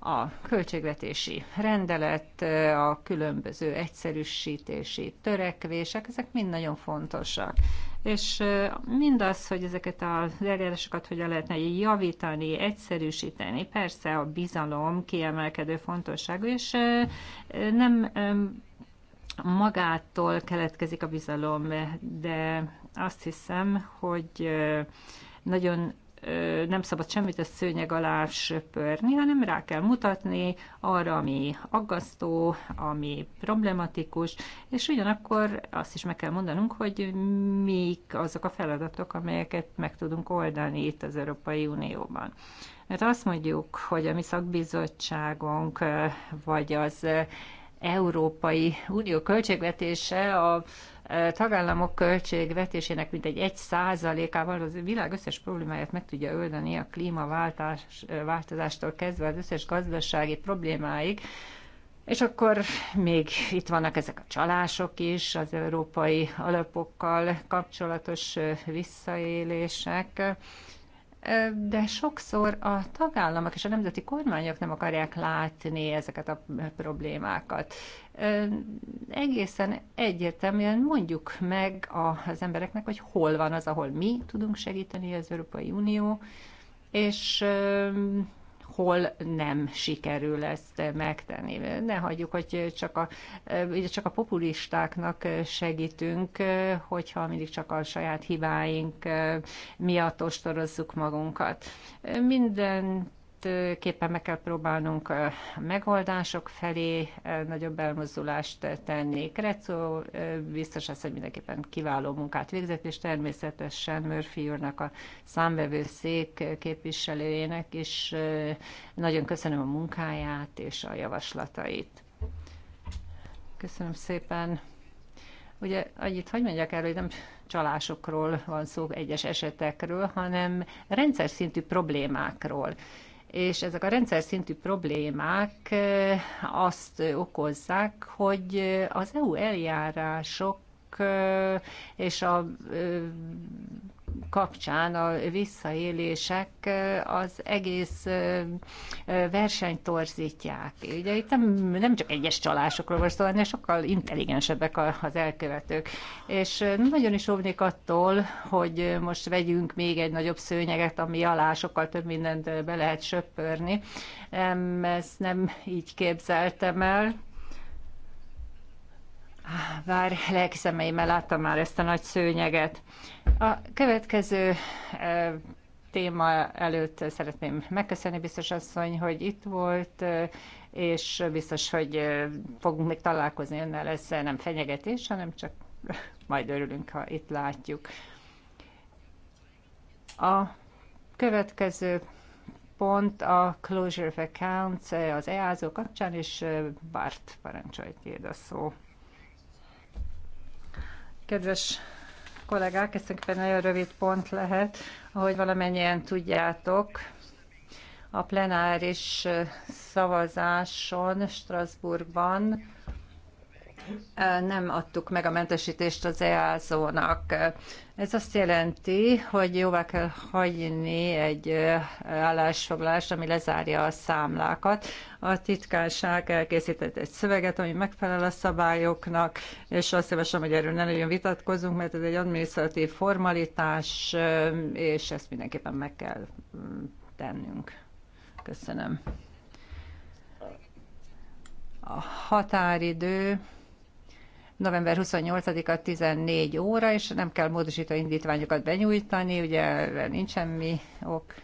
a költségvetési rendelet, a különböző egyszerűsítési törekvések, ezek mind nagyon fontosak és mindaz, hogy ezeket az eljárásokat hogyan lehetne javítani, egyszerűsíteni, persze a bizalom kiemelkedő fontosságú, és nem magától keletkezik a bizalom, de azt hiszem, hogy nagyon nem szabad semmit a szőnyeg alá söpörni, hanem rá kell mutatni arra, ami aggasztó, ami problematikus, és ugyanakkor azt is meg kell mondanunk, hogy mik azok a feladatok, amelyeket meg tudunk oldani itt az Európai Unióban. Mert azt mondjuk, hogy a mi szakbizottságunk, vagy az Európai Unió költségvetése a tagállamok költségvetésének mintegy egy százalékával az világ összes problémáját meg tudja oldani a klímaváltozástól kezdve az összes gazdasági problémáig. És akkor még itt vannak ezek a csalások is, az európai alapokkal kapcsolatos visszaélések de sokszor a tagállamok és a nemzeti kormányok nem akarják látni ezeket a problémákat. Egészen egyértelműen mondjuk meg az embereknek, hogy hol van az, ahol mi tudunk segíteni az Európai Unió, és hol nem sikerül ezt megtenni. Ne hagyjuk, hogy csak a, csak a populistáknak segítünk, hogyha mindig csak a saját hibáink miatt ostorozzuk magunkat. Minden Mindenképpen meg kell próbálnunk a megoldások felé nagyobb elmozdulást tenni. Kreco biztos az, hogy mindenképpen kiváló munkát végzett, és természetesen Murphy úrnak a számvevőszék képviselőjének is nagyon köszönöm a munkáját és a javaslatait. Köszönöm szépen. Ugye, annyit hogy mondjak el, hogy nem csalásokról van szó egyes esetekről, hanem rendszer szintű problémákról és ezek a rendszer szintű problémák azt okozzák, hogy az EU eljárások és a kapcsán a visszaélések eh, az egész eh, eh, versenyt torzítják. Ugye itt nem, nem csak egyes csalásokról van szó, hanem sokkal intelligensebbek az elkövetők. És nagyon is óvnék attól, hogy most vegyünk még egy nagyobb szőnyeget, ami alá sokkal több mindent be lehet söpörni. Ezt nem így képzeltem el Vár, lelki szemeimmel láttam már ezt a nagy szőnyeget. A következő e, téma előtt szeretném megköszönni biztos asszony, hogy itt volt, e, és biztos, hogy e, fogunk még találkozni önnel, ez nem fenyegetés, hanem csak <laughs> majd örülünk, ha itt látjuk. A következő pont a Closure of Accounts az EASO kapcsán, és Bart parancsolt a szó. Kedves kollégák, ez egy nagyon rövid pont lehet, ahogy valamennyien tudjátok. A plenáris szavazáson Strasbourgban nem adtuk meg a mentesítést az EASO-nak. Ez azt jelenti, hogy jóvá kell hagyni egy állásfoglalást, ami lezárja a számlákat. A titkárság elkészített egy szöveget, ami megfelel a szabályoknak, és azt javaslom, hogy erről ne nagyon vitatkozunk, mert ez egy administratív formalitás, és ezt mindenképpen meg kell mm, tennünk. Köszönöm. A határidő november 28-a 14 óra, és nem kell módosító indítványokat benyújtani, ugye erre nincs semmi ok.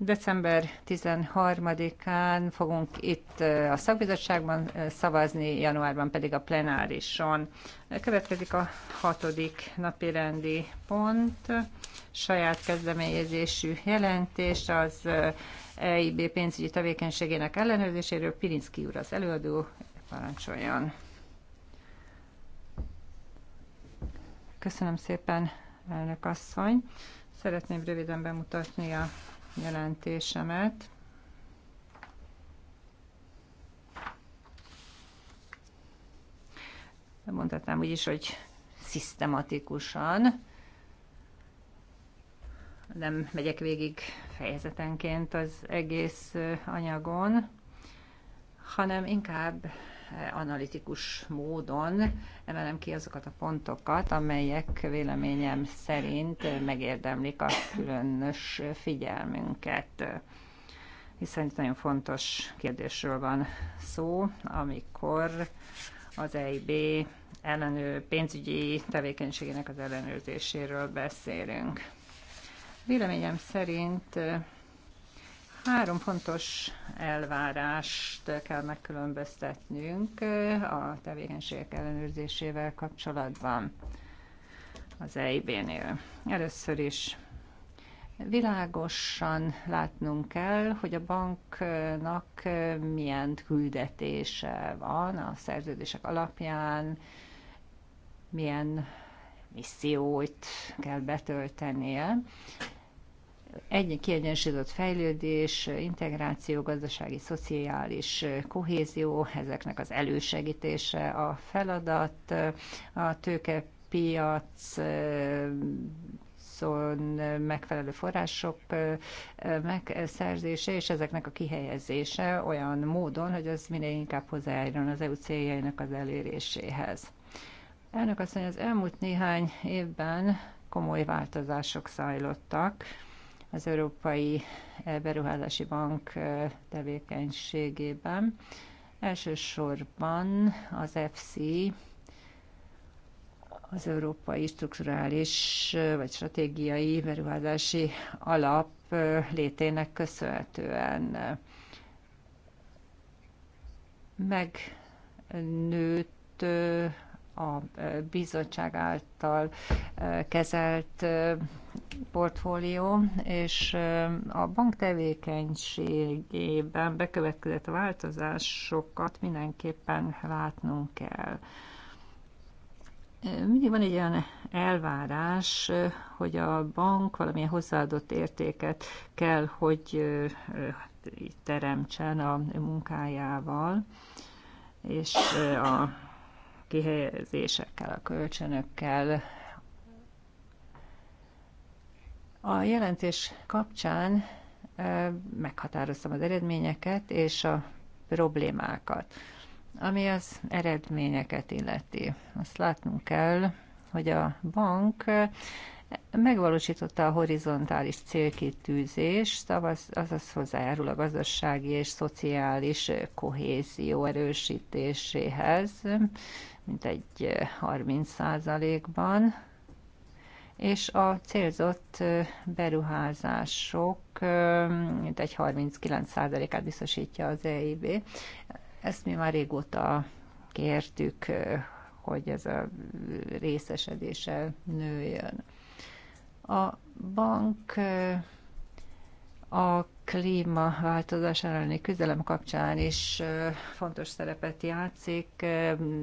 December 13-án fogunk itt a szakbizottságban szavazni, januárban pedig a plenárison. Következik a hatodik napi rendi pont, saját kezdeményezésű jelentés az EIB pénzügyi tevékenységének ellenőrzéséről. Pirinszki úr az előadó, Parancsoljon. Köszönöm szépen, elnök asszony. Szeretném röviden bemutatni a jelentésemet. Mondhatnám úgy is, hogy szisztematikusan. Nem megyek végig fejezetenként az egész anyagon, hanem inkább analitikus módon emelem ki azokat a pontokat, amelyek véleményem szerint megérdemlik a különös figyelmünket hiszen itt nagyon fontos kérdésről van szó, amikor az EIB ellenő, pénzügyi tevékenységének az ellenőrzéséről beszélünk. Véleményem szerint Három fontos elvárást kell megkülönböztetnünk eh, a tevékenységek ellenőrzésével kapcsolatban az EIB-nél. Először is világosan látnunk kell, hogy a banknak eh, milyen küldetése van a szerződések alapján, milyen missziót kell betöltenie, egy kiegyensúlyozott fejlődés, integráció, gazdasági, szociális kohézió, ezeknek az elősegítése a feladat, a tőkepiac megfelelő források megszerzése, és ezeknek a kihelyezése olyan módon, hogy az minél inkább hozzájárjon az EU céljainak az eléréséhez. Elnök azt mondja, az elmúlt néhány évben komoly változások zajlottak az Európai eh, Beruházási Bank eh, tevékenységében. Elsősorban az FC az Európai Strukturális eh, vagy Stratégiai Beruházási Alap létének köszönhetően megnőtt a bizottság által kezelt portfólió, és a bank tevékenységében bekövetkezett változásokat mindenképpen látnunk kell. Mindig van egy olyan elvárás, hogy a bank valamilyen hozzáadott értéket kell, hogy teremtsen a munkájával, és a kihelyezésekkel, a kölcsönökkel. A jelentés kapcsán meghatároztam az eredményeket és a problémákat. Ami az eredményeket illeti, azt látnunk kell, hogy a bank megvalósította a horizontális célkitűzést, azaz, azaz hozzájárul a gazdasági és szociális kohézió erősítéséhez, mintegy 30%-ban, eh, és a célzott eh, beruházások eh, mintegy 39%-át biztosítja az EIB. Ezt mi már régóta kértük, hogy ez a részesedése nőjön. A bank a klímaváltozás elleni küzdelem kapcsán is fontos szerepet játszik,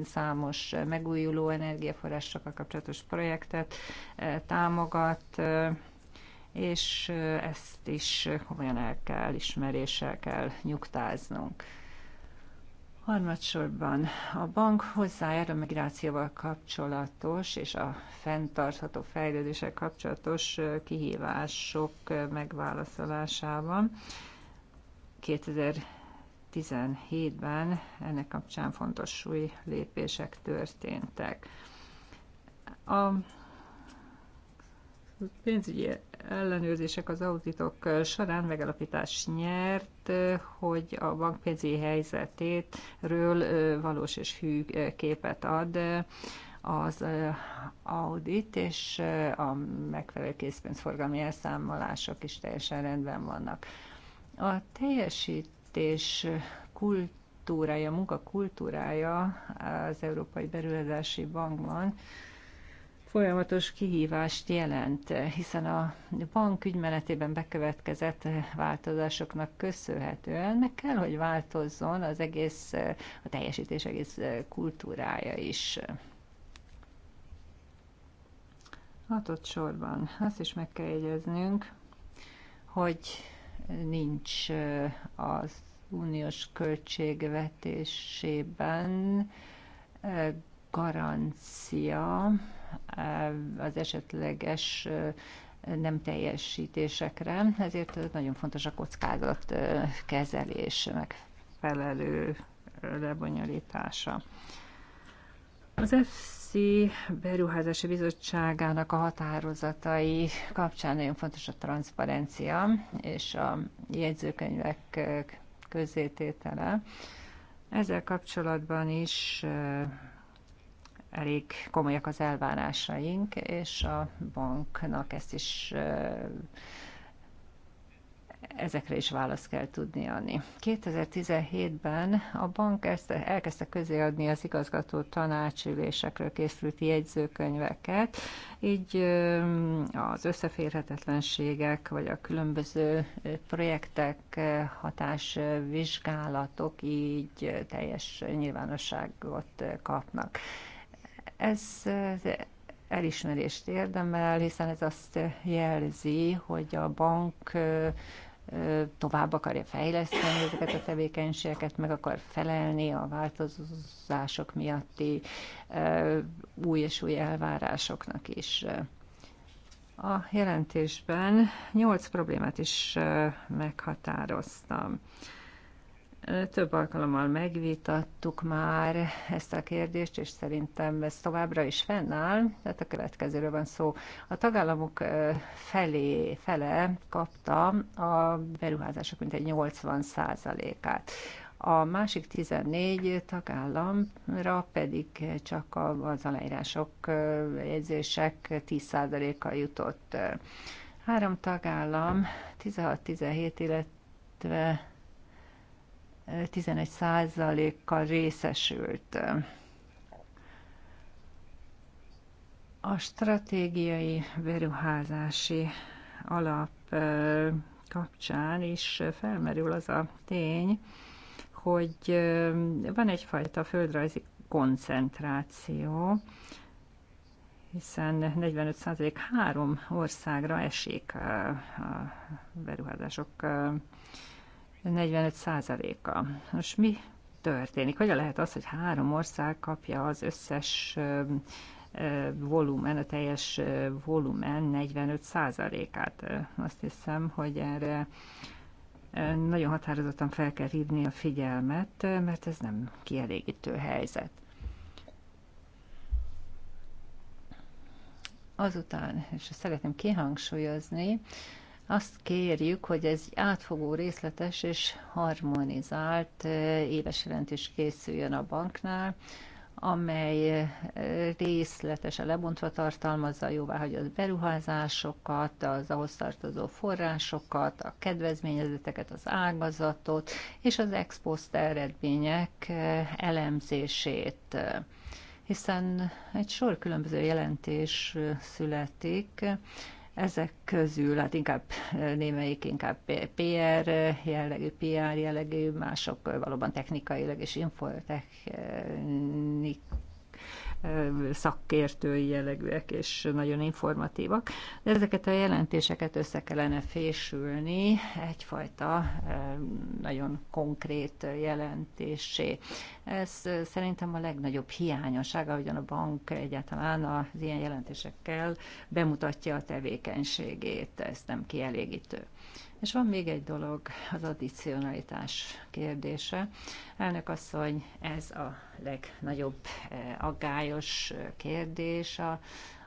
számos megújuló energiaforrásokkal kapcsolatos projektet támogat, és ezt is komolyan el kell ismeréssel kell nyugtáznunk. Harmadsorban a bank hozzájár a migrációval kapcsolatos és a fenntartható fejlődéssel kapcsolatos kihívások megválaszolásában. 2017-ben ennek kapcsán fontos új lépések történtek. A pénzügyi ellenőrzések az auditok során megalapítás nyert, hogy a bankpénzi helyzetétről valós és hű képet ad az audit, és a megfelelő készpénzforgalmi elszámolások is teljesen rendben vannak. A teljesítés kultúrája, munkakultúrája az Európai Beruházási Bankban folyamatos kihívást jelent, hiszen a bank ügymenetében bekövetkezett változásoknak köszönhetően meg kell, hogy változzon az egész, a teljesítés egész kultúrája is. Hatott sorban azt is meg kell jegyeznünk, hogy nincs eh, az uniós költségvetésében eh, garancia az esetleges nem teljesítésekre, ezért nagyon fontos a kockázat kezelés, megfelelő lebonyolítása. Az FC Beruházási Bizottságának a határozatai kapcsán nagyon fontos a transzparencia és a jegyzőkönyvek közzététele. Ezzel kapcsolatban is elég komolyak az elvárásaink, és a banknak ezt is ezekre is választ kell tudni adni. 2017-ben a bank ezt elkezdte közéadni az igazgató tanácsülésekről készült jegyzőkönyveket, így az összeférhetetlenségek, vagy a különböző projektek hatásvizsgálatok így teljes nyilvánosságot kapnak. Ez elismerést érdemel, hiszen ez azt jelzi, hogy a bank tovább akarja fejleszteni ezeket a tevékenységeket, meg akar felelni a változások miatti új és új elvárásoknak is. A jelentésben nyolc problémát is meghatároztam. Több alkalommal megvitattuk már ezt a kérdést, és szerintem ez továbbra is fennáll. Tehát a következőről van szó. A tagállamok felé, fele kapta a beruházások mintegy 80%-át. A másik 14 tagállamra pedig csak az aláírások, jegyzések 10%-a jutott. Három tagállam, 16-17, illetve 11 százalékkal részesült. A stratégiai beruházási alap kapcsán is felmerül az a tény, hogy van egyfajta földrajzi koncentráció, hiszen 45% három országra esik a beruházások 45 százaléka. Most mi történik? Hogyan lehet az, hogy három ország kapja az összes volumen, a teljes volumen 45 százalékát? Azt hiszem, hogy erre nagyon határozottan fel kell hívni a figyelmet, mert ez nem kielégítő helyzet. Azután, és ezt szeretném kihangsúlyozni, azt kérjük, hogy ez átfogó, részletes és harmonizált éves jelentés készüljön a banknál, amely részletesen lebontva tartalmazza az beruházásokat, az ahhoz tartozó forrásokat, a kedvezményezeteket, az ágazatot és az ex post eredmények elemzését. Hiszen egy sor különböző jelentés születik, ezek közül, hát inkább némelyik inkább PR jellegű, PR jellegű, mások valóban technikailag és infotechnikai szakértői jellegűek és nagyon informatívak. De ezeket a jelentéseket össze kellene fésülni egyfajta nagyon konkrét jelentésé. Ez szerintem a legnagyobb hiányossága, ahogyan a bank egyáltalán az ilyen jelentésekkel bemutatja a tevékenységét. Ez nem kielégítő. És van még egy dolog, az addicionalitás kérdése. Elnök asszony, ez a legnagyobb eh, aggályos eh, kérdés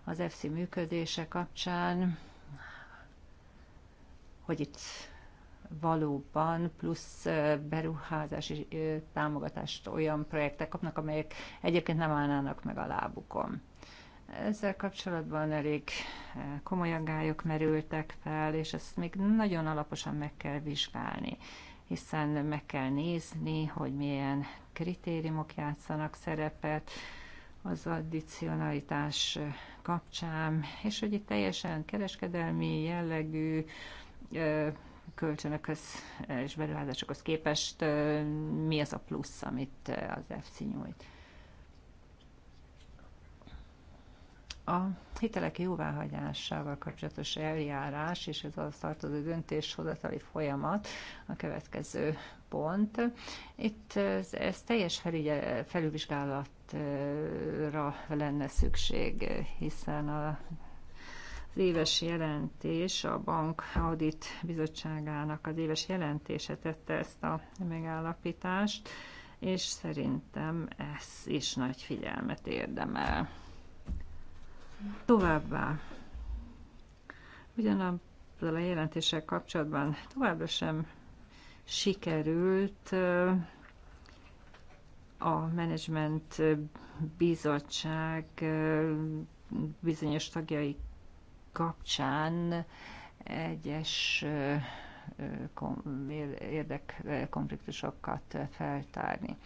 az FC működése kapcsán, hogy itt valóban plusz eh, beruházási támogatást olyan projektek kapnak, amelyek egyébként nem állnának meg a lábukon. Ezzel kapcsolatban elég eh, komoly aggályok merültek fel, és ezt még nagyon alaposan meg kell vizsgálni, hiszen meg kell nézni, hogy milyen kritériumok játszanak szerepet az addicionalitás eh, kapcsán, és hogy itt teljesen kereskedelmi jellegű eh, kölcsönökhöz és beruházásokhoz képest mi az a plusz, amit az FC nyújt. A hitelek jóváhagyásával kapcsolatos eljárás és ez a tartozó döntéshozatali folyamat a következő pont. Itt ez, ez teljes felülvizsgálatra lenne szükség, hiszen a az éves jelentés, a Bank Audit Bizottságának az éves jelentése tette ezt a megállapítást, és szerintem ez is nagy figyelmet érdemel. Továbbá, ugyanabb a jelentéssel kapcsolatban továbbra sem sikerült a menedzsment bizottság bizonyos tagjai kapcsán egyes érdekkonfliktusokat feltárni.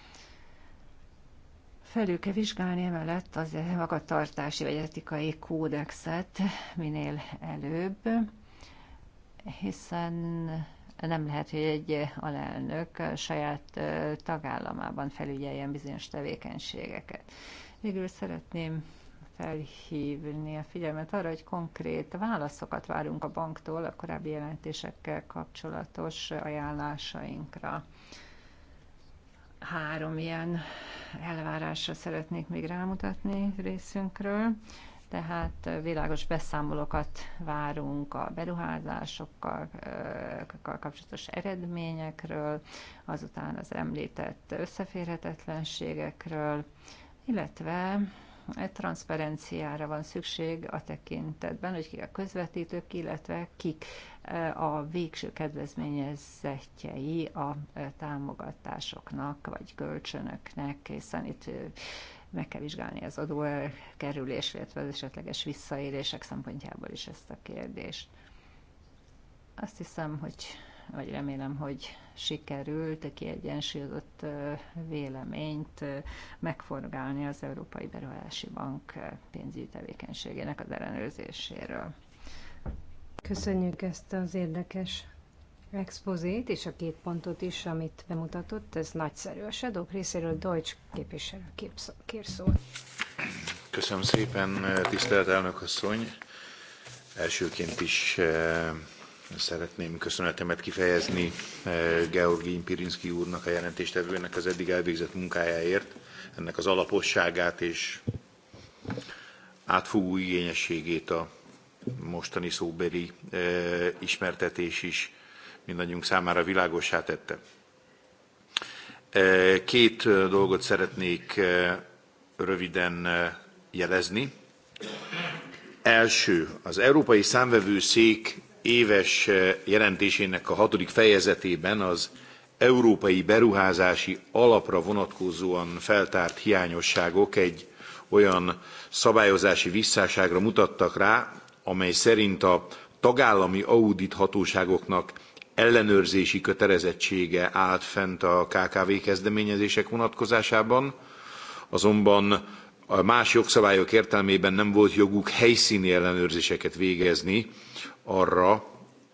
Felül kell vizsgálni emellett az magatartási vagy etikai kódexet minél előbb, hiszen nem lehet, hogy egy alelnök saját tagállamában felügyeljen bizonyos tevékenységeket. Végül szeretném felhívni a figyelmet arra, hogy konkrét válaszokat várunk a banktól a korábbi jelentésekkel kapcsolatos ajánlásainkra. Három ilyen elvárásra szeretnék még rámutatni részünkről tehát világos beszámolókat várunk a beruházásokkal kapcsolatos eredményekről, azután az említett összeférhetetlenségekről, illetve transzparenciára van szükség a tekintetben, hogy kik a közvetítők, illetve kik a végső kedvezményezettjei a e, támogatásoknak vagy kölcsönöknek, hiszen itt e, meg kell vizsgálni az adókerülés, illetve az esetleges visszaélések szempontjából is ezt a kérdést. Azt hiszem, hogy vagy remélem, hogy sikerült kiegyensúlyozott e, véleményt megforgálni az Európai Beruházási Bank pénzügyi tevékenységének az ellenőrzéséről. Köszönjük ezt az érdekes expozét és a két pontot is, amit bemutatott. Ez nagyszerű. A Shadow részéről Deutsch képviselő kér szót. Köszönöm szépen, tisztelt elnök asszony. Elsőként is eh, Szeretném köszönetemet kifejezni eh, Georgi Pirinski úrnak, a jelentéstevőnek az eddig elvégzett munkájáért, ennek az alaposságát és átfogó igényességét a mostani szóbeli e, ismertetés is mindannyiunk számára világosá tette. E, két e, dolgot szeretnék röviden jelezni. Első, az Európai Számvevőszék éves jelentésének a hatodik fejezetében az európai beruházási alapra vonatkozóan feltárt hiányosságok egy olyan szabályozási visszáságra mutattak rá, amely szerint a tagállami audithatóságoknak ellenőrzési kötelezettsége állt fent a KKV kezdeményezések vonatkozásában, azonban a más jogszabályok értelmében nem volt joguk helyszíni ellenőrzéseket végezni arra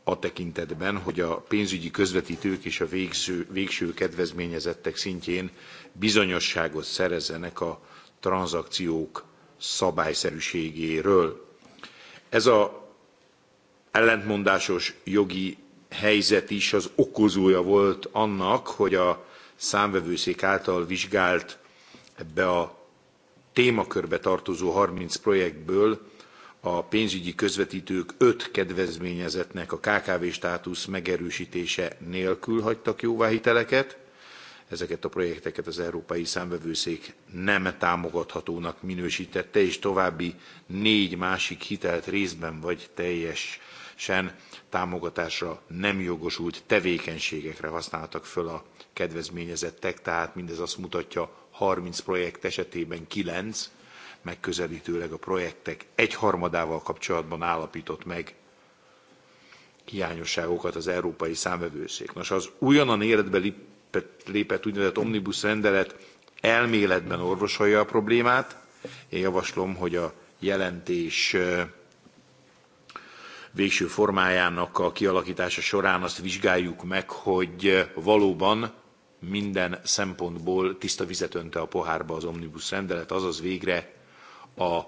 a tekintetben, hogy a pénzügyi közvetítők és a végző, végső kedvezményezettek szintjén bizonyosságot szerezzenek a tranzakciók szabályszerűségéről. Ez a ellentmondásos jogi helyzet is az okozója volt annak, hogy a számvevőszék által vizsgált ebbe a témakörbe tartozó 30 projektből a pénzügyi közvetítők öt kedvezményezettnek a KKV státusz megerősítése nélkül hagytak jóvá hiteleket, ezeket a projekteket az Európai Számvevőszék nem támogathatónak minősítette, és további négy másik hitelt részben vagy teljesen támogatásra nem jogosult tevékenységekre használtak föl a kedvezményezettek, tehát mindez azt mutatja, 30 projekt esetében 9, megközelítőleg a projektek egyharmadával kapcsolatban állapított meg hiányosságokat az Európai Számvevőszék. Nos, az újonnan életbeli lépett úgynevezett omnibus rendelet elméletben orvosolja a problémát. Én javaslom, hogy a jelentés végső formájának a kialakítása során azt vizsgáljuk meg, hogy valóban minden szempontból tiszta vizet önte a pohárba az omnibus rendelet, azaz végre a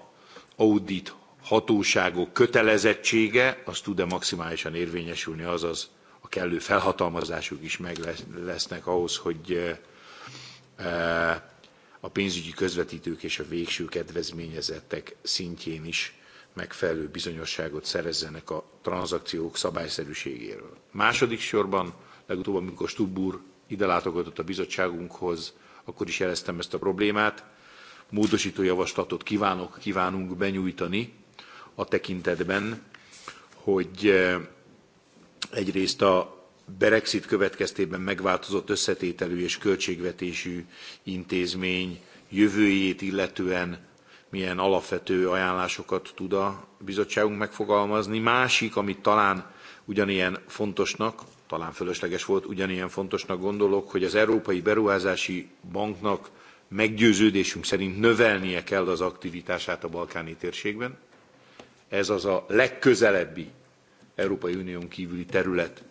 audit hatóságok kötelezettsége, az tud-e maximálisan érvényesülni, azaz kellő felhatalmazásuk is meg lesznek ahhoz, hogy a pénzügyi közvetítők és a végső kedvezményezettek szintjén is megfelelő bizonyosságot szerezzenek a tranzakciók szabályszerűségéről. Második sorban, legutóbb, amikor Stubb úr ide látogatott a bizottságunkhoz, akkor is jeleztem ezt a problémát. Módosító javaslatot kívánok, kívánunk benyújtani a tekintetben, hogy egyrészt a Brexit következtében megváltozott összetételű és költségvetésű intézmény jövőjét illetően milyen alapvető ajánlásokat tud a bizottságunk megfogalmazni. Másik, amit talán ugyanilyen fontosnak, talán fölösleges volt, ugyanilyen fontosnak gondolok, hogy az Európai Beruházási Banknak meggyőződésünk szerint növelnie kell az aktivitását a balkáni térségben. Ez az a legközelebbi Európai Unión kívüli terület,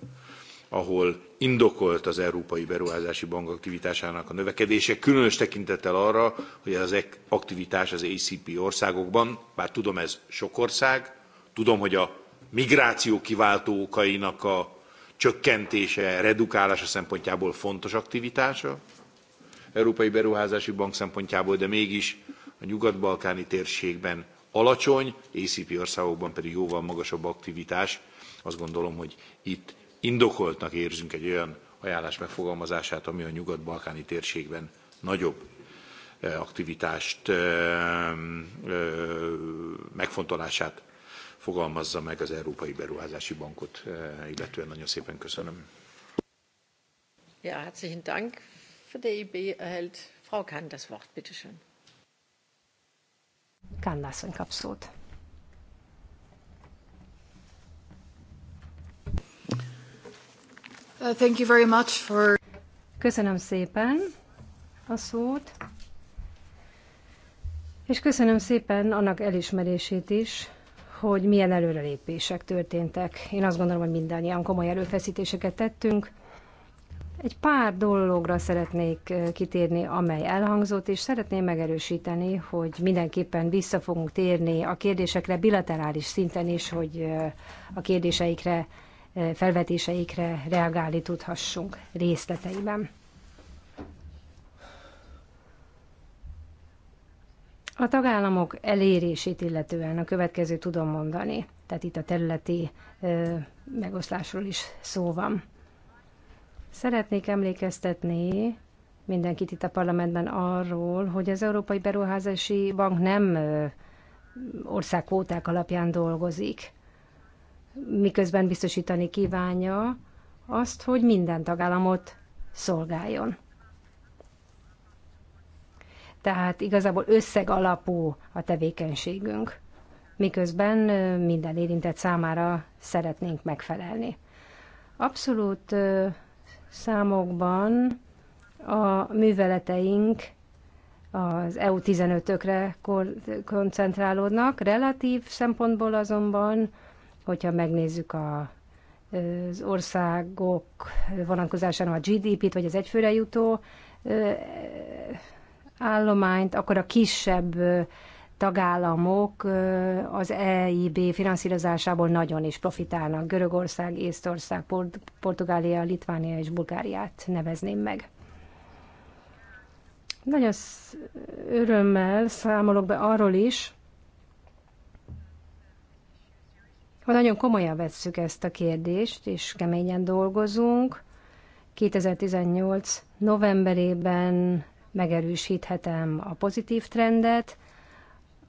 ahol indokolt az Európai Beruházási Bank aktivitásának a növekedése, különös tekintettel arra, hogy az aktivitás az ACP országokban, bár tudom ez sok ország, tudom, hogy a migráció kiváltó okainak a csökkentése, redukálása szempontjából fontos aktivitása, Európai Beruházási Bank szempontjából, de mégis a nyugat-balkáni térségben alacsony, ACP országokban pedig jóval magasabb aktivitás, azt gondolom, hogy itt indokoltnak érzünk egy olyan ajánlás megfogalmazását, ami a nyugat-balkáni térségben nagyobb aktivitást, megfontolását fogalmazza meg az Európai Beruházási Bankot, illetően nagyon szépen köszönöm. Ja, herzlichen Dank. Für die EIB erhält Frau Kahn das Wort, bitteschön. Kahn, lasszony kap Uh, thank you very much for... Köszönöm szépen a szót, és köszönöm szépen annak elismerését is, hogy milyen előrelépések történtek. Én azt gondolom, hogy mindannyian komoly erőfeszítéseket tettünk. Egy pár dologra szeretnék uh, kitérni, amely elhangzott, és szeretném megerősíteni, hogy mindenképpen vissza fogunk térni a kérdésekre bilaterális szinten is, hogy uh, a kérdéseikre felvetéseikre reagálni tudhassunk részleteiben. A tagállamok elérését illetően a következő tudom mondani, tehát itt a területi ö, megoszlásról is szó van. Szeretnék emlékeztetni mindenkit itt a parlamentben arról, hogy az Európai Beruházási Bank nem országkvóták alapján dolgozik, miközben biztosítani kívánja azt, hogy minden tagállamot szolgáljon. Tehát igazából összeg alapú a tevékenységünk, miközben minden érintett számára szeretnénk megfelelni. Abszolút számokban a műveleteink az EU-15-ökre koncentrálódnak, relatív szempontból azonban hogyha megnézzük a, az országok vonatkozásán a GDP-t, vagy az egyfőre jutó állományt, akkor a kisebb tagállamok az EIB finanszírozásából nagyon is profitálnak. Görögország, Észtország, Port- Portugália, Litvánia és Bulgáriát nevezném meg. Nagyon örömmel számolok be arról is, Nagyon komolyan vesszük ezt a kérdést, és keményen dolgozunk. 2018 novemberében megerősíthetem a pozitív trendet,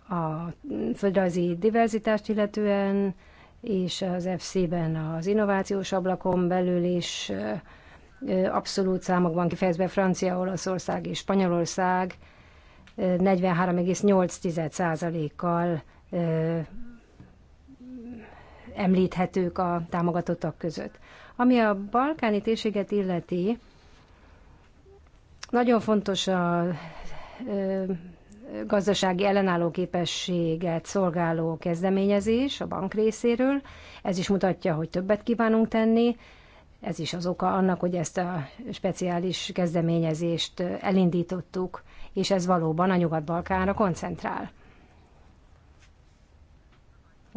a földrajzi diverzitást illetően, és az FC-ben az innovációs ablakon belül is abszolút számokban kifejezve Francia, Olaszország és Spanyolország 43,8%-kal említhetők a támogatottak között. Ami a balkáni térséget illeti, nagyon fontos a gazdasági ellenálló képességet szolgáló kezdeményezés a bank részéről. Ez is mutatja, hogy többet kívánunk tenni. Ez is az oka annak, hogy ezt a speciális kezdeményezést elindítottuk, és ez valóban a Nyugat-Balkánra koncentrál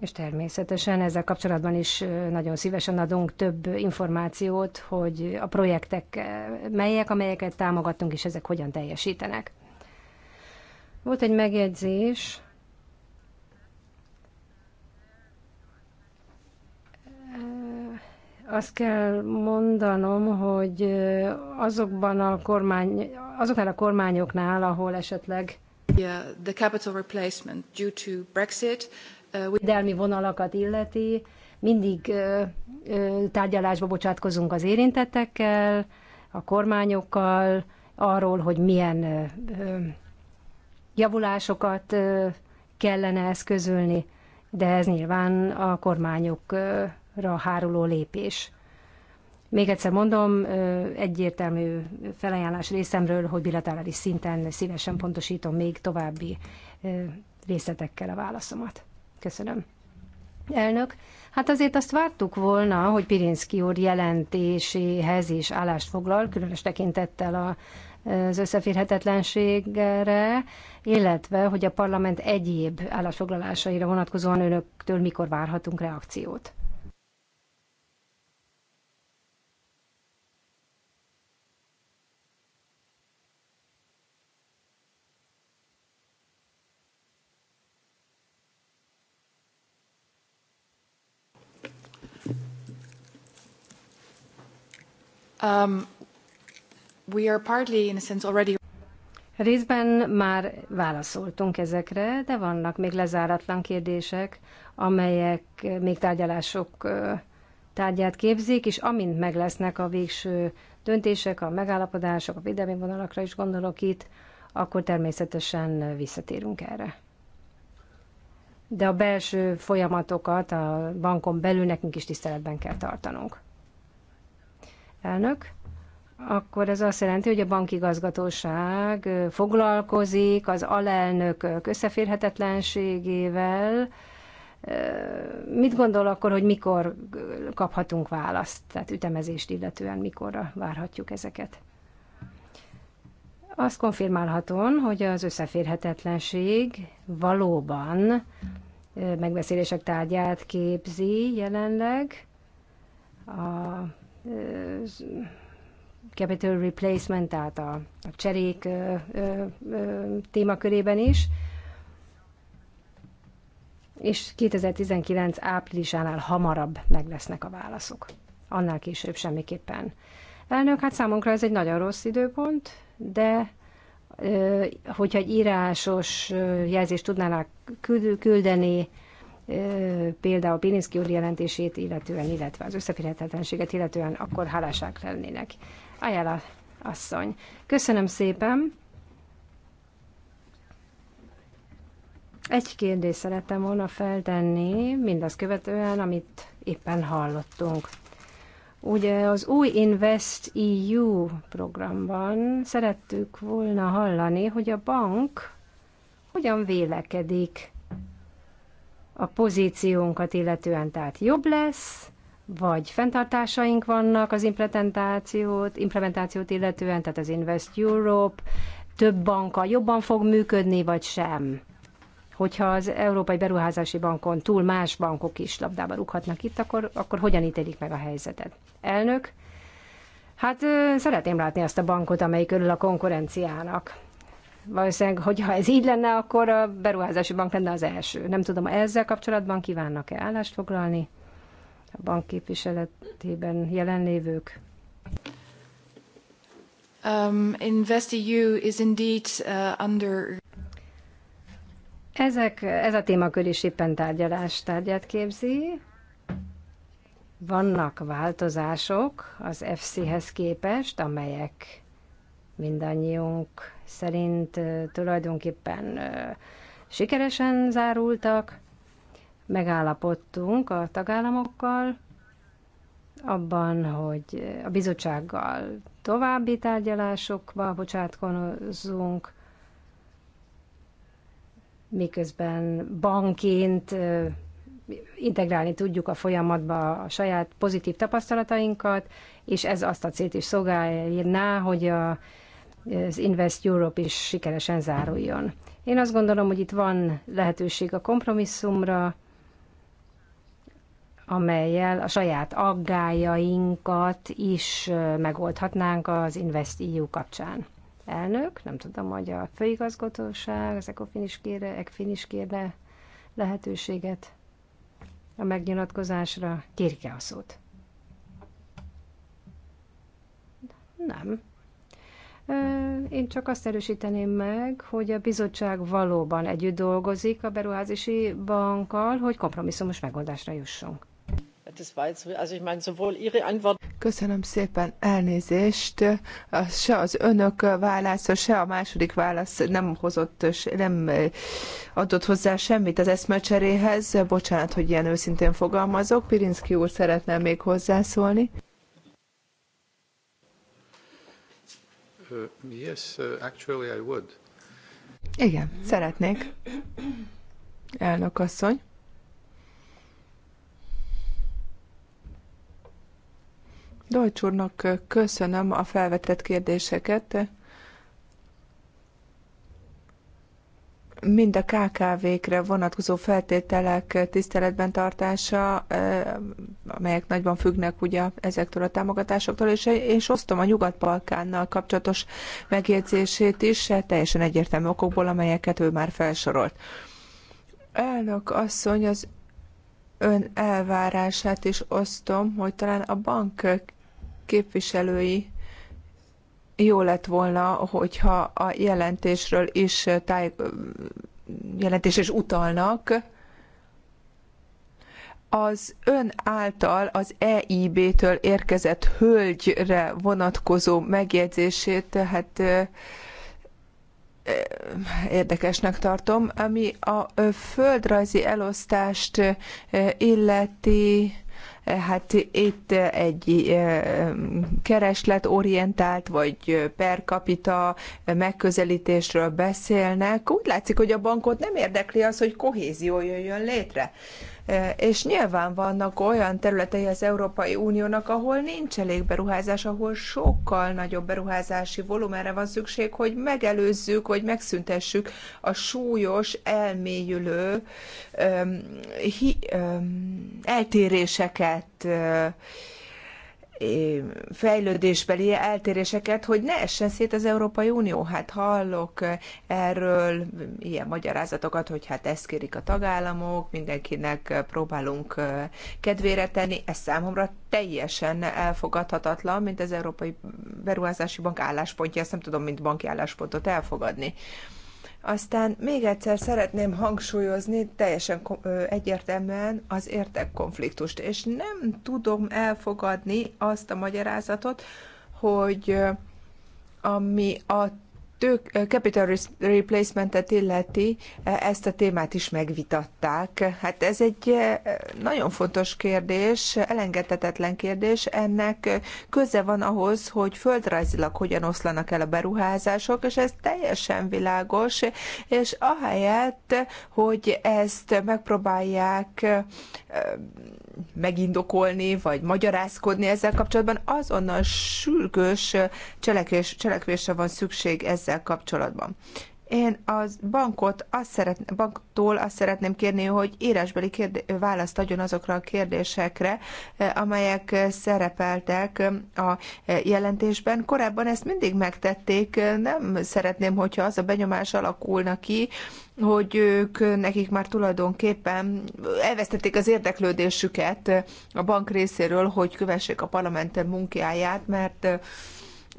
és természetesen ezzel kapcsolatban is nagyon szívesen adunk több információt, hogy a projektek melyek, amelyeket támogatunk, és ezek hogyan teljesítenek. Volt egy megjegyzés. Azt kell mondanom, hogy azokban a kormány, azoknál a kormányoknál, ahol esetleg the capital replacement due to Brexit védelmi vonalakat illeti, mindig tárgyalásba bocsátkozunk az érintettekkel, a kormányokkal, arról, hogy milyen javulásokat kellene eszközölni, de ez nyilván a kormányokra háruló lépés. Még egyszer mondom, egyértelmű felajánlás részemről, hogy bilaterális szinten szívesen pontosítom még további részletekkel a válaszomat. Köszönöm. Elnök, hát azért azt vártuk volna, hogy Pirinszki úr jelentéséhez is állást foglal, különös tekintettel a az összeférhetetlenségre, illetve hogy a parlament egyéb állásfoglalásaira vonatkozóan önöktől mikor várhatunk reakciót. Um, we are partly, in a sense, already... Részben már válaszoltunk ezekre, de vannak még lezáratlan kérdések, amelyek még tárgyalások tárgyát képzik, és amint meg lesznek a végső döntések, a megállapodások, a védelmi vonalakra is gondolok itt, akkor természetesen visszatérünk erre. De a belső folyamatokat a bankon belül nekünk is tiszteletben kell tartanunk elnök, akkor ez azt jelenti, hogy a bankigazgatóság foglalkozik az alelnökök összeférhetetlenségével. Mit gondol akkor, hogy mikor kaphatunk választ, tehát ütemezést illetően mikorra várhatjuk ezeket? Azt konfirmálhatom, hogy az összeférhetetlenség valóban megbeszélések tárgyát képzi jelenleg a capital replacement, tehát a, a cserék ö, ö, ö, témakörében is. És 2019 áprilisánál hamarabb meg lesznek a válaszok. Annál később semmiképpen. Elnök, hát számunkra ez egy nagyon rossz időpont, de hogyha egy írásos jelzést tudnának küldeni, például Pirinszki úr jelentését illetően, illetve az összeférhetetlenséget illetően, akkor hálásák lennének. Ajánl asszony. Köszönöm szépen. Egy kérdést szerettem volna feltenni, mindaz követően, amit éppen hallottunk. Ugye az új Invest EU programban szerettük volna hallani, hogy a bank hogyan vélekedik a pozíciónkat illetően tehát jobb lesz, vagy fenntartásaink vannak az implementációt, implementációt illetően, tehát az Invest Europe több banka jobban fog működni, vagy sem. Hogyha az Európai Beruházási Bankon túl más bankok is labdába rúghatnak itt, akkor, akkor hogyan ítélik meg a helyzetet? Elnök, hát szeretném látni azt a bankot, amelyik örül a konkurenciának valószínűleg, hogyha ez így lenne, akkor a beruházási bank lenne az első. Nem tudom, ezzel kapcsolatban kívánnak-e állást foglalni a bank képviseletében jelenlévők? Um, InvestEU is indeed uh, under... Ezek, ez a témakör is éppen tárgyalás tárgyát képzi. Vannak változások az FC-hez képest, amelyek mindannyiunk szerint tulajdonképpen sikeresen zárultak. Megállapodtunk a tagállamokkal abban, hogy a bizottsággal további tárgyalásokba bocsátkozunk, miközben bankként integrálni tudjuk a folyamatba a saját pozitív tapasztalatainkat, és ez azt a célt is szolgálná, hogy a az Invest Europe is sikeresen záruljon. Én azt gondolom, hogy itt van lehetőség a kompromisszumra, amelyel a saját aggájainkat is megoldhatnánk az Invest EU kapcsán. Elnök, nem tudom, hogy a főigazgatóság, az ECOFIN is kérne, ECFIN is kérne lehetőséget a megnyilatkozásra. Kérje a szót. Nem. Én csak azt erősíteném meg, hogy a bizottság valóban együtt dolgozik a beruházási bankkal, hogy kompromisszumos megoldásra jussunk. Köszönöm szépen elnézést. Se az önök válasza, se a második válasz nem hozott, nem adott hozzá semmit az eszmecseréhez. Bocsánat, hogy ilyen őszintén fogalmazok. Pirinszki úr szeretne még hozzászólni. Uh, yes, uh, actually I would. Igen, szeretnék. Elnök asszony. Dolcs úrnak uh, köszönöm a felvetett kérdéseket. mind a KKV-kre vonatkozó feltételek tiszteletben tartása, amelyek nagyban függnek ugye ezektől a támogatásoktól, és, és osztom a Nyugat-Balkánnal kapcsolatos megjegyzését is, e, teljesen egyértelmű okokból, amelyeket ő már felsorolt. Elnök asszony, az ön elvárását is osztom, hogy talán a bank képviselői jó lett volna, hogyha a jelentésről is táj, jelentés is utalnak, az ön által az EIB-től érkezett hölgyre vonatkozó megjegyzését, tehát érdekesnek tartom, ami a földrajzi elosztást illeti hát itt egy keresletorientált vagy per capita megközelítésről beszélnek. Úgy látszik, hogy a bankot nem érdekli az, hogy kohézió jöjjön létre. És nyilván vannak olyan területei az Európai Uniónak, ahol nincs elég beruházás, ahol sokkal nagyobb beruházási volumenre van szükség, hogy megelőzzük, hogy megszüntessük a súlyos, elmélyülő öm, hi, eltéréseket, Eh, fejlődésbeli eltéréseket, hogy ne essen szét az Európai Unió. Hát hallok erről ilyen magyarázatokat, hogy hát ezt kérik a tagállamok, mindenkinek próbálunk eh, kedvére tenni. Ez számomra teljesen elfogadhatatlan, mint az Európai Beruházási Bank álláspontja. Ezt nem tudom, mint banki álláspontot elfogadni. Aztán még egyszer szeretném hangsúlyozni teljesen egyértelműen az konfliktust, és nem tudom elfogadni azt a magyarázatot, hogy ami a tők, capital replacement replacement-et illeti, e, ezt a témát is megvitatták. Hát ez egy e, nagyon fontos kérdés, elengedhetetlen kérdés. Ennek köze van ahhoz, hogy földrajzilag hogyan oszlanak el a beruházások, és ez teljesen világos, és ahelyett, hogy ezt megpróbálják e, megindokolni, vagy magyarázkodni ezzel kapcsolatban, azonnal sürgős cselekvés, cselekvésre van szükség ezzel kapcsolatban. Én az bankot azt szeret, banktól azt szeretném kérni, hogy írásbeli kérdé, választ adjon azokra a kérdésekre, eh, amelyek eh, szerepeltek eh, a jelentésben. Korábban ezt mindig megtették, nem szeretném, hogyha az a benyomás alakulna ki, hogy ők, nekik már tulajdonképpen elvesztették az érdeklődésüket a bank részéről, hogy kövessék a parlament munkáját, mert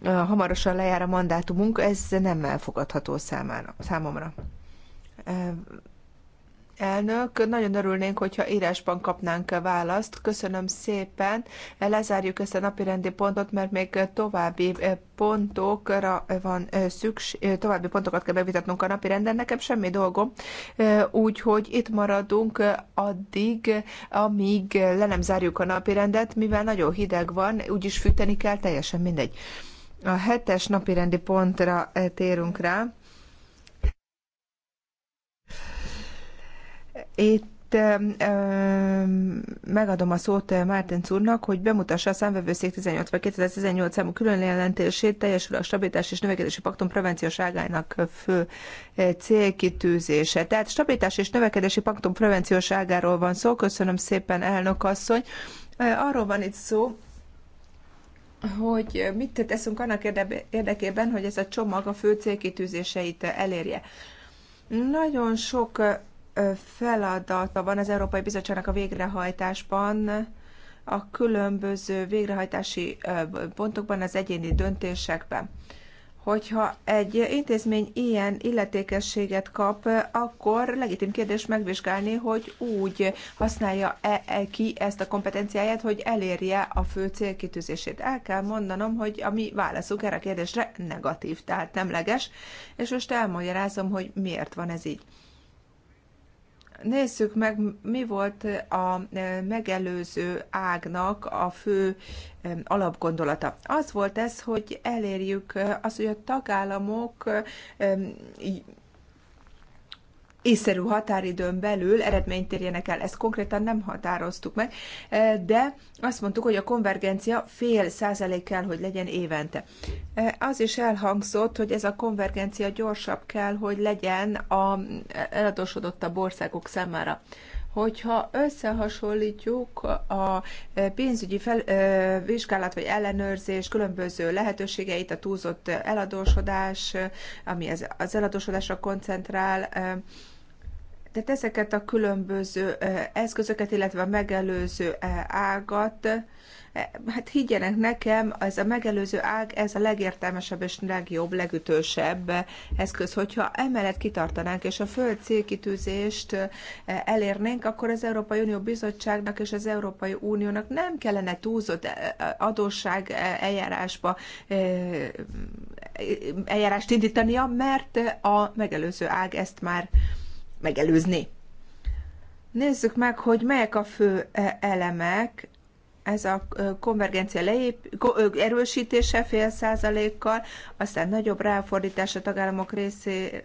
hamarosan lejár a mandátumunk, ez nem elfogadható számára, számomra. Elnök, nagyon örülnénk, hogyha írásban kapnánk a választ. Köszönöm szépen. Lezárjuk ezt a napirendi pontot, mert még további pontokra van szükség, további pontokat kell bevitatnunk a napirenden. Nekem semmi dolgom, úgyhogy itt maradunk addig, amíg le nem zárjuk a napirendet, mivel nagyon hideg van, úgyis fűteni kell, teljesen mindegy. A hetes napirendi pontra eh, térünk rá. Itt ö, megadom a szót eh, Márten úrnak, hogy bemutassa a számvevőszék 18 vagy 2018 számú külön jelentését, teljesül a stabilitás és növekedési paktum prevenciós ágának eh, fő célkitűzése. Tehát stabilitás és növekedési paktum prevenciós ágáról van szó. Köszönöm szépen, elnök asszony. Arról van itt szó, hogy mit teszünk annak érdekében, hogy ez a csomag a fő célkitűzéseit elérje. Nagyon sok feladata van az Európai Bizottságnak a végrehajtásban, a különböző végrehajtási pontokban, az egyéni döntésekben hogyha egy intézmény ilyen illetékességet kap, akkor legitim kérdés megvizsgálni, hogy úgy használja-e ki ezt a kompetenciáját, hogy elérje a fő célkitűzését. El kell mondanom, hogy a mi válaszunk erre a kérdésre negatív, tehát nemleges, és most elmagyarázom, hogy miért van ez így. Nézzük meg, mi volt a e, megelőző ágnak a fő e, alapgondolata. Az volt ez, hogy elérjük e, azt, hogy a tagállamok észszerű határidőn belül eredményt érjenek el. Ezt konkrétan nem határoztuk meg, eh, de azt mondtuk, hogy a konvergencia fél százalék kell, hogy legyen évente. Eh, az is elhangzott, hogy ez a konvergencia gyorsabb kell, hogy legyen a eladósodottabb országok számára hogyha összehasonlítjuk a eh, pénzügyi fel, vizsgálat vagy ellenőrzés különböző lehetőségeit, a túlzott eladósodás, ami az eladósodásra koncentrál, tehát ezeket a különböző eszközöket, illetve a megelőző ágat, hát higgyenek nekem, ez a megelőző ág, ez a legértelmesebb és legjobb, legütősebb eszköz. Hogyha emellett kitartanánk, és a föld célkitűzést elérnénk, akkor az Európai Unió Bizottságnak és az Európai Uniónak nem kellene túlzott adósság eljárásba eljárást indítania, mert a megelőző ág ezt már megelőzni. Nézzük meg, hogy melyek a fő e, elemek ez a konvergencia leép, erősítése fél százalékkal, aztán nagyobb ráfordítás a tagállamok részé,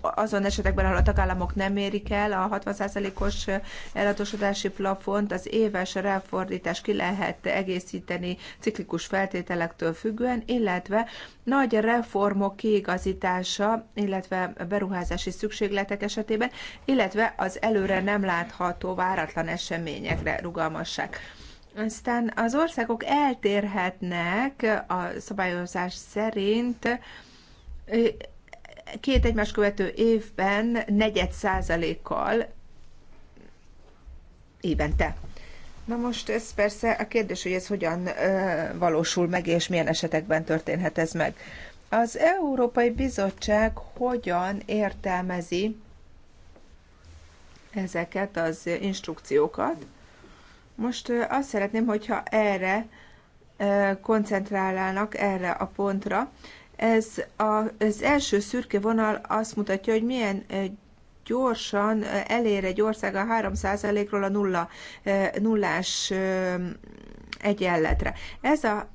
azon esetekben, ahol a tagállamok nem érik el a 60%-os eladósodási plafont, az éves ráfordítás ki lehet egészíteni ciklikus feltételektől függően, illetve nagy reformok kiigazítása, illetve beruházási szükségletek esetében, illetve az előre nem látható váratlan eseményekre rugalmasság. Aztán az országok eltérhetnek a szabályozás szerint két egymás követő évben negyed százalékkal évente. Na most ez persze a kérdés, hogy ez hogyan ö, valósul meg, és milyen esetekben történhet ez meg. Az Európai Bizottság hogyan értelmezi ezeket az instrukciókat? Most ö, azt szeretném, hogyha erre ö, koncentrálnának, erre a pontra, ez a, az első szürke vonal azt mutatja, hogy milyen eh, gyorsan eh, elér egy ország a 3%-ról a nulla, eh, nullás egyenletre. Ez a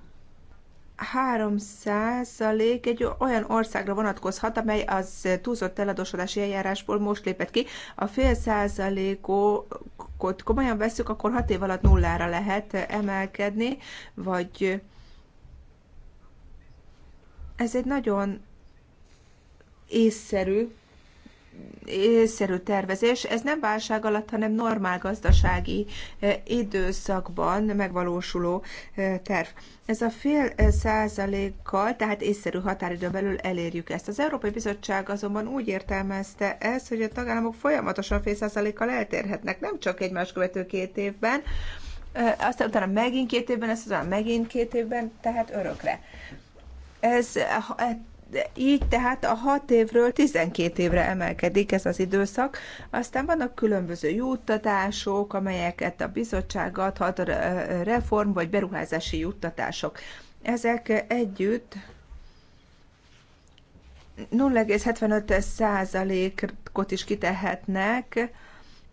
3% egy olyan országra vonatkozhat, amely az túlzott eladósodási eljárásból most lépett ki. A fél százalékot komolyan veszük, akkor 6 év alatt nullára lehet emelkedni, vagy ez egy nagyon észszerű, észszerű tervezés. Ez nem válság alatt, hanem normál gazdasági eh, időszakban megvalósuló eh, terv. Ez a fél eh, százalékkal, tehát észszerű határidő belül elérjük ezt. Az Európai Bizottság azonban úgy értelmezte ezt, hogy a tagállamok folyamatosan fél százalékkal eltérhetnek, nem csak egymás követő két évben, aztán utána megint két évben, aztán megint két évben, tehát örökre. Ez eh, így tehát a 6 évről 12 évre emelkedik ez az időszak. Aztán vannak különböző juttatások, amelyeket a bizottság adhat, eh, reform vagy beruházási juttatások. Ezek együtt 0,75 százalékot is kitehetnek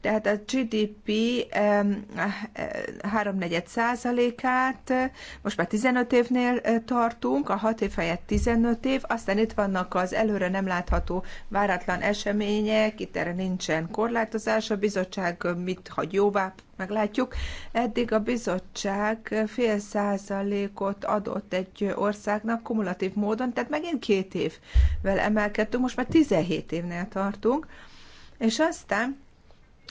tehát a GDP eh, háromnegyed százalékát, most már 15 évnél eh, tartunk, a 6 év helyett 15 év, aztán itt vannak az előre nem látható váratlan események, itt erre nincsen korlátozás, a bizottság mit hagy jóvá, meglátjuk. Eddig a bizottság fél százalékot adott egy országnak kumulatív módon, tehát megint két évvel emelkedtünk, most már 17 évnél tartunk, és aztán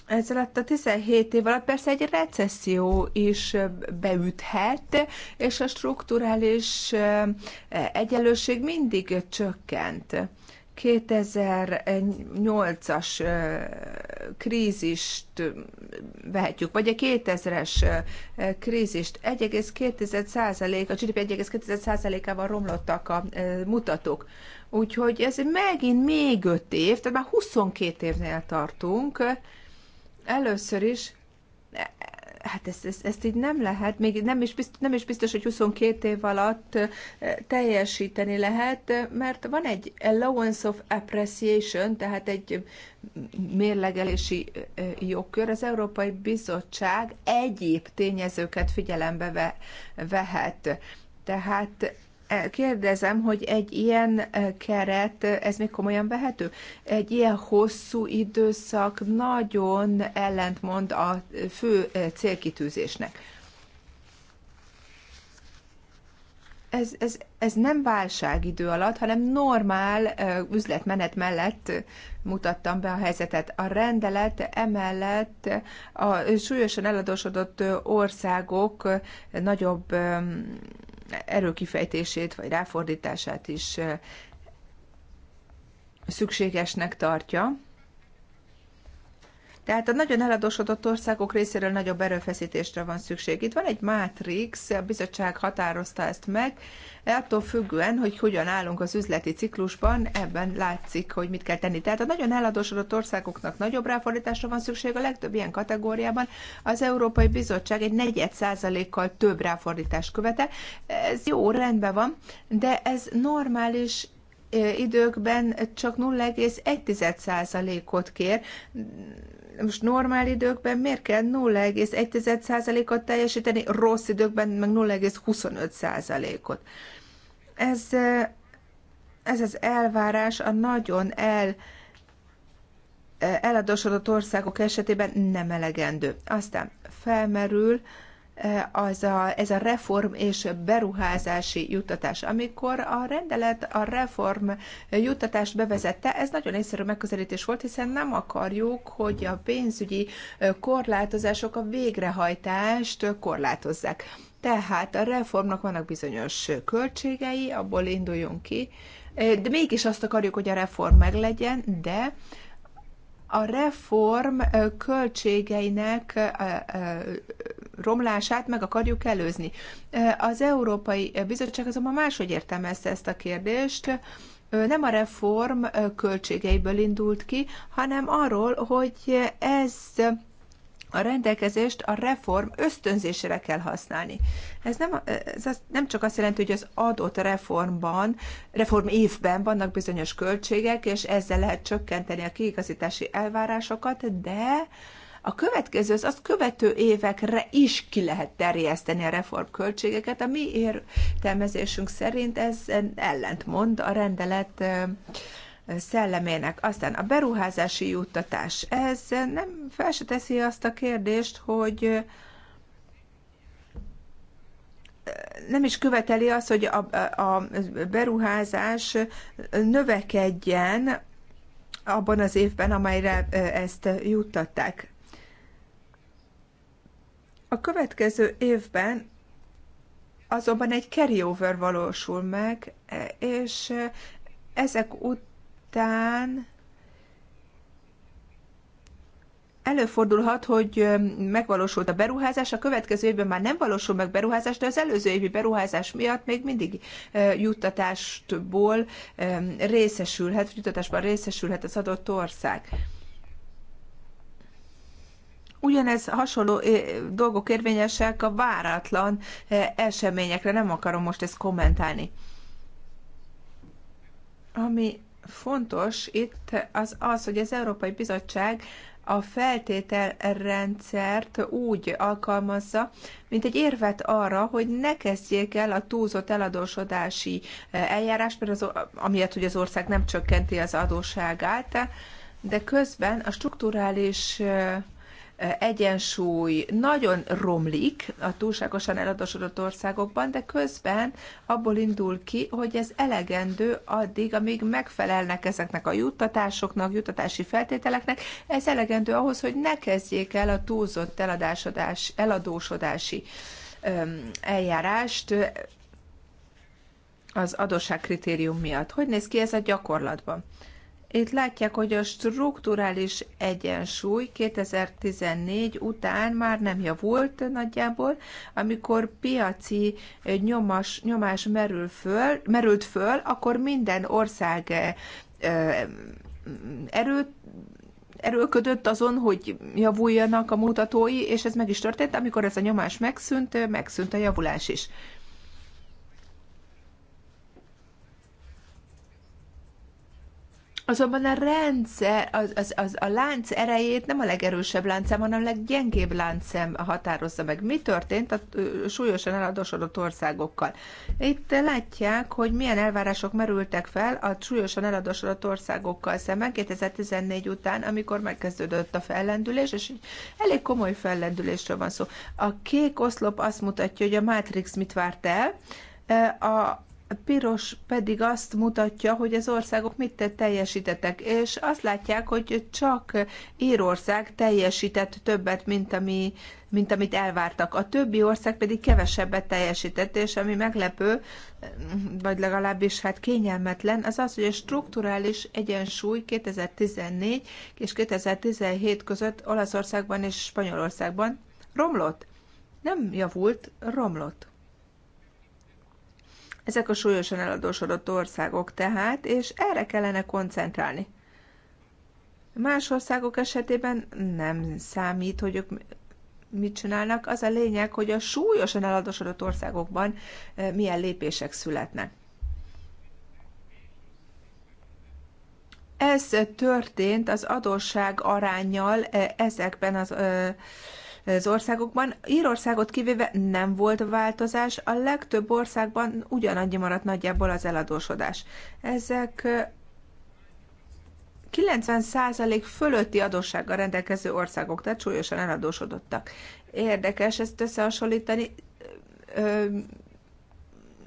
ez alatt a 17 év alatt persze egy recesszió is beüthet, és a strukturális egyenlőség mindig csökkent. 2008-as krízist vehetjük, vagy a 2000-es krízist 1,2%, a GDP 1,2%-ával romlottak a mutatók. Úgyhogy ez megint még 5 év, tehát már 22 évnél tartunk, Először is, e, e, hát ezt, ezt, ezt így nem lehet, még nem is, biztos, nem is biztos, hogy 22 év alatt e, teljesíteni lehet, mert van egy allowance of appreciation, tehát egy mérlegelési jogkör. Az Európai Bizottság egyéb tényezőket figyelembe vehet. Tehát Kérdezem, hogy egy ilyen eh, keret, eh, ez még komolyan vehető? Egy ilyen hosszú időszak nagyon ellentmond a eh, fő célkitűzésnek. Ez, ez, ez nem válságidő alatt, hanem normál üzletmenet mellett mutattam be a helyzetet. A rendelet emellett a súlyosan eladósodott országok nagyobb erőkifejtését vagy ráfordítását is szükségesnek tartja. Tehát a nagyon eladósodott országok részéről nagyobb erőfeszítésre van szükség. Itt van egy mátrix, a bizottság határozta ezt meg, attól függően, hogy hogyan állunk az üzleti ciklusban, ebben látszik, hogy mit kell tenni. Tehát a nagyon eladósodott országoknak nagyobb ráfordításra van szükség, a legtöbb ilyen kategóriában az Európai Bizottság egy negyed százalékkal több ráfordítást követel. Ez jó, rendben van, de ez normális eh, időkben csak 0,1%-ot kér, most normál időkben miért kell 0,1%-ot teljesíteni, rossz időkben meg 0,25%-ot. Ez, eh, ez az elvárás a nagyon el eh, eladósodott országok esetében nem elegendő. Aztán felmerül az a, ez a reform és beruházási juttatás. Amikor a rendelet a reform juttatást bevezette, ez nagyon egyszerű megközelítés volt, hiszen nem akarjuk, hogy a pénzügyi korlátozások a végrehajtást korlátozzák. Tehát a reformnak vannak bizonyos költségei, abból induljunk ki, de mégis azt akarjuk, hogy a reform meglegyen, de a reform költségeinek romlását meg akarjuk előzni. Az Európai Bizottság azonban máshogy értelmezte ezt a kérdést, nem a reform költségeiből indult ki, hanem arról, hogy ez a rendelkezést a reform ösztönzésére kell használni. Ez nem, ez az, nem csak azt jelenti, hogy az adott reformban, reform évben vannak bizonyos költségek, és ezzel lehet csökkenteni a kiigazítási elvárásokat, de a következő, az azt követő évekre is ki lehet terjeszteni a reformköltségeket. A mi értelmezésünk szerint ez ellentmond a rendelet szellemének. Aztán a beruházási juttatás. Ez nem fel se teszi azt a kérdést, hogy nem is követeli azt, hogy a, a beruházás növekedjen abban az évben, amelyre ezt juttatták. A következő évben azonban egy carryover valósul meg, és ezek után előfordulhat, hogy megvalósult a beruházás, a következő évben már nem valósul meg beruházás, de az előző évi beruházás miatt még mindig juttatástból részesülhet, juttatásban részesülhet az adott ország. Ugyanez hasonló dolgok érvényesek a váratlan eseményekre, nem akarom most ezt kommentálni. Ami fontos itt az az, hogy az Európai Bizottság a feltételrendszert úgy alkalmazza, mint egy érvet arra, hogy ne kezdjék el a túlzott eladósodási eljárást, mert az, amiatt, hogy az ország nem csökkenti az adóságát, de közben a strukturális egyensúly nagyon romlik a túlságosan eladósodott országokban, de közben abból indul ki, hogy ez elegendő addig, amíg megfelelnek ezeknek a juttatásoknak, juttatási feltételeknek, ez elegendő ahhoz, hogy ne kezdjék el a túlzott eladásodás, eladósodási eljárást az adósságkritérium miatt. Hogy néz ki ez a gyakorlatban? Itt látják, hogy a strukturális egyensúly 2014 után már nem javult nagyjából, amikor piaci eh, nyomas, nyomás merül föl, merült föl, akkor minden ország erőt eh, eh, erőködött azon, hogy javuljanak a mutatói, és ez meg is történt, amikor ez a nyomás megszűnt, megszűnt a javulás is. Azonban a rendszer, az, az, az, a lánc erejét nem a legerősebb láncem, hanem a leggyengébb láncem határozza meg. Mi történt a súlyosan eladósodott országokkal? Itt látják, hogy milyen elvárások merültek fel a súlyosan eladósodott országokkal szemben 2014 után, amikor megkezdődött a fellendülés, és elég komoly fellendülésről van szó. A kék oszlop azt mutatja, hogy a Matrix mit várt el, a, a piros pedig azt mutatja, hogy az országok mit teljesítettek, és azt látják, hogy csak Írország teljesített többet, mint, ami, mint amit elvártak. A többi ország pedig kevesebbet teljesített, és ami meglepő, vagy legalábbis hát kényelmetlen, az az, hogy a strukturális egyensúly 2014 és 2017 között Olaszországban és Spanyolországban romlott. Nem javult, romlott. Ezek a súlyosan eladósodott országok tehát, és erre kellene koncentrálni. Más országok esetében nem számít, hogy ők mit csinálnak. Az a lényeg, hogy a súlyosan eladósodott országokban e, milyen lépések születnek. Ez történt az adósság arányjal e, ezekben az e, az országokban. Írországot kivéve nem volt változás, a legtöbb országban ugyanannyi maradt nagyjából az eladósodás. Ezek 90% fölötti adóssággal rendelkező országok, tehát súlyosan eladósodottak. Érdekes ezt összehasonlítani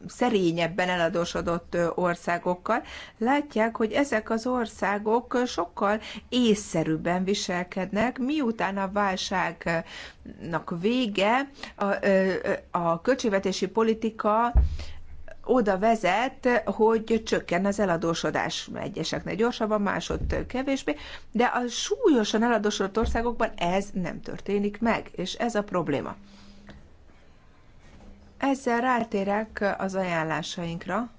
szerényebben eladósodott országokkal, látják, hogy ezek az országok sokkal észszerűbben viselkednek, miután a válságnak vége, a, a költségvetési politika oda vezet, hogy csökken az eladósodás egyeseknek gyorsabban, másod kevésbé, de a súlyosan eladósodott országokban ez nem történik meg, és ez a probléma. Ezzel rátérek az ajánlásainkra.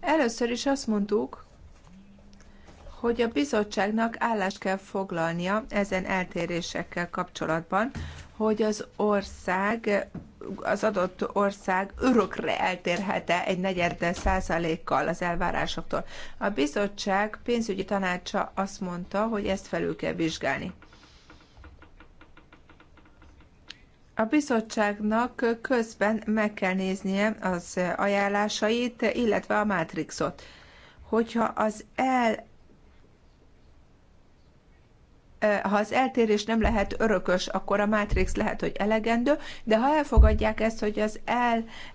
Először is azt mondtuk, hogy a bizottságnak állást kell foglalnia ezen eltérésekkel kapcsolatban, hogy az ország, az adott ország örökre eltérhet-e egy negyed százalékkal az elvárásoktól. A bizottság pénzügyi tanácsa azt mondta, hogy ezt felül kell vizsgálni. A bizottságnak közben meg kell néznie az ajánlásait, illetve a mátrixot. Hogyha az el ha az eltérés nem lehet örökös, akkor a Matrix lehet, hogy elegendő, de ha elfogadják ezt, hogy az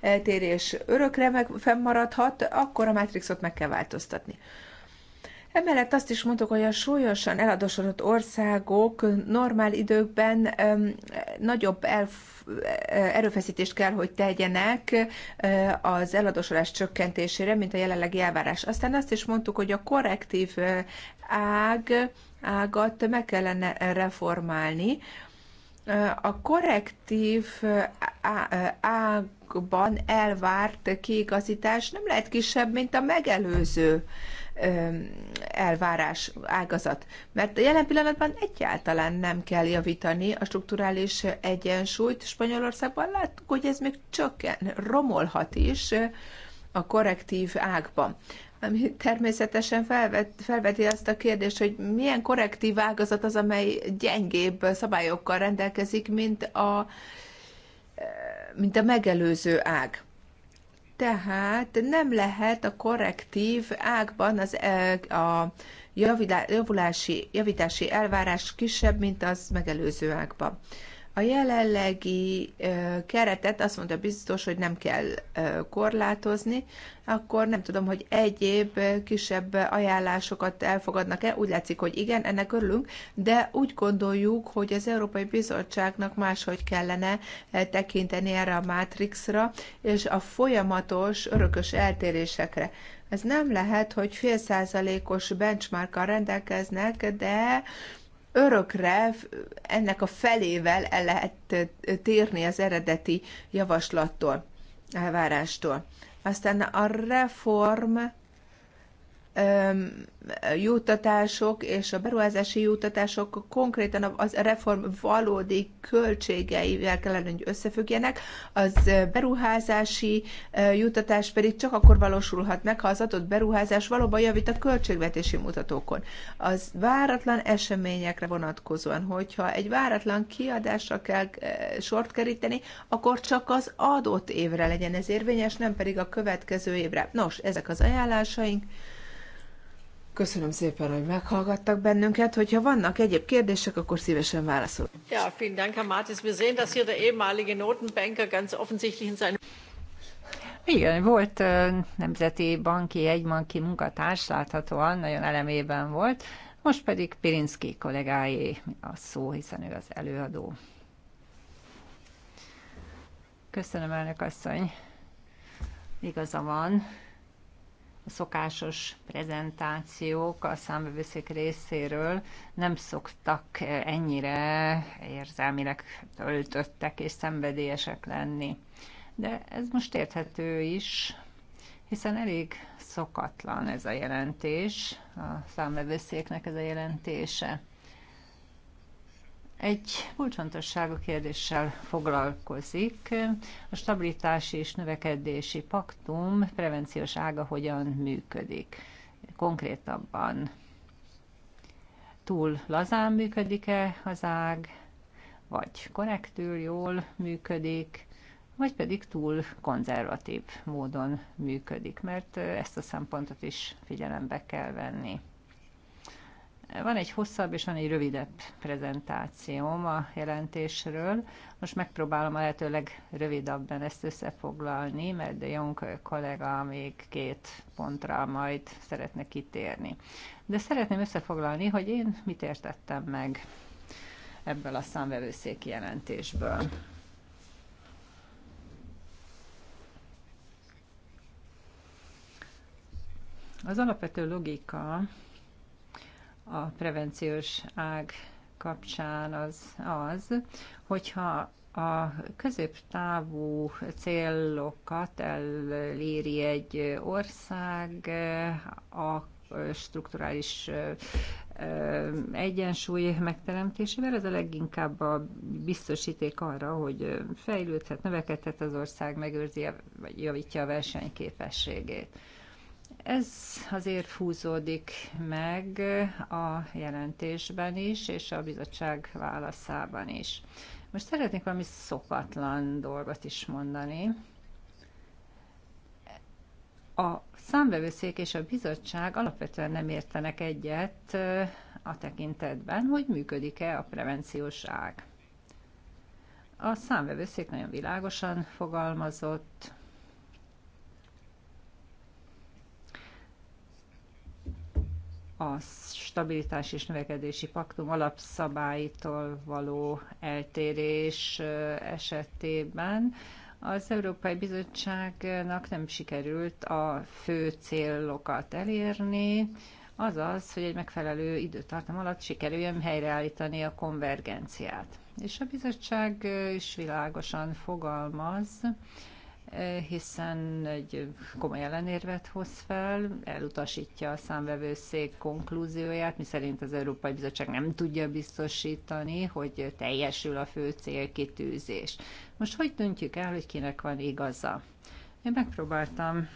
eltérés örökre meg fennmaradhat, akkor a Matrixot meg kell változtatni. Emellett azt is mondtuk, hogy a súlyosan eladósodott országok normál időkben nagyobb elf- erőfeszítést kell, hogy tegyenek az eladósodás csökkentésére, mint a jelenlegi elvárás. Aztán azt is mondtuk, hogy a korrektív ág, ágat meg kellene reformálni. A korrektív ágban elvárt kiigazítás nem lehet kisebb, mint a megelőző elvárás ágazat. Mert jelen pillanatban egyáltalán nem kell javítani a strukturális egyensúlyt. Spanyolországban láttuk, hogy ez még csökken, romolhat is a korrektív ágban ami természetesen felvet, felveti azt a kérdést, hogy milyen korrektív ágazat az, amely gyengébb szabályokkal rendelkezik, mint a, mint a megelőző ág. Tehát nem lehet a korrektív ágban az, e, a javulási, javítási elvárás kisebb, mint az megelőző ágban. A jelenlegi keretet azt mondta biztos, hogy nem kell korlátozni, akkor nem tudom, hogy egyéb kisebb ajánlásokat elfogadnak-e. Úgy látszik, hogy igen, ennek örülünk, de úgy gondoljuk, hogy az Európai Bizottságnak máshogy kellene tekinteni erre a mátrixra, és a folyamatos, örökös eltérésekre. Ez nem lehet, hogy fél százalékos benchmarkkal rendelkeznek, de örökre ennek a felével el lehet térni az eredeti javaslattól, elvárástól. Aztán a reform juttatások és a beruházási juttatások konkrétan az reform valódi költségeivel kellene, hogy összefüggjenek, az beruházási juttatás pedig csak akkor valósulhat meg, ha az adott beruházás valóban javít a költségvetési mutatókon. Az váratlan eseményekre vonatkozóan, hogyha egy váratlan kiadásra kell sort keríteni, akkor csak az adott évre legyen ez érvényes, nem pedig a következő évre. Nos, ezek az ajánlásaink. Köszönöm szépen, hogy meghallgattak bennünket. Hogyha vannak egyéb kérdések, akkor szívesen válaszol. Ja, vielen Dank, Herr Martis. Wir sehen, dass hier der ehemalige Notenbanker ganz offensichtlich in seinem igen, volt nemzeti banki, egybanki munkatárs, láthatóan nagyon elemében volt, most pedig Pirinszki kollégáé a szó, hiszen ő az előadó. Köszönöm, elnök asszony. Igaza van szokásos prezentációk a számbevőszék részéről nem szoktak ennyire érzelmileg töltöttek és szenvedélyesek lenni. De ez most érthető is, hiszen elég szokatlan ez a jelentés, a számbevőszéknek ez a jelentése egy kulcsontosságú kérdéssel foglalkozik. A stabilitási és növekedési paktum prevenciós ága hogyan működik? Konkrétabban túl lazán működik-e az ág, vagy korrektül jól működik, vagy pedig túl konzervatív módon működik, mert ezt a szempontot is figyelembe kell venni. Van egy hosszabb és van egy rövidebb prezentációm a jelentésről. Most megpróbálom a lehető legrövidebben ezt összefoglalni, mert de Jónk kollega még két pontra majd szeretne kitérni. De szeretném összefoglalni, hogy én mit értettem meg ebből a számvevőszéki jelentésből. Az alapvető logika a prevenciós ág kapcsán az az, hogyha a középtávú célokat eléri egy ország, a strukturális egyensúly megteremtésével, ez a leginkább a biztosíték arra, hogy fejlődhet, növekedhet az ország, megőrzi, vagy javítja a versenyképességét. Ez azért húzódik meg a jelentésben is, és a bizottság válaszában is. Most szeretnék valami szokatlan dolgot is mondani. A számvevőszék és a bizottság alapvetően nem értenek egyet a tekintetben, hogy működik-e a prevenciós ág. A számvevőszék nagyon világosan fogalmazott, a stabilitás és növekedési paktum alapszabálytól való eltérés esetében az Európai Bizottságnak nem sikerült a fő célokat elérni, azaz, hogy egy megfelelő időtartam alatt sikerüljön helyreállítani a konvergenciát. És a bizottság is világosan fogalmaz, hiszen egy komoly ellenérvet hoz fel, elutasítja a számvevőszék konklúzióját, miszerint az Európai Bizottság nem tudja biztosítani, hogy teljesül a fő célkitűzés. Most hogy döntjük el, hogy kinek van igaza? Én megpróbáltam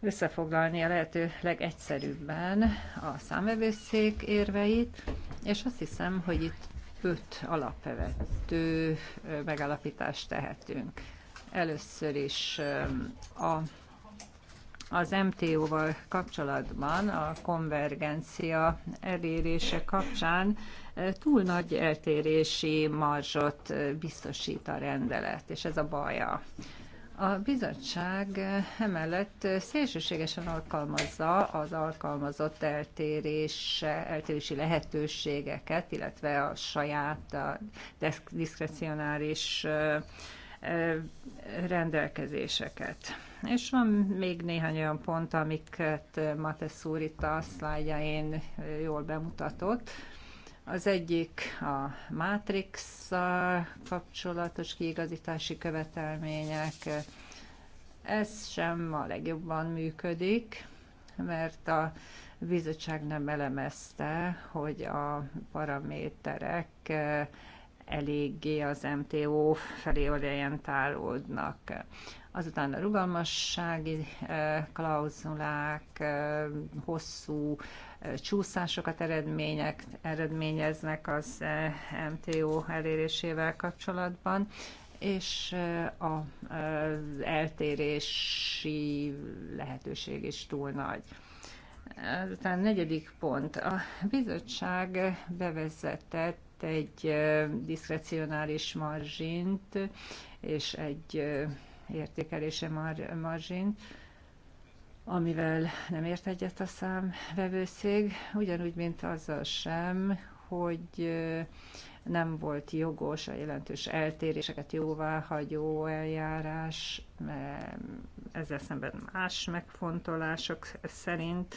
összefoglalni a lehető legegyszerűbben a számvevőszék érveit, és azt hiszem, hogy itt öt alapvető megállapítást tehetünk. Először is a az MTO-val kapcsolatban, a konvergencia elérése kapcsán túl nagy eltérési marzsot biztosít a rendelet, és ez a baja. A bizottság emellett szélsőségesen alkalmazza az alkalmazott eltérés, eltérési lehetőségeket, illetve a saját a diszkrecionális rendelkezéseket. És van még néhány olyan pont, amiket Matesz úr itt a szlájjain jól bemutatott. Az egyik a matrix kapcsolatos kiigazítási követelmények. Ez sem a legjobban működik, mert a bizottság nem elemezte, hogy a paraméterek eléggé az MTO felé orientálódnak. Azután a rugalmassági klauzulák, hosszú csúszásokat eredmények, eredményeznek az MTO elérésével kapcsolatban, és az eltérési lehetőség is túl nagy. Azután negyedik pont. A bizottság bevezetett itt egy diszkrecionális marzsint és egy értékelése mar, marzsint, amivel nem ért egyet a számvevőszég, ugyanúgy, mint azzal sem, hogy nem volt jogos a jelentős eltéréseket jóváhagyó eljárás, ezzel szemben más megfontolások szerint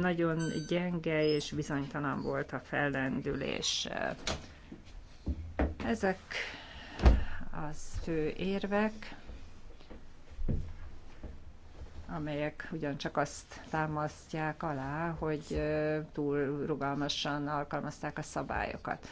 nagyon gyenge és bizonytalan volt a fellendülés. Ezek az fő érvek, amelyek ugyancsak azt támasztják alá, hogy túl rugalmasan alkalmazták a szabályokat.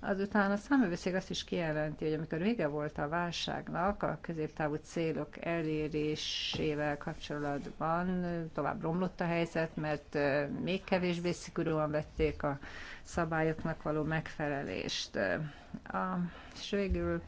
Azután a számövőszék azt is kijelenti, hogy amikor vége volt a válságnak, a középtávú célok elérésével kapcsolatban tovább romlott a helyzet, mert még kevésbé szigorúan vették a szabályoknak való megfelelést. A, és végül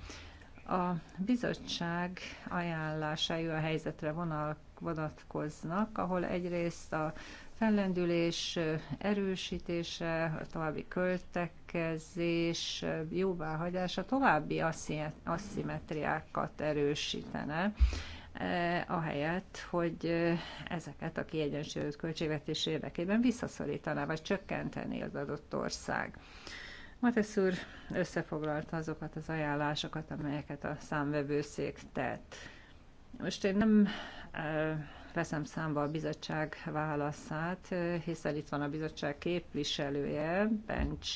a bizottság ajánlásai a helyzetre vonal, vonatkoznak, ahol egyrészt a fellendülés erősítése, a további költek, védekezés jóváhagyása további asszimetriákat erősítene, e, ahelyett, hogy ezeket a kiegyensúlyozott költségvetés érdekében visszaszorítaná, vagy csökkenteni az adott ország. Matesz úr összefoglalta azokat az ajánlásokat, amelyeket a számvevőszék tett. Most én nem veszem számba a bizottság válaszát, hiszen itt van a bizottság képviselője, Bencs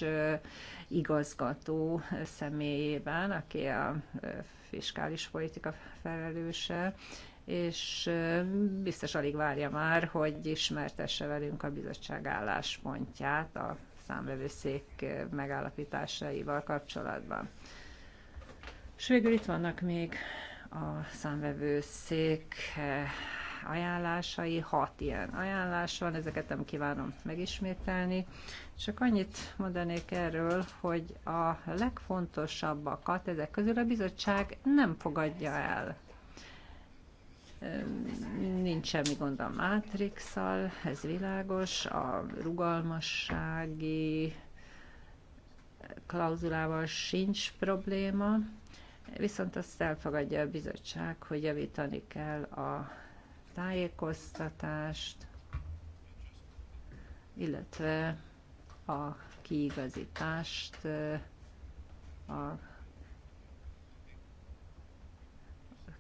igazgató személyében, aki a fiskális politika felelőse, és biztos alig várja már, hogy ismertesse velünk a bizottság álláspontját a számvevőszék megállapításaival kapcsolatban. És végül itt vannak még a számvevőszék eh, ajánlásai, hat ilyen ajánlás van, ezeket nem kívánom megismételni. Csak annyit mondanék erről, hogy a legfontosabbakat ezek közül a bizottság nem fogadja el. Nincs semmi gond a matrix ez világos, a rugalmassági klauzulával sincs probléma, viszont azt elfogadja a bizottság, hogy javítani kell a tájékoztatást, illetve a kiigazítást a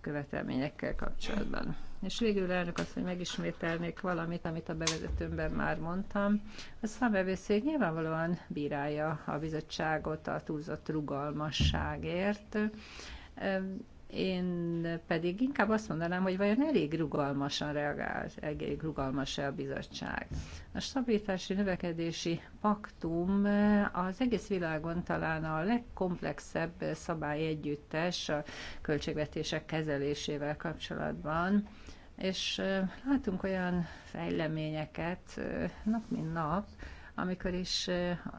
követelményekkel kapcsolatban. És végül elnök azt, hogy megismételnék valamit, amit a bevezetőmben már mondtam. A számbevőszék nyilvánvalóan bírálja a bizottságot a túlzott rugalmasságért. Én pedig inkább azt mondanám, hogy vajon elég rugalmasan reagál, elég rugalmas-e a bizottság. A stabilitási növekedési paktum az egész világon talán a legkomplexebb szabályegyüttes a költségvetések kezelésével kapcsolatban, és látunk olyan fejleményeket nap mint nap, amikor is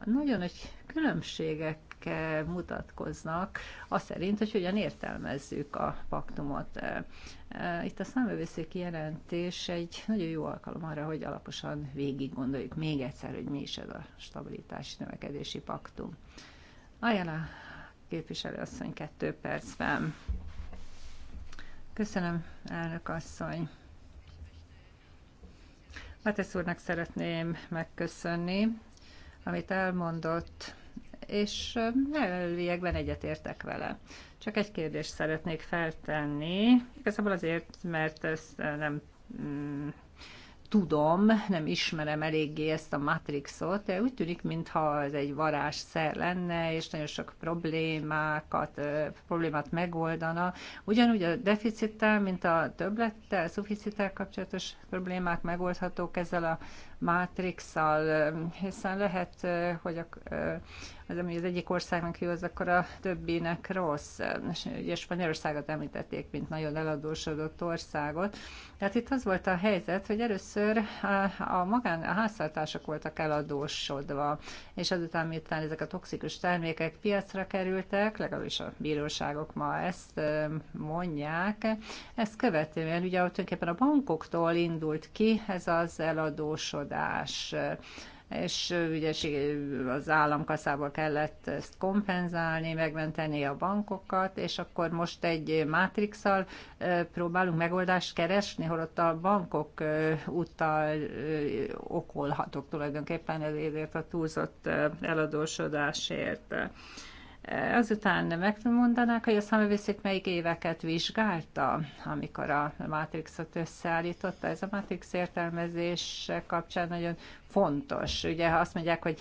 nagyon nagy különbségek Eh, mutatkoznak, az szerint, hogy hogyan értelmezzük a paktumot. Eh, eh, itt a számövőszéki jelentés egy nagyon jó alkalom arra, hogy alaposan végig gondoljuk még egyszer, hogy mi is ez a stabilitási növekedési paktum. Ajánlá képviselőasszony kettő percben. Köszönöm, elnök asszony. Matesz úrnak szeretném megköszönni, amit elmondott és egyet egyetértek vele. Csak egy kérdést szeretnék feltenni, igazából azért, mert ezt nem mm, tudom, nem ismerem eléggé ezt a Matrixot, de úgy tűnik, mintha ez egy varázsszer lenne, és nagyon sok problémákat, problémát megoldana. Ugyanúgy a deficittel, mint a többlettel, a szuficittel kapcsolatos problémák megoldhatók ezzel a Matrixsal, hiszen lehet, hogy a az, ami az egyik országnak jó, az akkor a többinek rossz. És ugye Spanyolországot említették, mint nagyon eladósodott országot. Tehát itt az volt a helyzet, hogy először a magán a háztartások voltak eladósodva, és azután, miután ezek a toxikus termékek piacra kerültek, legalábbis a bíróságok ma ezt mondják, ezt követően ugye tulajdonképpen a bankoktól indult ki ez az eladósodás és ugye az államkaszába kellett ezt kompenzálni, megmenteni a bankokat, és akkor most egy mátrixal próbálunk megoldást keresni, holott a bankok úttal okolhatok tulajdonképpen ezért a túlzott eladósodásért. Azután megmondanák, hogy a számövőszék melyik éveket vizsgálta, amikor a Matrixot összeállította. Ez a Matrix értelmezés kapcsán nagyon fontos. Ugye ha azt mondják, hogy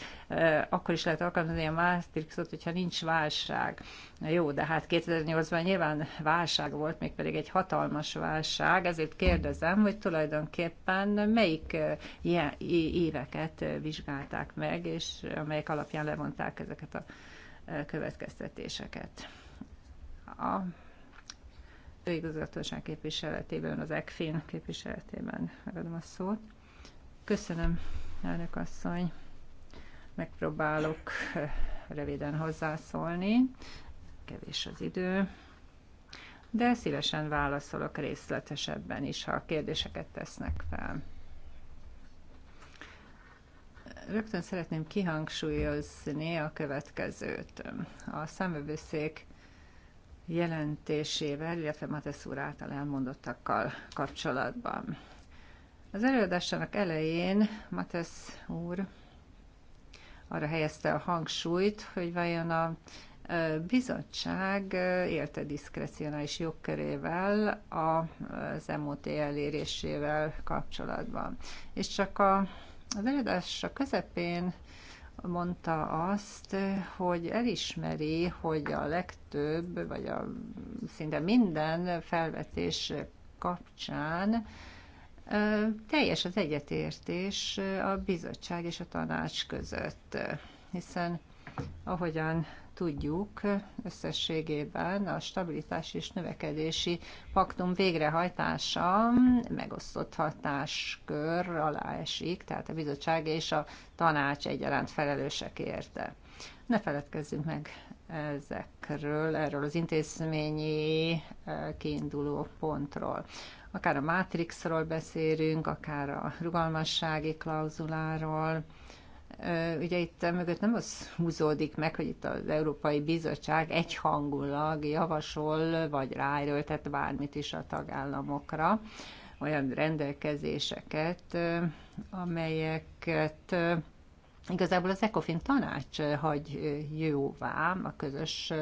akkor is lehet alkalmazni a Matrixot, hogyha nincs válság. Jó, de hát 2008-ban nyilván válság volt, mégpedig egy hatalmas válság, ezért kérdezem, hogy tulajdonképpen melyik ilyen éveket vizsgálták meg, és amelyek alapján levonták ezeket a következtetéseket. A főigazgatóság képviseletében, az ECFIN képviseletében megadom a szót. Köszönöm, elnök asszony. Megpróbálok röviden hozzászólni. Kevés az idő. De szívesen válaszolok részletesebben is, ha kérdéseket tesznek fel rögtön szeretném kihangsúlyozni a következőt. A számövőszék jelentésével, illetve Matesz úr által elmondottakkal kapcsolatban. Az előadásának elején Matesz úr arra helyezte a hangsúlyt, hogy vajon a bizottság élte diszkrecionális jogkörével az MOT elérésével kapcsolatban. És csak a az előadás a közepén mondta azt, hogy elismeri, hogy a legtöbb, vagy a szinte minden felvetés kapcsán teljes az egyetértés a bizottság és a tanács között, hiszen ahogyan tudjuk, összességében a stabilitás és növekedési paktum végrehajtása megosztott hatáskör alá esik, tehát a bizottság és a tanács egyaránt felelősek érte. Ne feledkezzünk meg ezekről, erről az intézményi eh, kiinduló pontról. Akár a Matrixról beszélünk, akár a rugalmassági klauzuláról, Ugye itt mögött nem az húzódik meg, hogy itt az Európai Bizottság egyhangulag javasol, vagy ráerőltet bármit is a tagállamokra, olyan rendelkezéseket, amelyeket igazából az ECOFIN tanács hagy jóvá a közös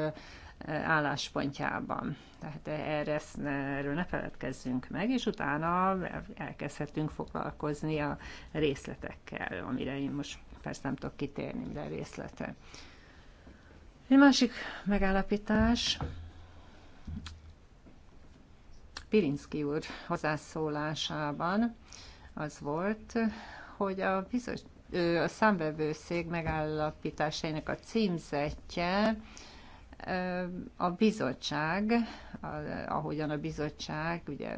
álláspontjában. Tehát erre, erről ne feledkezzünk meg, és utána elkezdhetünk foglalkozni a részletekkel, amire én most persze nem tudok kitérni minden részletre. Egy másik megállapítás, Pirinszki úr hozzászólásában az volt, hogy a, bizot, a számvevőszék megállapításainak a címzetje a bizottság, ahogyan a bizottság ugye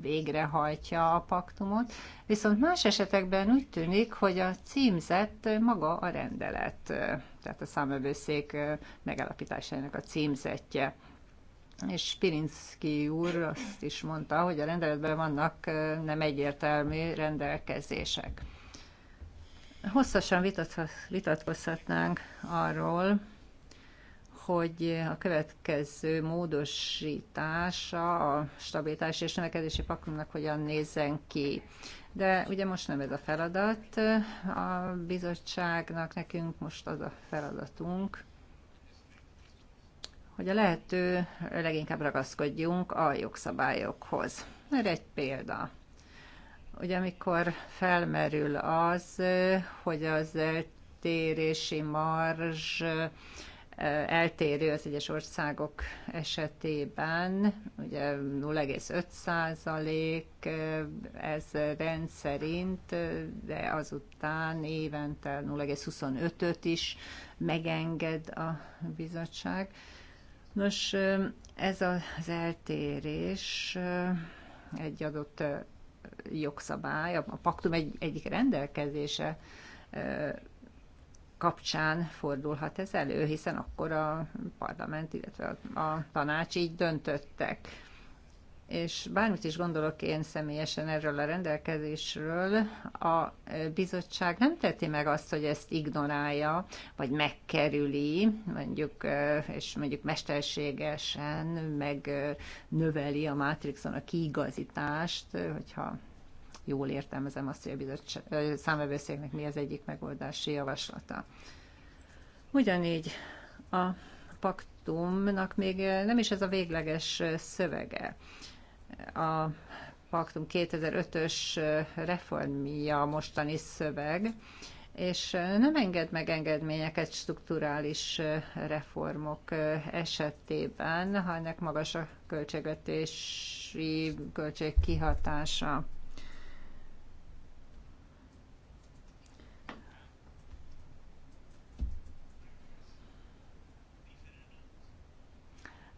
végrehajtja a paktumot, viszont más esetekben úgy tűnik, hogy a címzett maga a rendelet, tehát a számövőszék megállapításának a címzetje. És Pirinszki úr azt is mondta, hogy a rendeletben vannak nem egyértelmű rendelkezések. Hosszasan vitatkozhatnánk arról, hogy a következő módosítása a stabilitás és növekedési paktumnak hogyan nézzen ki. De ugye most nem ez a feladat. A bizottságnak nekünk most az a feladatunk, hogy a lehető leginkább ragaszkodjunk a jogszabályokhoz. Mert egy példa. Ugye amikor felmerül az, hogy az eltérési marzs eltérő az egyes országok esetében, ugye 0,5 százalék, ez rendszerint, de azután évente 0,25-öt is megenged a bizottság. Nos, ez az eltérés egy adott jogszabály, a paktum egy, egyik rendelkezése kapcsán fordulhat ez elő, hiszen akkor a parlament, illetve a, a tanács így döntöttek. És bármit is gondolok én személyesen erről a rendelkezésről, a bizottság nem teti meg azt, hogy ezt ignorálja, vagy megkerüli, mondjuk, és mondjuk mesterségesen megnöveli a mátrixon a kiigazítást, hogyha jól értelmezem azt, hogy a számvevőszéknek mi az egyik megoldási javaslata. Ugyanígy a paktumnak még nem is ez a végleges szövege. A paktum 2005-ös reformja a mostani szöveg, és nem enged meg engedményeket strukturális reformok esetében, ha ennek magas a költségvetési költség kihatása.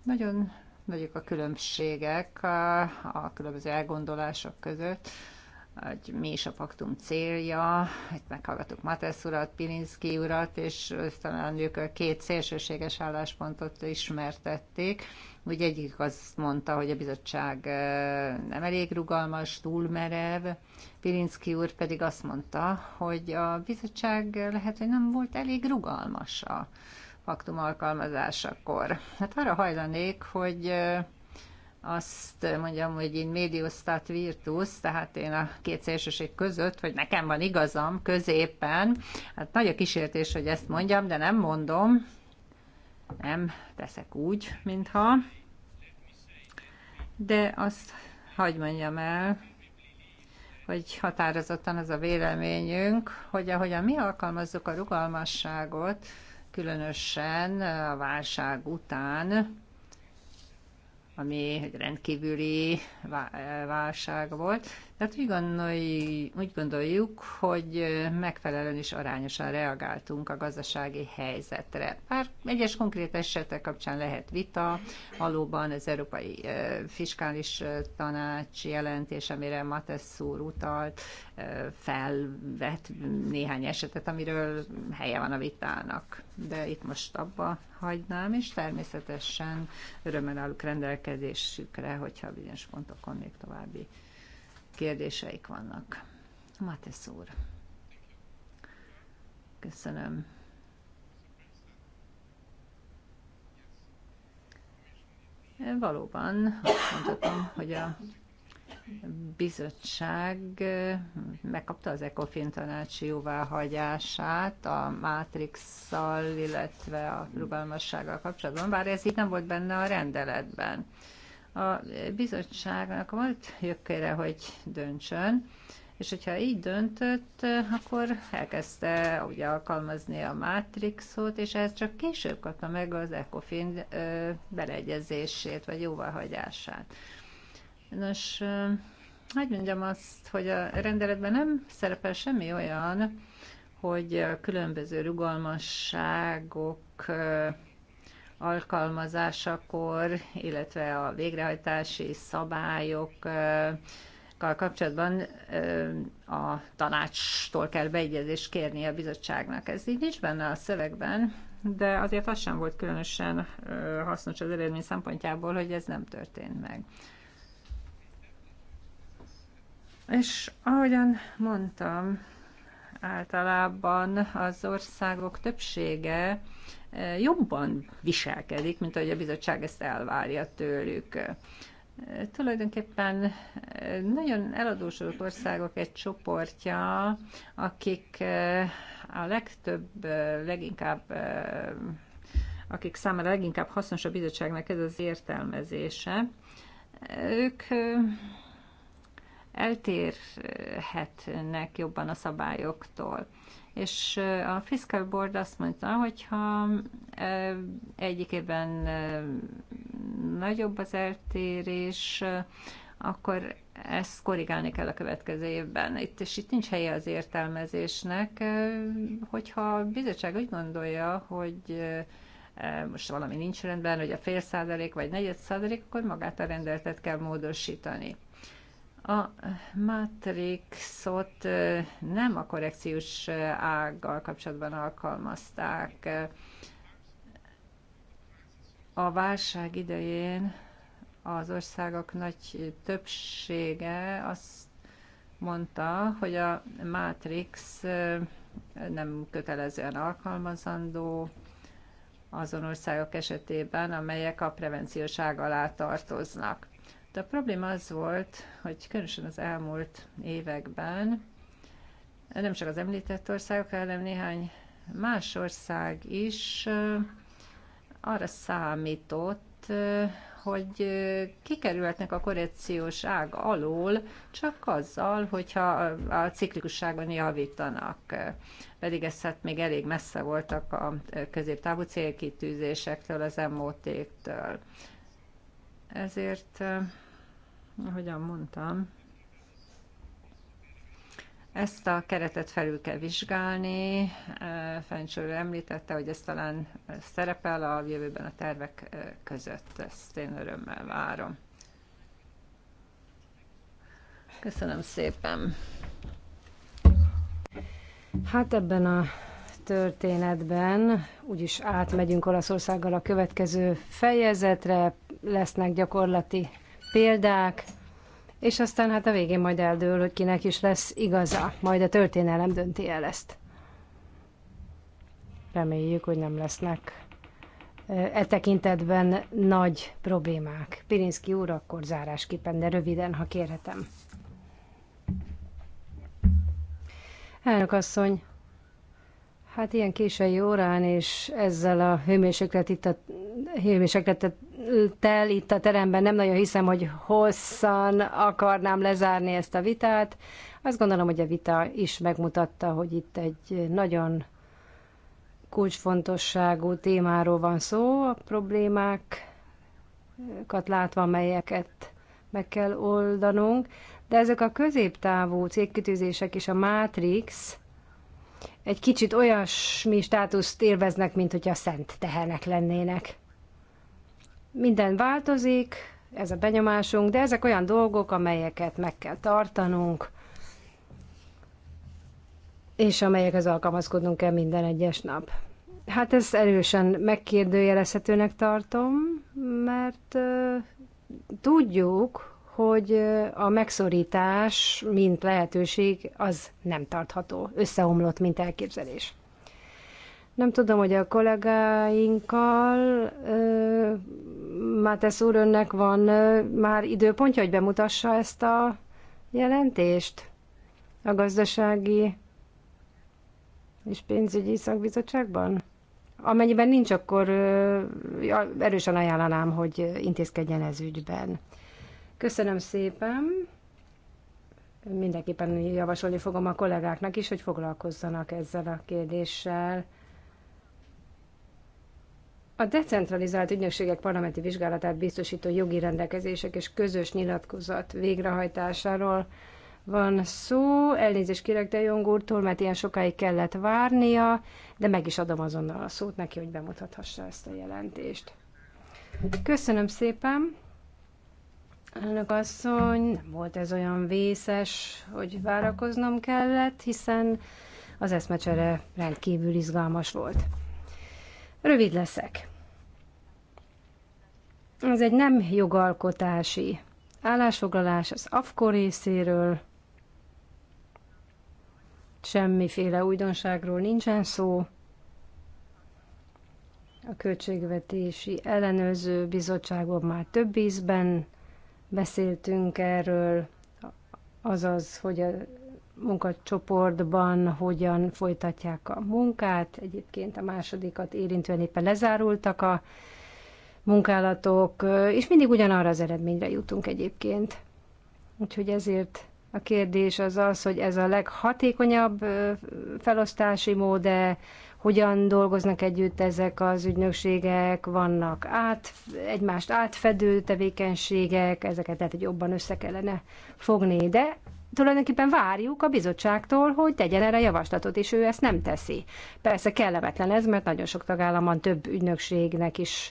Nagyon nagyok a különbségek a, a különböző elgondolások között, hogy mi is a paktum célja. Itt meghallgattuk Matesz urat, Pilinszki urat, és talán ők a két szélsőséges álláspontot ismertették. Ugye egyik azt mondta, hogy a bizottság nem elég rugalmas, túl merev, Pilinszki úr pedig azt mondta, hogy a bizottság lehet, hogy nem volt elég rugalmas a paktum alkalmazásakor. Hát arra hajlanék, hogy azt mondjam, hogy én médiostat virtus, tehát én a két szélsőség között, hogy nekem van igazam középen. Hát nagy a kísértés, hogy ezt mondjam, de nem mondom. Nem teszek úgy, mintha. De azt hagyd mondjam el, hogy határozottan az a véleményünk, hogy ahogyan mi alkalmazzuk a rugalmasságot, különösen a válság után, ami egy rendkívüli válság volt, Hát úgy, gondolj, úgy gondoljuk, hogy megfelelően és arányosan reagáltunk a gazdasági helyzetre. Bár egyes konkrét esetek kapcsán lehet vita, valóban az Európai Fiskális Tanács jelentés, amire Matesz úr utalt, felvet néhány esetet, amiről helye van a vitának. De itt most abba hagynám, és természetesen örömmel állok rendelkezésükre, hogyha bizonyos pontokon még további kérdéseik vannak. Matesz úr. Köszönöm. Valóban azt mondhatom, hogy a bizottság megkapta az ECOFIN tanácsi jóváhagyását a matrix illetve a rugalmassággal kapcsolatban, bár ez így nem volt benne a rendeletben. A bizottságnak volt jökkére, hogy döntsön, és hogyha így döntött, akkor elkezdte ugye alkalmazni a Matrixot, és ez csak később kapta meg az ECOFIN beleegyezését, vagy jóváhagyását. Nos, hogy mondjam azt, hogy a rendeletben nem szerepel semmi olyan, hogy a különböző rugalmasságok alkalmazásakor, illetve a végrehajtási szabályok kapcsolatban a tanácstól kell beegyezést kérni a bizottságnak. Ez így nincs benne a szövegben, de azért az sem volt különösen hasznos az eredmény szempontjából, hogy ez nem történt meg. És ahogyan mondtam, általában az országok többsége jobban viselkedik, mint ahogy a bizottság ezt elvárja tőlük. Tulajdonképpen eh, nagyon eladósodott országok egy csoportja, akik eh, a legtöbb, eh, leginkább akik számára leginkább hasznos a bizottságnak ez az értelmezése, ők eltérhetnek jobban a szabályoktól és a Fiscal Board azt mondta, hogyha egyik évben nagyobb az eltérés, akkor ezt korrigálni kell a következő évben. Itt, és itt nincs helye az értelmezésnek, hogyha a bizottság úgy gondolja, hogy most valami nincs rendben, hogy a fél százalék vagy negyed százalék, akkor magát a rendeletet kell módosítani. A Matrixot nem a korrekciós ággal kapcsolatban alkalmazták. A válság idején az országok nagy többsége azt mondta, hogy a Matrix nem kötelezően alkalmazandó azon országok esetében, amelyek a prevenciós ág alá tartoznak. De a probléma az volt, hogy különösen az elmúlt években nem csak az említett országok, hanem néhány más ország is arra számított, hogy kikerülhetnek a korrekciós ág alól csak azzal, hogyha a ciklikusságon javítanak. Pedig ez hát még elég messze voltak a középtávú célkitűzésektől, az MOT-től. Ezért, eh, ahogyan mondtam, ezt a keretet felül kell vizsgálni. Eh, Fencsőr említette, hogy ez talán szerepel a jövőben a tervek eh, között. Ezt én örömmel várom. Köszönöm szépen. Hát ebben a történetben, úgyis átmegyünk Olaszországgal a következő fejezetre, lesznek gyakorlati példák, és aztán hát a végén majd eldől, hogy kinek is lesz igaza, majd a történelem dönti el ezt. Reméljük, hogy nem lesznek e tekintetben nagy problémák. Pirinszki úr, akkor zárásképpen, de röviden, ha kérhetem. Elnök asszony, Hát ilyen késői órán, és ezzel a hőmérséklet itt a hőmérséklettel itt a teremben nem nagyon hiszem, hogy hosszan akarnám lezárni ezt a vitát. Azt gondolom, hogy a vita is megmutatta, hogy itt egy nagyon kulcsfontosságú témáról van szó, a problémákat látva, melyeket meg kell oldanunk, de ezek a középtávú cégkütőzések és a Matrix egy kicsit olyasmi státuszt élveznek, mint hogyha szent tehenek lennének. Minden változik, ez a benyomásunk, de ezek olyan dolgok, amelyeket meg kell tartanunk, és amelyekhez alkalmazkodnunk kell minden egyes nap. Hát ezt erősen megkérdőjelezhetőnek tartom, mert euh, tudjuk, hogy a megszorítás, mint lehetőség, az nem tartható, összeomlott, mint elképzelés. Nem tudom, hogy a kollégáinkkal Mátesz úr önnek van már időpontja, hogy bemutassa ezt a jelentést a gazdasági és pénzügyi szakbizottságban? Amennyiben nincs, akkor erősen ajánlanám, hogy intézkedjen ez ügyben. Köszönöm szépen. Mindenképpen javasolni fogom a kollégáknak is, hogy foglalkozzanak ezzel a kérdéssel. A decentralizált ügynökségek parlamenti vizsgálatát biztosító jogi rendelkezések és közös nyilatkozat végrehajtásáról van szó. Elnézést kérek de úrtól, mert ilyen sokáig kellett várnia, de meg is adom azonnal a szót neki, hogy bemutathassa ezt a jelentést. Köszönöm szépen! Önök asszony, nem volt ez olyan vészes, hogy várakoznom kellett, hiszen az eszmecsere rendkívül izgalmas volt. Rövid leszek. Ez egy nem jogalkotási állásfoglalás az AFKO részéről. Semmiféle újdonságról nincsen szó. A Költségvetési Ellenőrző Bizottságban már több ízben beszéltünk erről, azaz, hogy a munkacsoportban hogyan folytatják a munkát. Egyébként a másodikat érintően éppen lezárultak a munkálatok, és mindig ugyanarra az eredményre jutunk egyébként. Úgyhogy ezért a kérdés az az, hogy ez a leghatékonyabb felosztási móde hogyan dolgoznak együtt ezek az ügynökségek, vannak át, egymást átfedő tevékenységek, ezeket tehát hogy jobban össze kellene fogni, de tulajdonképpen várjuk a bizottságtól, hogy tegyen erre javaslatot, és ő ezt nem teszi. Persze kellemetlen ez, mert nagyon sok tagállamban több ügynökségnek is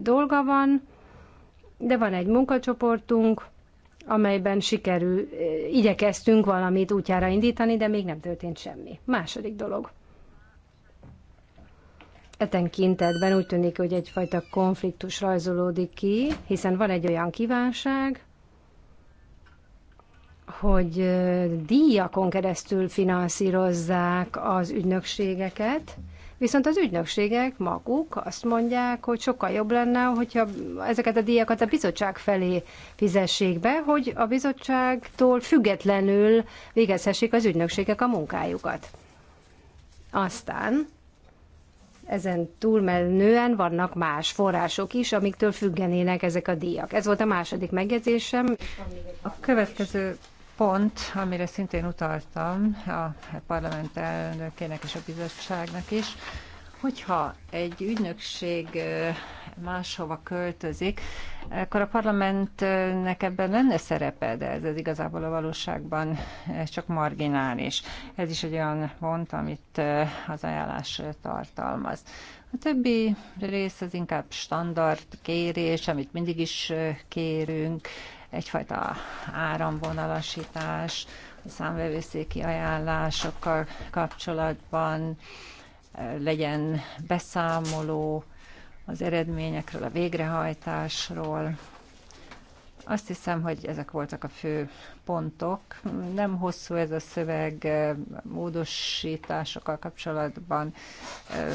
dolga van, de van egy munkacsoportunk, amelyben sikerül, igyekeztünk valamit útjára indítani, de még nem történt semmi. Második dolog. Eten kintetben úgy tűnik, hogy egyfajta konfliktus rajzolódik ki, hiszen van egy olyan kívánság, hogy díjakon keresztül finanszírozzák az ügynökségeket, viszont az ügynökségek maguk azt mondják, hogy sokkal jobb lenne, hogyha ezeket a díjakat a bizottság felé fizessék be, hogy a bizottságtól függetlenül végezhessék az ügynökségek a munkájukat. Aztán ezen túlmenően vannak más források is, amiktől függenének ezek a díjak. Ez volt a második megjegyzésem. A következő pont, amire szintén utaltam a parlament elnökének és a bizottságnak is, hogyha egy ügynökség máshova költözik, akkor a parlamentnek ebben lenne szerepe, de ez, ez igazából a valóságban csak marginális. Ez is egy olyan pont, amit eh, az ajánlás tartalmaz. A többi rész az inkább standard kérés, amit mindig is eh, kérünk, egyfajta áramvonalasítás, a számvevőszéki ajánlásokkal kapcsolatban eh, legyen beszámoló, az eredményekről, a végrehajtásról. Azt hiszem, hogy ezek voltak a fő pontok. Nem hosszú ez a szöveg eh, módosításokkal kapcsolatban eh,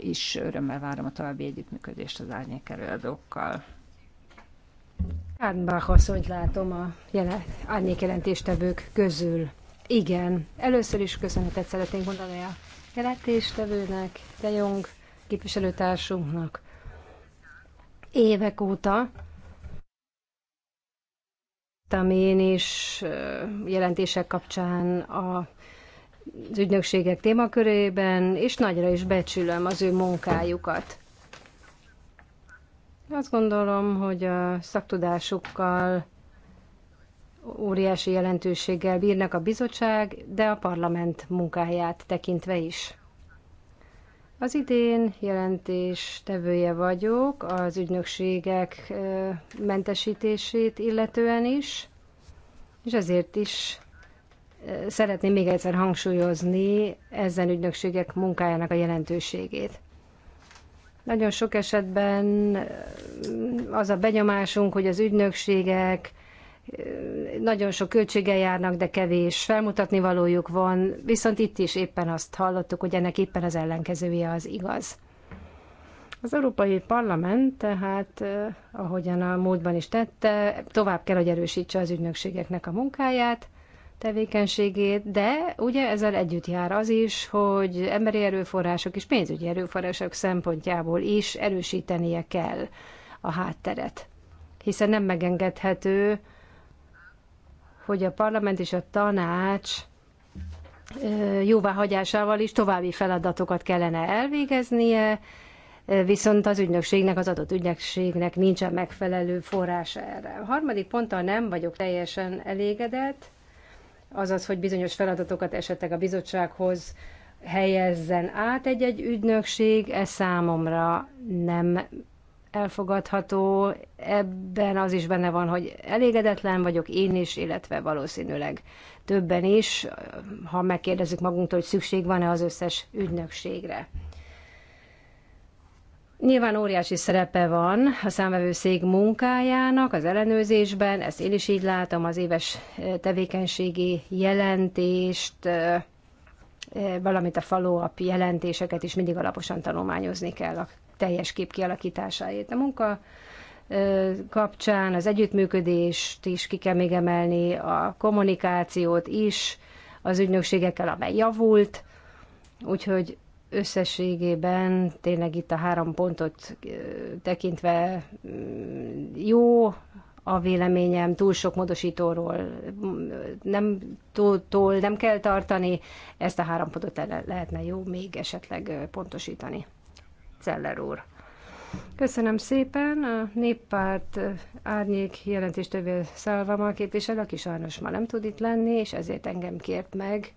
is örömmel várom a további együttműködést az árnyék előadókkal. Kárnbach asszonyt látom a jelen, árnyékjelentéstevők közül. Igen, először is köszönetet szeretnénk mondani a jelentéstevőnek, De Jong képviselőtársunknak évek óta, én is jelentések kapcsán a az ügynökségek témakörében, és nagyra is becsülöm az ő munkájukat. Azt gondolom, hogy a szaktudásukkal óriási jelentőséggel bírnak a bizottság, de a parlament munkáját tekintve is. Az idén jelentés tevője vagyok az ügynökségek mentesítését illetően is, és ezért is szeretném még egyszer hangsúlyozni ezen ügynökségek munkájának a jelentőségét. Nagyon sok esetben az a benyomásunk, hogy az ügynökségek nagyon sok költsége járnak, de kevés felmutatni valójuk van, viszont itt is éppen azt hallottuk, hogy ennek éppen az ellenkezője az igaz. Az Európai Parlament tehát, eh, ahogyan a múltban is tette, tovább kell, hogy erősítse az ügynökségeknek a munkáját, tevékenységét, de ugye ezzel együtt jár az is, hogy emberi erőforrások és pénzügyi erőforrások szempontjából is erősítenie kell a hátteret. Hiszen nem megengedhető, hogy a parlament és a tanács jóváhagyásával is további feladatokat kellene elvégeznie, viszont az ügynökségnek, az adott ügynökségnek nincsen megfelelő forrása erre. A harmadik ponttal nem vagyok teljesen elégedett, azaz, hogy bizonyos feladatokat esetleg a bizottsághoz helyezzen át egy-egy ügynökség, ez számomra nem elfogadható, ebben az is benne van, hogy elégedetlen vagyok én is, illetve valószínűleg többen is, ha megkérdezzük magunktól, hogy szükség van-e az összes ügynökségre. Nyilván óriási szerepe van a számvevőszék munkájának az ellenőrzésben, ezt én is így látom, az éves eh, tevékenységi jelentést, eh, valamint a follow-up jelentéseket is mindig alaposan tanulmányozni kell a teljes kép kialakításáért. A munka kapcsán az együttműködést is ki kell még emelni, a kommunikációt is az ügynökségekkel, amely javult, úgyhogy összességében tényleg itt a három pontot tekintve mm, jó a véleményem, túl sok módosítóról mm, nem, túl, túl nem kell tartani, ezt a három pontot le lehetne jó még esetleg pontosítani. Celler úr. Köszönöm szépen. A néppárt árnyék jelentéstevő Szálvama képviselő, aki sajnos ma nem tud itt lenni, és ezért engem kért meg,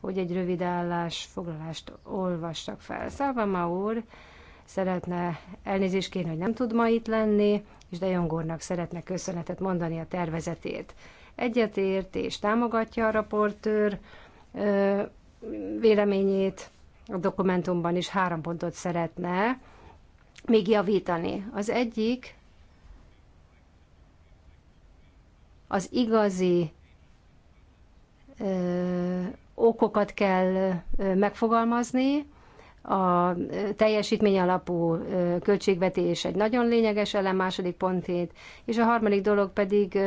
hogy egy rövid állás foglalást olvassak fel. Szálvama úr szeretne elnézést kérni, hogy nem tud ma itt lenni, és de Jongornak szeretne köszönetet mondani a tervezetét. Egyetért és támogatja a raportőr véleményét, a dokumentumban is három pontot szeretne még javítani. Az egyik az igazi ö, okokat kell megfogalmazni, a teljesítmény alapú költségvetés egy nagyon lényeges elem második pontét, és a harmadik dolog pedig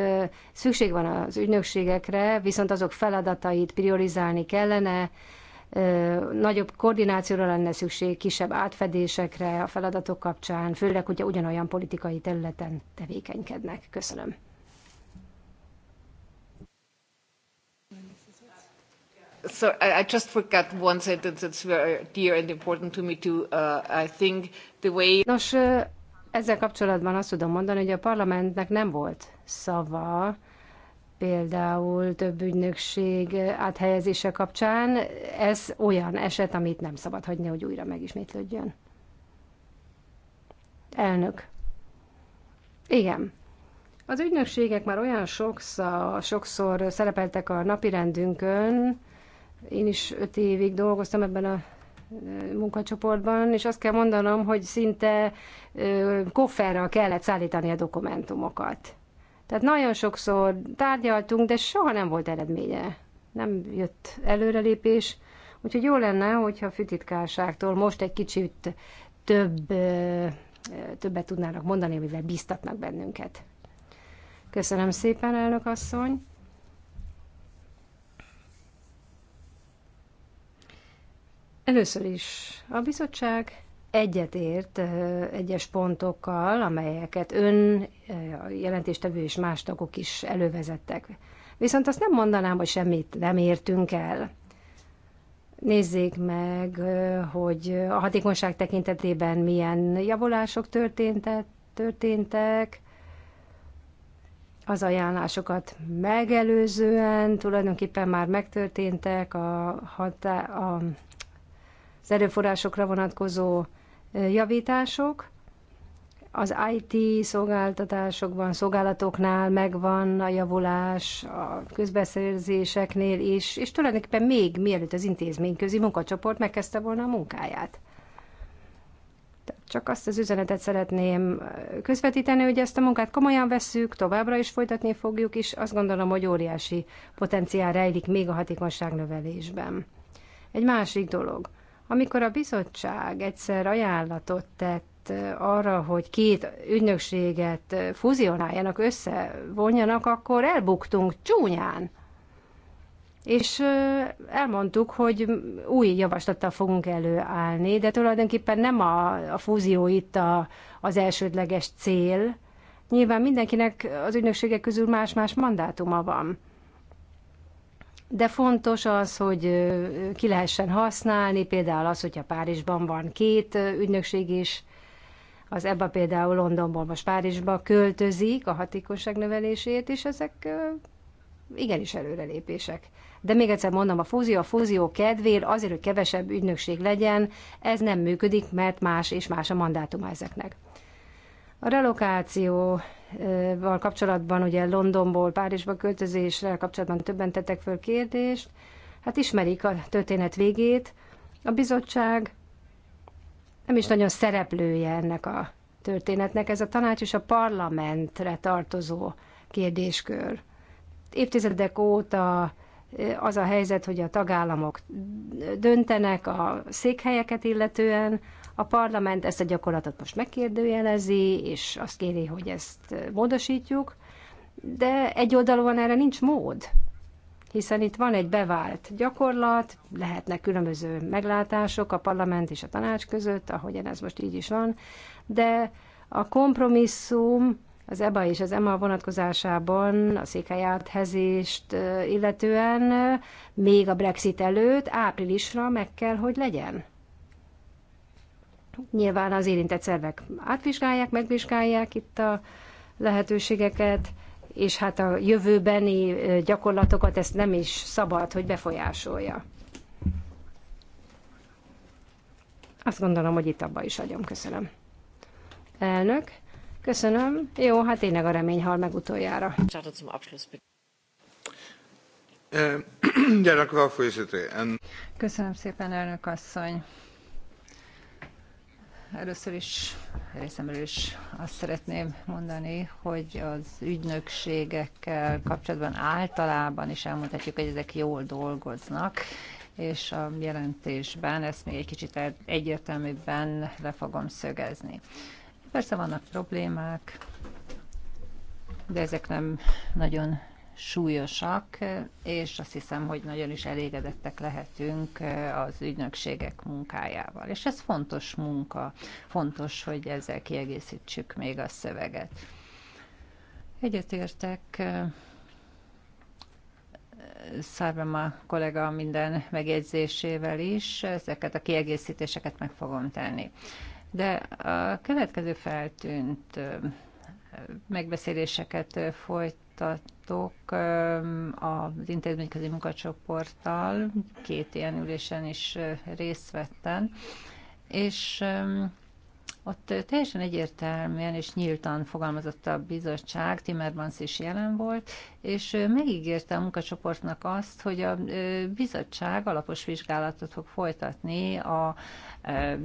szükség van az ügynökségekre, viszont azok feladatait priorizálni kellene, nagyobb koordinációra lenne szükség, kisebb átfedésekre a feladatok kapcsán, főleg, hogyha ugyanolyan politikai területen tevékenykednek. Köszönöm. So I, I just forgot one sentence that's very dear and important to me too. Uh, I think the way... Nos, ezzel kapcsolatban azt tudom mondani, hogy a parlamentnek nem volt szava például több ügynökség áthelyezése kapcsán, ez olyan eset, amit nem szabad hagyni, hogy újra megismétlődjön. Elnök. Igen. Az ügynökségek már olyan sokszor, sokszor szerepeltek a napirendünkön, én is öt évig dolgoztam ebben a eh, munkacsoportban, és azt kell mondanom, hogy szinte eh, kofferral kellett szállítani a dokumentumokat. Tehát nagyon sokszor tárgyaltunk, de soha nem volt eredménye. Nem jött előrelépés, úgyhogy jó lenne, hogyha a fütitkárságtól most egy kicsit több, többet tudnának mondani, amivel bíztatnak bennünket. Köszönöm szépen, elnök asszony! Először is a bizottság egyetért egyes pontokkal, amelyeket ön, a jelentéstevő és más tagok is elővezettek. Viszont azt nem mondanám, hogy semmit nem értünk el. Nézzék meg, hogy a hatékonyság tekintetében milyen javulások történtek, történtek az ajánlásokat megelőzően tulajdonképpen már megtörténtek a, hatá- a az erőforrásokra vonatkozó javítások. Az IT szolgáltatásokban, szolgálatoknál megvan a javulás, a közbeszerzéseknél is, és tulajdonképpen még mielőtt az intézményközi munkacsoport megkezdte volna a munkáját. Csak azt az üzenetet szeretném közvetíteni, hogy ezt a munkát komolyan vesszük, továbbra is folytatni fogjuk, és azt gondolom, hogy óriási potenciál rejlik még a hatékonyság növelésben. Egy másik dolog. Amikor a bizottság egyszer ajánlatot tett arra, hogy két ügynökséget fúzionáljanak, összevonjanak, akkor elbuktunk csúnyán. És elmondtuk, hogy új javaslattal fogunk előállni, de tulajdonképpen nem a, a fúzió itt a, az elsődleges cél. Nyilván mindenkinek az ügynökségek közül más-más mandátuma van de fontos az, hogy ki lehessen használni, például az, hogyha Párizsban van két ügynökség is, az ebbe például Londonból most Párizsba költözik a hatékonyság növelését, és ezek igenis előrelépések. De még egyszer mondom, a fúzió a fúzió kedvéért, azért, hogy kevesebb ügynökség legyen, ez nem működik, mert más és más a mandátuma ezeknek. A relokáció val kapcsolatban, ugye Londonból Párizsba költözésre kapcsolatban többen tettek föl kérdést. Hát ismerik a történet végét. A bizottság nem is nagyon szereplője ennek a történetnek. Ez a tanács és a parlamentre tartozó kérdéskör. Évtizedek óta eh, az a helyzet, hogy a tagállamok döntenek a székhelyeket illetően, a parlament ezt a gyakorlatot most megkérdőjelezi, és azt kéri, hogy ezt módosítjuk, de egyoldalúan erre nincs mód, hiszen itt van egy bevált gyakorlat, lehetnek különböző meglátások a parlament és a tanács között, ahogyan ez most így is van, de a kompromisszum az EBA és az EMA vonatkozásában a székhely áthezést illetően még a Brexit előtt áprilisra meg kell, hogy legyen. Nyilván az érintett szervek átvizsgálják, megvizsgálják itt a lehetőségeket, és hát a jövőbeni gyakorlatokat ezt nem is szabad, hogy befolyásolja. Azt gondolom, hogy itt abba is hagyom. Köszönöm. Elnök, köszönöm. Jó, hát tényleg a remény hal meg utoljára. Eh, <clears throat> köszönöm szépen, elnök asszony. Először is részemről is azt szeretném mondani, hogy az ügynökségekkel kapcsolatban általában is elmondhatjuk, hogy ezek jól dolgoznak, és a jelentésben ezt még egy kicsit egyértelműbben le fogom szögezni. Persze vannak problémák, de ezek nem nagyon súlyosak, és azt hiszem, hogy nagyon is elégedettek lehetünk eh, az ügynökségek munkájával. És ez fontos munka, fontos, hogy ezzel kiegészítsük még a szöveget. Egyetértek eh, a kollega minden megjegyzésével is, ezeket a kiegészítéseket meg fogom tenni. De a következő feltűnt eh, megbeszéléseket folyt folytattok az intézményközi munkacsoporttal, két ilyen ülésen is részt vettem, és ott teljesen egyértelműen és nyíltan fogalmazott a bizottság, Timmermans is jelen volt, és megígérte a munkacsoportnak azt, hogy a bizottság alapos vizsgálatot fog folytatni a az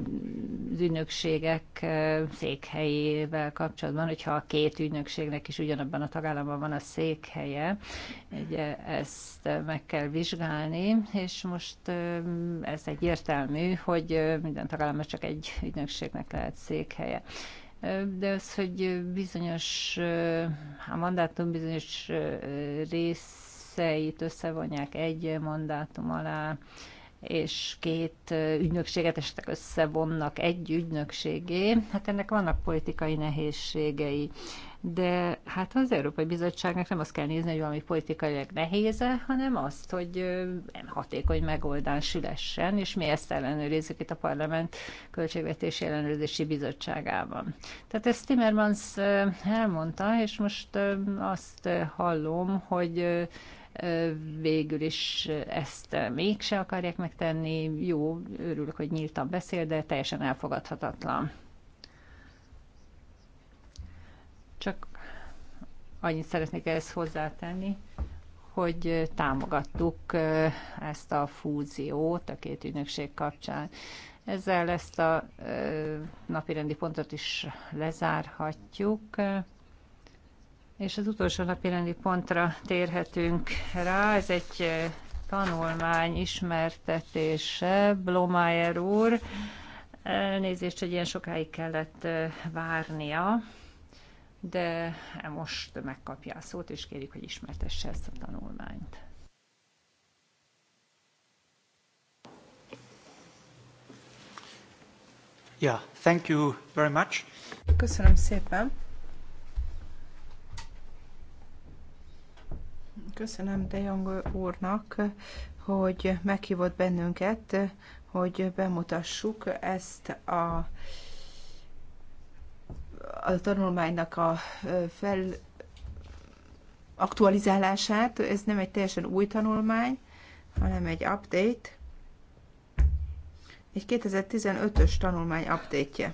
ügynökségek székhelyével kapcsolatban, hogyha a két ügynökségnek is ugyanabban a tagállamban van a székhelye, ugye ezt meg kell vizsgálni, és most ez egyértelmű, hogy minden tagállamban csak egy ügynökségnek lehet székhelye. De az, hogy bizonyos, a mandátum bizonyos részeit összevonják egy mandátum alá, és két ügynökséget esetleg összevonnak egy ügynökségé, hát ennek vannak politikai nehézségei. De hát az Európai Bizottságnak nem azt kell nézni, hogy valami politikailag nehéze, hanem azt, hogy nem hatékony megoldás sülessen, és mi ezt ellenőrizzük itt a Parlament Költségvetési Ellenőrzési Bizottságában. Tehát ezt Timmermans elmondta, és most azt hallom, hogy végül is ezt mégse akarják megtenni. Jó, örülök, hogy nyíltan beszél, de teljesen elfogadhatatlan. Csak annyit szeretnék ezt hozzátenni, hogy támogattuk ezt a fúziót a két ügynökség kapcsán. Ezzel ezt a napirendi pontot is lezárhatjuk. És az utolsó rendi pontra térhetünk rá. Ez egy eh, tanulmány ismertetése, Blomayer úr. Elnézést, hogy ilyen sokáig kellett eh, várnia, de most megkapja a szót, és kérjük, hogy ismertesse ezt a tanulmányt. Yeah, thank you very much. Köszönöm szépen. Köszönöm De Jong úrnak, hogy meghívott bennünket, hogy bemutassuk ezt a, a tanulmánynak a fel aktualizálását. Ez nem egy teljesen új tanulmány, hanem egy update. Egy 2015-ös tanulmány update-je.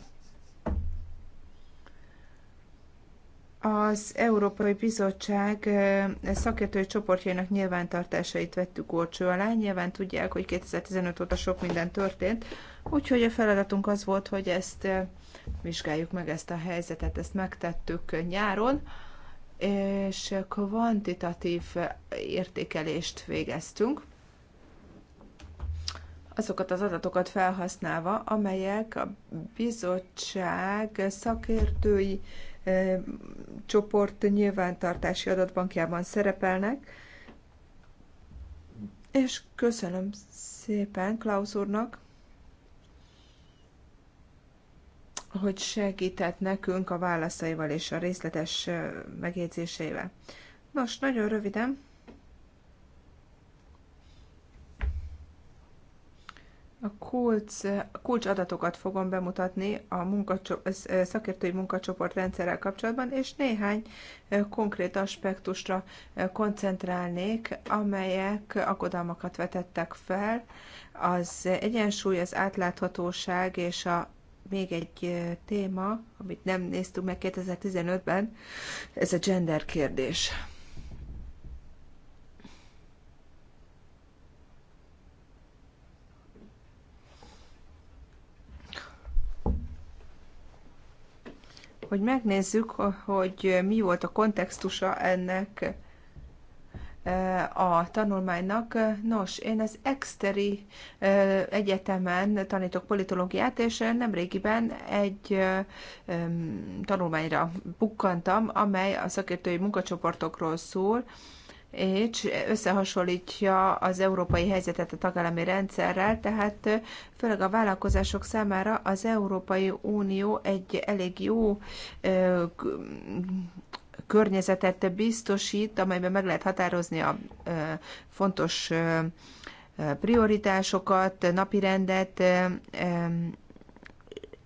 Az Európai Bizottság szakértői csoportjainak nyilvántartásait vettük olcsó alá. Nyilván tudják, hogy 2015 óta sok minden történt, úgyhogy a feladatunk az volt, hogy ezt vizsgáljuk meg ezt a helyzetet, ezt megtettük nyáron, és kvantitatív értékelést végeztünk azokat az adatokat felhasználva, amelyek a bizottság szakértői csoport nyilvántartási adatbankjában szerepelnek, és köszönöm szépen Klaus úrnak, hogy segített nekünk a válaszaival és a részletes megjegyzéseivel. Nos, nagyon röviden, A kulcs, kulcsadatokat fogom bemutatni a a szakértői munkacsoport rendszerrel kapcsolatban, és néhány konkrét aspektusra koncentrálnék, amelyek aggodalmakat vetettek fel. Az egyensúly, az átláthatóság és a még egy téma, amit nem néztünk meg 2015-ben, ez a gender kérdés. hogy megnézzük, hogy mi volt a kontextusa ennek eh, a tanulmánynak. Nos, én az Exteri eh, Egyetemen tanítok politológiát, és nemrégiben egy eh, tanulmányra bukkantam, amely a szakértői munkacsoportokról szól, és összehasonlítja az európai helyzetet a tagállami rendszerrel, tehát főleg a vállalkozások számára az Európai Unió egy elég jó környezetet biztosít, amelyben meg lehet határozni a fontos prioritásokat, napirendet,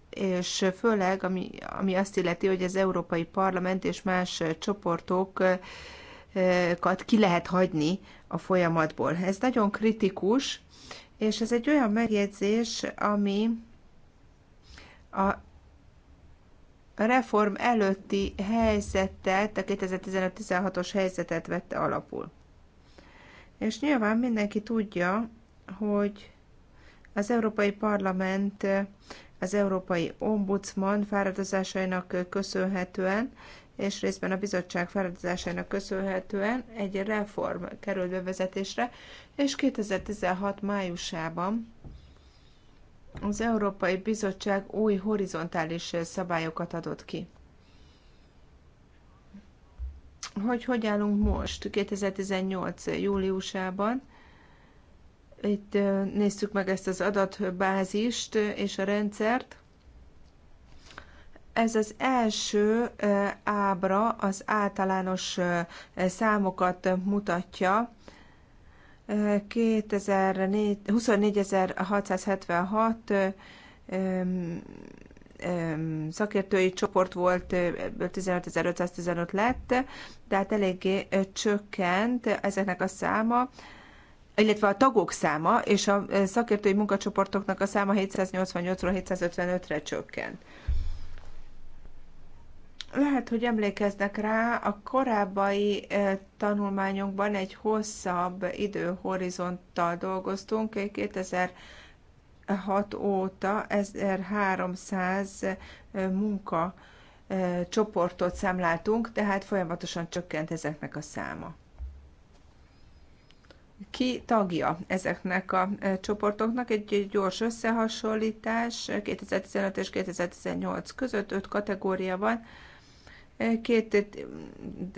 és főleg ami, ami azt illeti, hogy az Európai Parlament és más csoportok ki lehet hagyni a folyamatból. Ez nagyon kritikus, és ez egy olyan megjegyzés, ami a reform előtti helyzetet, a 2015-16-os helyzetet vette alapul. És nyilván mindenki tudja, hogy az Európai Parlament, az Európai Ombudsman fáradozásainak köszönhetően és részben a bizottság feladatásának köszönhetően egy reform került bevezetésre, és 2016 májusában az Európai Bizottság új horizontális szabályokat adott ki. Hogy hogy állunk most, 2018. júliusában? Itt néztük meg ezt az adatbázist és a rendszert. Ez az első ábra az általános számokat mutatja. 24.676 szakértői csoport volt, 15.515 lett, tehát eléggé csökkent ezeknek a száma illetve a tagok száma és a szakértői munkacsoportoknak a száma 788-ról 755-re csökkent. Lehet, hogy emlékeznek rá, a korábbi eh, tanulmányokban egy hosszabb időhorizonttal dolgoztunk, 2006 óta 1300 eh, munka eh, csoportot számláltunk, tehát folyamatosan csökkent ezeknek a száma. Ki tagja ezeknek a csoportoknak? Egy gyors összehasonlítás 2015 és 2018 között öt kategória van. Két eh,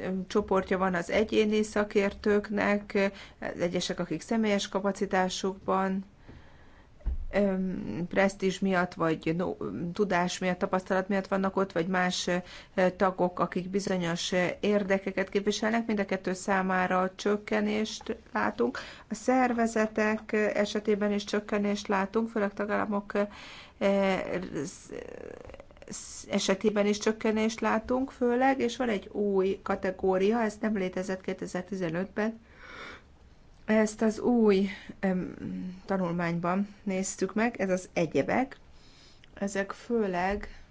eh, csoportja van az egyéni szakértőknek, eh, egyesek, akik személyes kapacitásukban, presztízs miatt, vagy no, tudás miatt, tapasztalat miatt vannak ott, vagy más tagok, akik bizonyos érdekeket képviselnek, mind a kettő számára csökkenést látunk. A szervezetek esetében is csökkenést látunk, főleg tagállamok esetében is csökkenést látunk főleg, és van egy új kategória, ez nem létezett 2015-ben, ezt az új em, tanulmányban néztük meg, ez az egyebek. Ezek főleg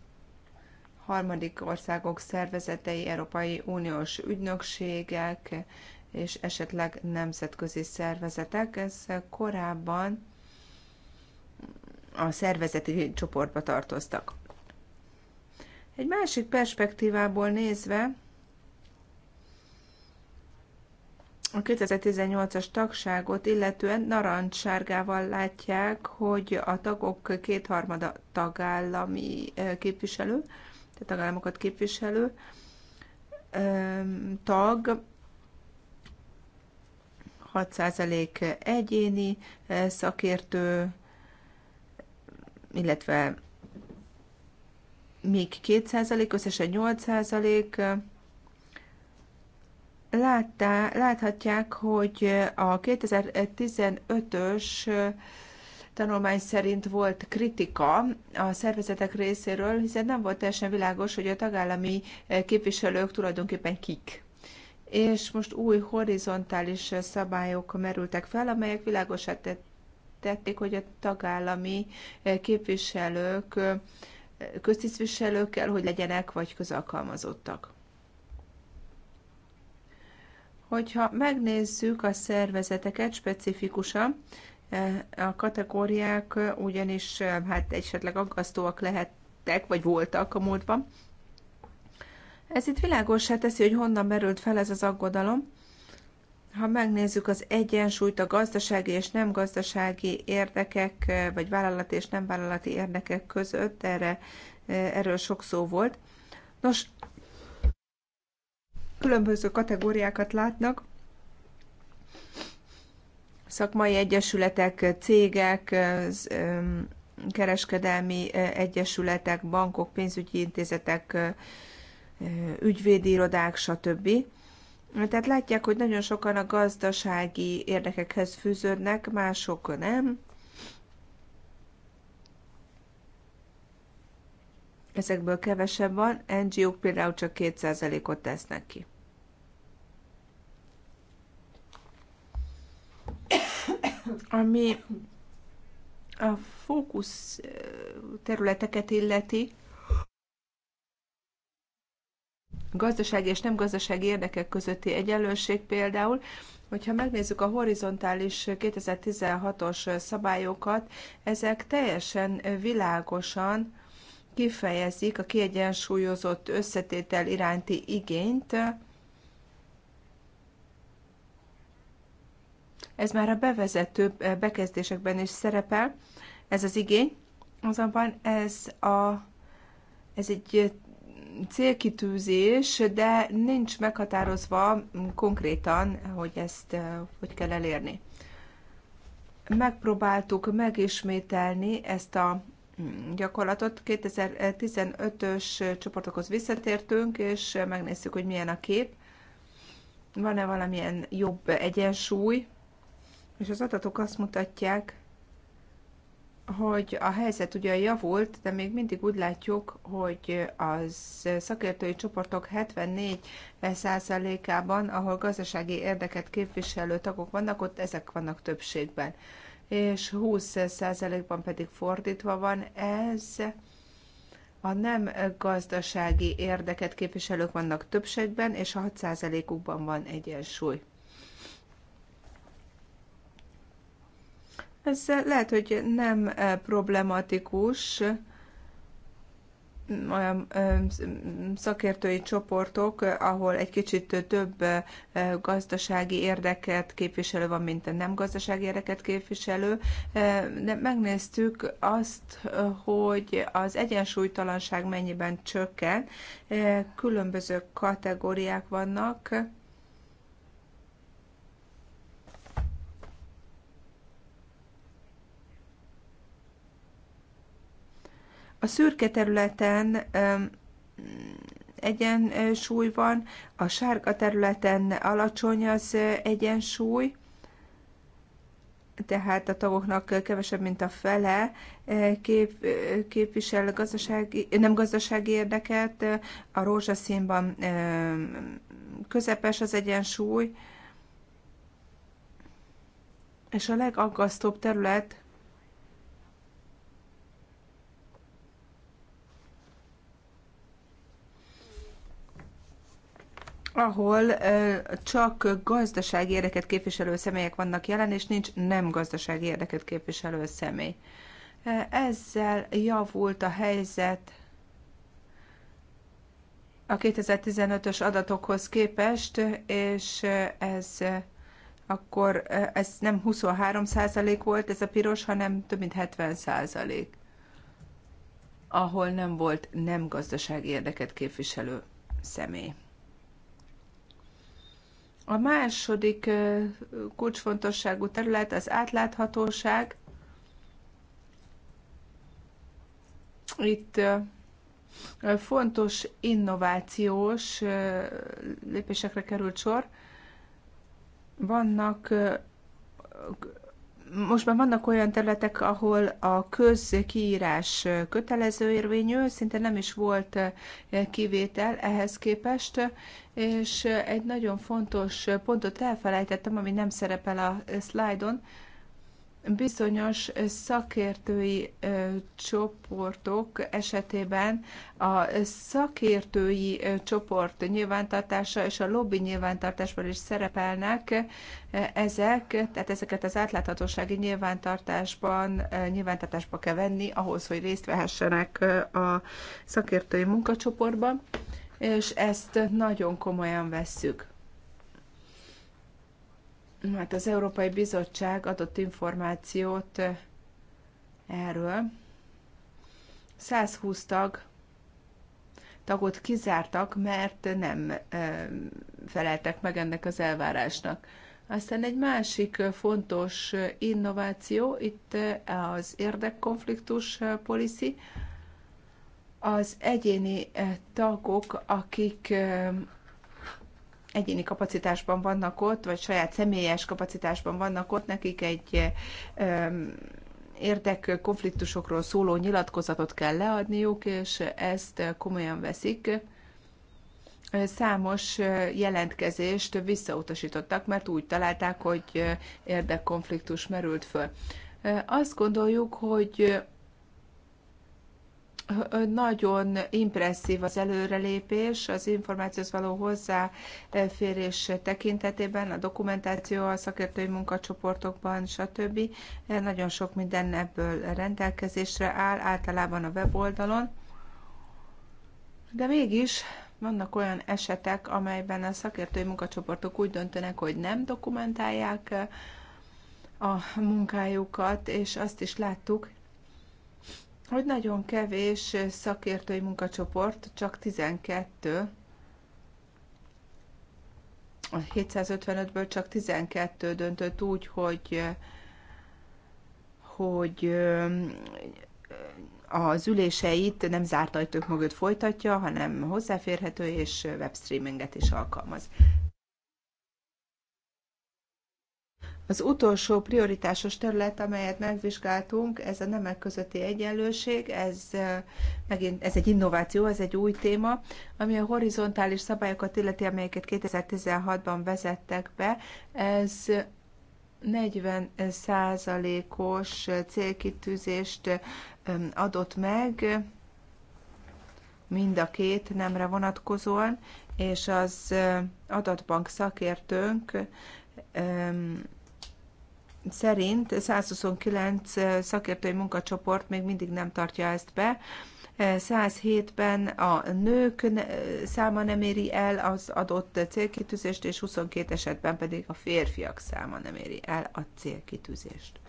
harmadik országok szervezetei, Európai Uniós ügynökségek és esetleg nemzetközi szervezetek. Ez korábban a szervezeti csoportba tartoztak. Egy másik perspektívából nézve, a 2018-as tagságot illetően narancssárgával látják, hogy a tagok kétharmada tagállami képviselő, tehát tagállamokat képviselő tag, 6% egyéni szakértő, illetve még 2%, összesen 8%. Láttá, láthatják, hogy a 2015-ös tanulmány szerint volt kritika a szervezetek részéről, hiszen nem volt teljesen világos, hogy a tagállami képviselők tulajdonképpen kik. És most új horizontális szabályok merültek fel, amelyek világosát tették, hogy a tagállami képviselők köztisztviselőkkel, hogy legyenek, vagy közalkalmazottak. Hogyha megnézzük a szervezeteket specifikusan, e, a kategóriák ugyanis e, hát esetleg aggasztóak lehettek, vagy voltak a múltban. Ez itt világosá teszi, hogy honnan merült fel ez az aggodalom, ha megnézzük az egyensúlyt a gazdasági és nem gazdasági érdekek, vagy vállalati és nem vállalati érdekek között, erre, erről sok szó volt. Nos, különböző kategóriákat látnak, szakmai egyesületek, cégek, kereskedelmi egyesületek, bankok, pénzügyi intézetek, ügyvédi stb. Tehát látják, hogy nagyon sokan a gazdasági érdekekhez fűződnek, mások nem. Ezekből kevesebb van, NGO-k például csak 2%-ot tesznek ki. Ami a fókusz területeket illeti, gazdasági és nem gazdasági érdekek közötti egyenlőség például, Hogyha megnézzük a horizontális 2016-os szabályokat, ezek teljesen világosan kifejezik a kiegyensúlyozott összetétel iránti igényt. Ez már a bevezető bekezdésekben is szerepel, ez az igény, azonban ez, a, ez egy célkitűzés, de nincs meghatározva konkrétan, hogy ezt eh, hogy kell elérni. Megpróbáltuk megismételni ezt a mm, gyakorlatot. 2015-ös csoportokhoz visszatértünk, és megnézzük, hogy milyen a kép. Van-e valamilyen jobb egyensúly? És az adatok azt mutatják, hogy a helyzet ugye javult, de még mindig úgy látjuk, hogy az szakértői csoportok 74%-ában, ahol gazdasági érdeket képviselő tagok vannak, ott ezek vannak többségben. És 20%-ban pedig fordítva van ez, a nem gazdasági érdeket képviselők vannak többségben, és a 6%-ukban van egyensúly. Ez lehet, hogy nem eh, problematikus olyan eh, szakértői csoportok, eh, ahol egy kicsit több gazdasági érdeket képviselő van, mint a nem gazdasági érdeket képviselő. De megnéztük azt, hogy az egyensúlytalanság mennyiben csökken. Különböző kategóriák vannak A szürke területen egyensúly van, a sárga területen alacsony az egyensúly, tehát a tagoknak kevesebb, mint a fele kép, képvisel gazdasági, nem gazdasági érdeket, a rózsaszínban közepes az egyensúly, és a legaggasztóbb terület ahol csak gazdasági érdeket képviselő személyek vannak jelen, és nincs nem gazdasági érdeket képviselő személy. Ezzel javult a helyzet a 2015-ös adatokhoz képest, és ez akkor ez nem 23 százalék volt ez a piros, hanem több mint 70 százalék, ahol nem volt nem gazdasági érdeket képviselő személy. A második kulcsfontosságú terület az átláthatóság. Itt fontos innovációs lépésekre került sor. Vannak most már vannak olyan területek, ahol a közkiírás kötelező érvényű, szinte nem is volt eh, kivétel ehhez képest, és eh, egy nagyon fontos pontot elfelejtettem, ami nem szerepel a eh, szlájdon, bizonyos szakértői csoportok esetében a szakértői csoport nyilvántartása és a lobby nyilvántartásban is szerepelnek ezek, tehát ezeket az átláthatósági nyilvántartásban nyilvántartásba kell venni ahhoz, hogy részt vehessenek a szakértői munkacsoportban, és ezt nagyon komolyan vesszük. Hát az Európai Bizottság adott információt erről. 120 tag tagot kizártak, mert nem feleltek meg ennek az elvárásnak. Aztán egy másik fontos innováció, itt az érdekkonfliktus policy, az egyéni tagok, akik egyéni kapacitásban vannak ott, vagy saját személyes kapacitásban vannak ott, nekik egy érdek konfliktusokról szóló nyilatkozatot kell leadniuk, és ezt komolyan veszik. Számos eh, jelentkezést visszautasítottak, mert úgy találták, hogy eh, érdekkonfliktus merült föl. Eh, azt gondoljuk, hogy nagyon impresszív az előrelépés az információhoz való hozzáférés tekintetében, a dokumentáció, a szakértői munkacsoportokban, stb. Nagyon sok minden ebből rendelkezésre áll, általában a weboldalon. De mégis vannak olyan esetek, amelyben a szakértői munkacsoportok úgy döntenek, hogy nem dokumentálják a munkájukat, és azt is láttuk, hogy nagyon kevés szakértői munkacsoport, csak 12, a 755-ből csak 12 döntött úgy, hogy hogy az üléseit nem zárt ajtók mögött folytatja, hanem hozzáférhető és webstreaminget is alkalmaz. Az utolsó prioritásos terület, amelyet megvizsgáltunk, ez a nemek közötti egyenlőség, ez megint ez egy innováció, ez egy új téma, ami a horizontális szabályokat illeti, amelyeket 2016-ban vezettek be. Ez 40 százalékos célkitűzést adott meg, mind a két nemre vonatkozóan, és az adatbank szakértőnk szerint 129 szakértői munkacsoport még mindig nem tartja ezt be. 107-ben a nők száma nem éri el az adott célkitűzést, és 22 esetben pedig a férfiak száma nem éri el a célkitűzést.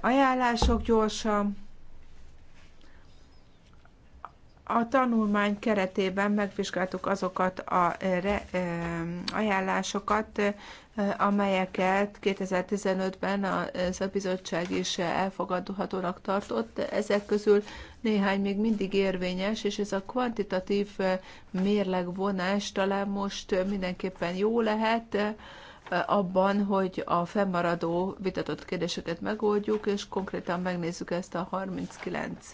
Ajánlások gyorsan a tanulmány keretében megvizsgáltuk azokat a re, ajánlásokat, amelyeket 2015-ben a bizottság is elfogadhatónak tartott. Ezek közül néhány még mindig érvényes, és ez a kvantitatív mérlegvonás talán most mindenképpen jó lehet abban, hogy a fennmaradó vitatott kérdéseket megoldjuk, és konkrétan megnézzük ezt a 39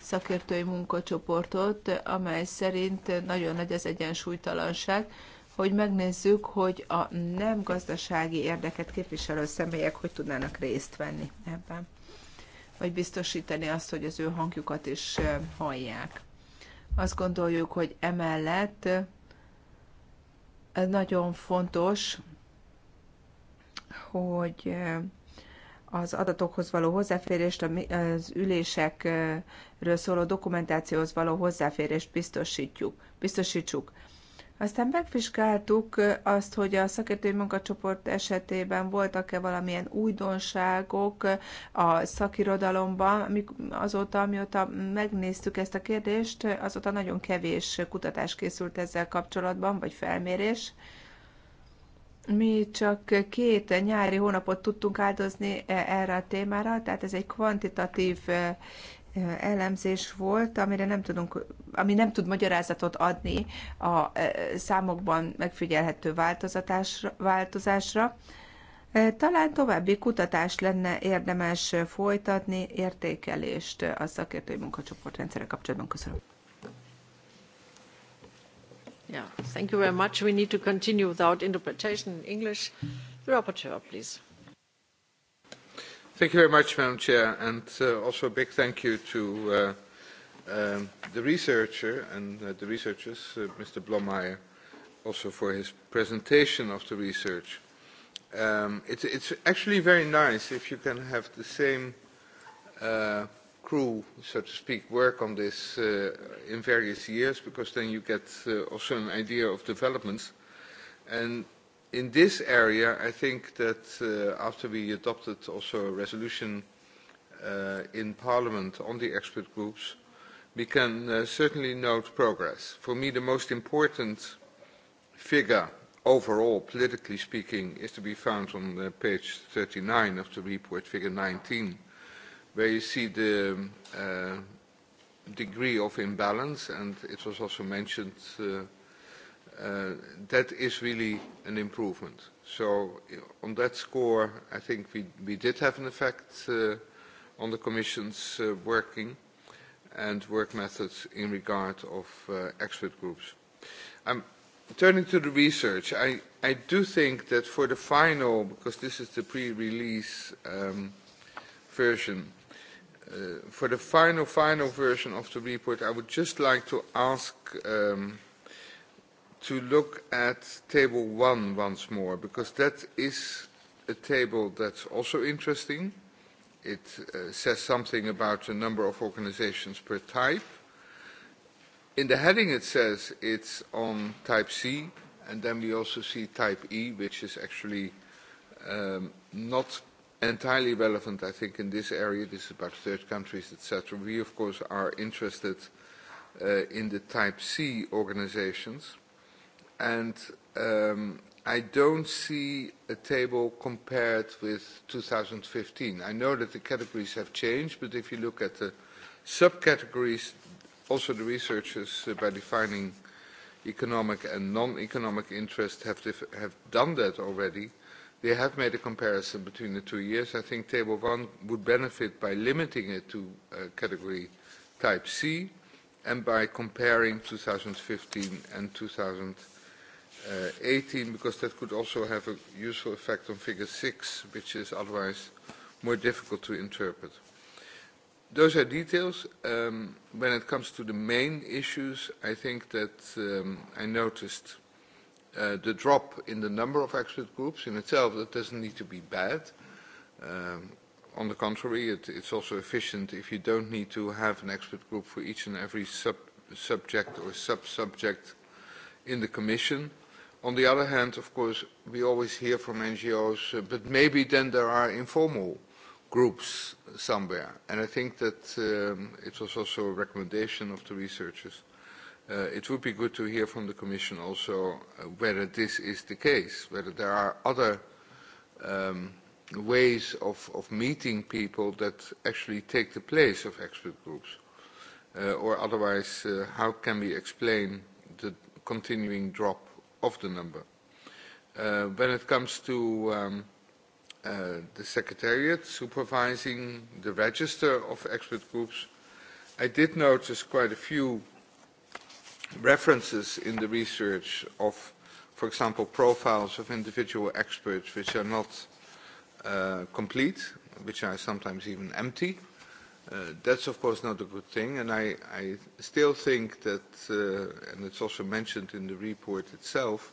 szakértői munkacsoportot, amely szerint nagyon nagy az egyensúlytalanság, hogy megnézzük, hogy a nem gazdasági érdeket képviselő személyek hogy tudnának részt venni ebben, vagy biztosítani azt, hogy az ő hangjukat is hallják. Azt gondoljuk, hogy emellett ez nagyon fontos, hogy az adatokhoz való hozzáférést, az ülésekről szóló dokumentációhoz való hozzáférést biztosítjuk, biztosítsuk. Aztán megvizsgáltuk azt, hogy a szakértői munkacsoport esetében voltak-e valamilyen újdonságok a szakirodalomban. Azóta, amióta megnéztük ezt a kérdést, azóta nagyon kevés kutatás készült ezzel kapcsolatban, vagy felmérés. Mi csak két nyári hónapot tudtunk áldozni e, erre a témára, tehát ez egy kvantitatív e, e, elemzés volt, amire nem tudunk, ami nem tud magyarázatot adni a számokban megfigyelhető változásra. Talán további kutatást lenne érdemes folytatni, értékelést a szakértői munkacsoport rendszere kapcsolatban. Köszönöm. Yeah, thank you very much. We need to continue without interpretation in English. The rapporteur, please. Thank you very much, Madam Chair, uh, also a big thank you to uh, um, the researcher and uh, the researchers, Mr. Blommeyer, also for his presentation of the research. Um, it's, it's actually very nice if you can have the same crew, so to speak, work on this uh, in various years because then you get uh, also an idea of developments. And in this area, I think that uh, after we adopted also a resolution uh, in Parliament on the expert groups, we can uh, certainly note progress. For me, the most important figure overall, politically speaking, is to be found on uh, page 39 of the report, figure 19, where you see the uh, degree of imbalance, and it was also mentioned, uh, uh, that is really an improvement. So on that score, I think we, we did have an effect uh, on the Commission's uh, working and work methods in regard of uh, expert groups. I'm um, turning to the research. I, I do think that for the final, because this is the pre-release um, version, Uh, for the final, final version of the report, I would just like to ask um, to look at table one once more, because that is a table that's also interesting. It uh, says something about the number of organizations per type. In the heading it says it's on type C, and then we also see type E, which is actually um, not entirely relevant, I think, in this area. This is about third countries, etc. We, of course, are interested uh, in the Type C organizations. And um, I don't see a table compared with 2015. I know that the categories have changed, but if you look at the subcategories, also the researchers, uh, by defining economic and non-economic interest, have, have done that already – They have made a comparison between the two years. I think Table 1 would benefit by limiting it to uh, category Type C and by comparing 2015 and 2018, because that could also have a useful effect on Figure 6, which is otherwise more difficult to interpret. Those are details. Um, when it comes to the main issues, I think that um, I noticed Uh, the drop in the number of expert groups in itself, that doesn't need to be bad. Um, on the contrary, it, it's also efficient if you don't need to have an expert group for each and every sub subject or sub-subject in the Commission. On the other hand, of course, we always hear from NGOs, uh, eh, but maybe then there are informal groups somewhere. And I think that um, it was also a recommendation of the researchers Uh, it would be good to hear from the Commission also uh, whether this is the case, whether there are other um, ways of, of meeting people that actually take the place of expert groups. Uh, or otherwise, uh, how can we explain the continuing drop of the number? Uh, when it comes to um, uh, the Secretariat supervising the register of expert groups, I did notice quite a few references in the research of, for example, profiles of individual experts which are not uh, complete, which are sometimes even empty. Uh, that's of course not a good thing, and I, I still think that, uh, and it's also mentioned in the report itself,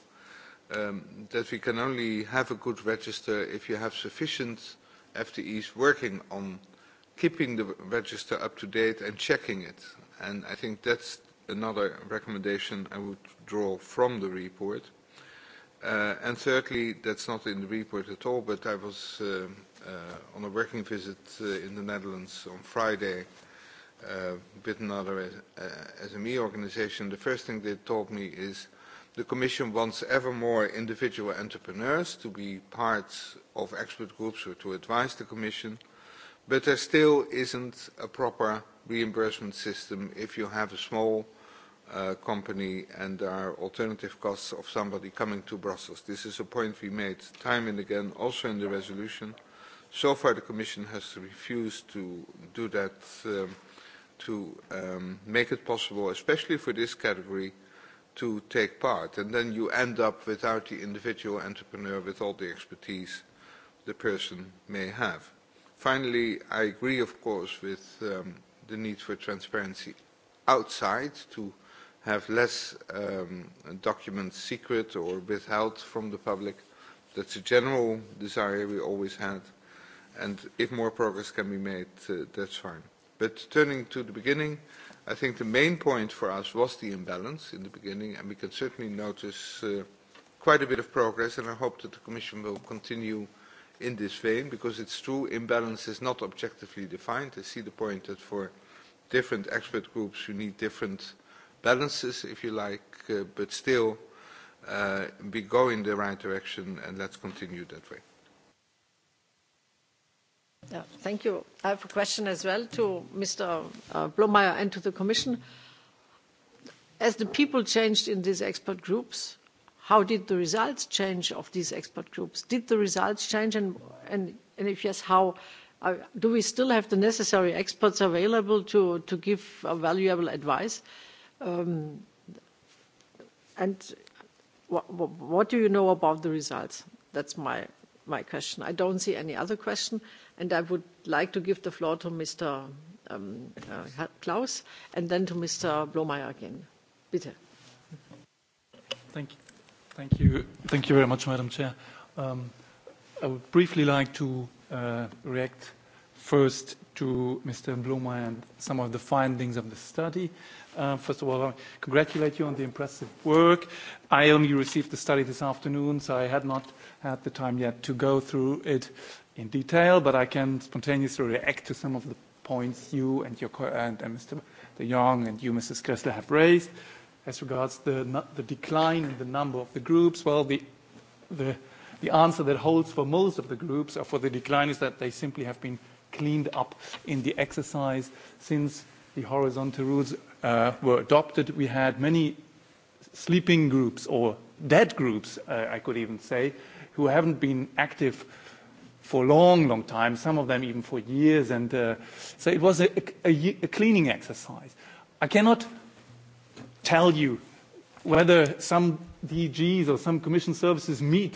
um, that we can only have a good register if you have sufficient FTEs working on keeping the register up to date and checking it. And I think that's another recommendation I would draw from the report. Uh, and thirdly, that's not in the report at all, but I was uh, uh, on a working visit uh, in the Netherlands on Friday uh, with another uh, SME organization. The first thing they told me is the Commission wants ever more individual entrepreneurs to be part of expert groups or to advise the Commission, but there still isn't a proper reimbursement system if you have a small uh, company and there are alternative costs of somebody coming to Brussels. This is a point we made time and again, also in the resolution. So far, the Commission has refused to do that, um, to um, make it possible, especially for this category, to take part. And then you end up without the individual entrepreneur with all the expertise the person may have. Finally, I agree, of course, with um, the need for transparency outside to have less um, documents secret or withheld from the public. That's a general desire we always had. And if more progress can be made, uh, that's fine. But turning to the beginning, I think the main point for us was the imbalance in the beginning, and we can certainly notice uh, quite a bit of progress, and I hope that the Commission will continue in this vein, because it's true, imbalance is not objectively defined. I see the point that for different expert groups, you need different balances, if you like, uh, but still uh, we go in the right direction and let's continue that way. Yeah, thank you. I have a question as well to Mr. Uh, Blomeyer and to the Commission. As the people changed in these expert groups, how did the results change of these expert groups? Did the results change and, and, and if yes, how? do we still have the necessary experts available to, give valuable advice? Um, and what do you know about the results? That's my, my question. I don't see any other question, and I would like to give the floor to Mr. Um, uh, Klaus and then to Mr. Blomeyer again. Bitte. Thank you. Thank you. Thank you very much, Madam Chair. Um, I would briefly like to uh, react first to Mr. Blumer and some of the findings of the study. Uh, first of all, I congratulate you on the impressive work. I only received the study this afternoon, so I had not had the time yet to go through it in detail, but I can spontaneously react to some of the points you and your co and, and Mr. De Jong and you, Mrs. Kressler, have raised. As regards the, the decline in the number of the groups, well, the, the The answer that holds for most of the groups or for the decline is that they simply have been cleaned up in the exercise since the horizontal rules uh, were adopted. We had many sleeping groups or dead groups, uh, I could even say, who haven't been active for a long, long time, some of them even for years. And uh, so it was a, a, a cleaning exercise. I cannot tell you whether some DGs or some commission services meet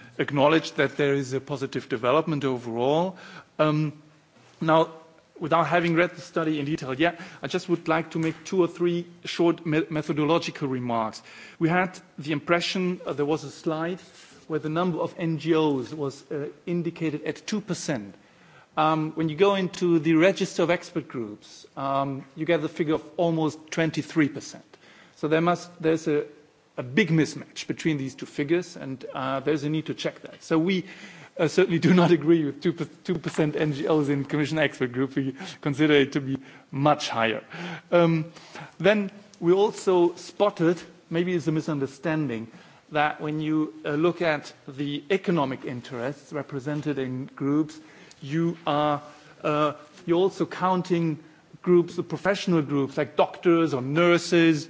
acknowledged that there is a positive development overall. Um, now, without having read the study in detail yet, I just would like to make two or three short me methodological remarks. We had the impression, uh, there was a slide where the number of NGOs was uh, indicated at 2%. Um, when you go into the register of expert groups, um, you get the figure of almost 23%. So there must, there's a a big mismatch between these two figures, and uh, there's a need to check that. So we uh, certainly do <laughs> not agree with 2%, NGLs in Commission Expert Group. We consider it to be much higher. Um, then we also spotted, maybe it's a misunderstanding, that when you uh, look at the economic interests represented in groups, you are you're also counting groups, the professional groups like doctors or nurses,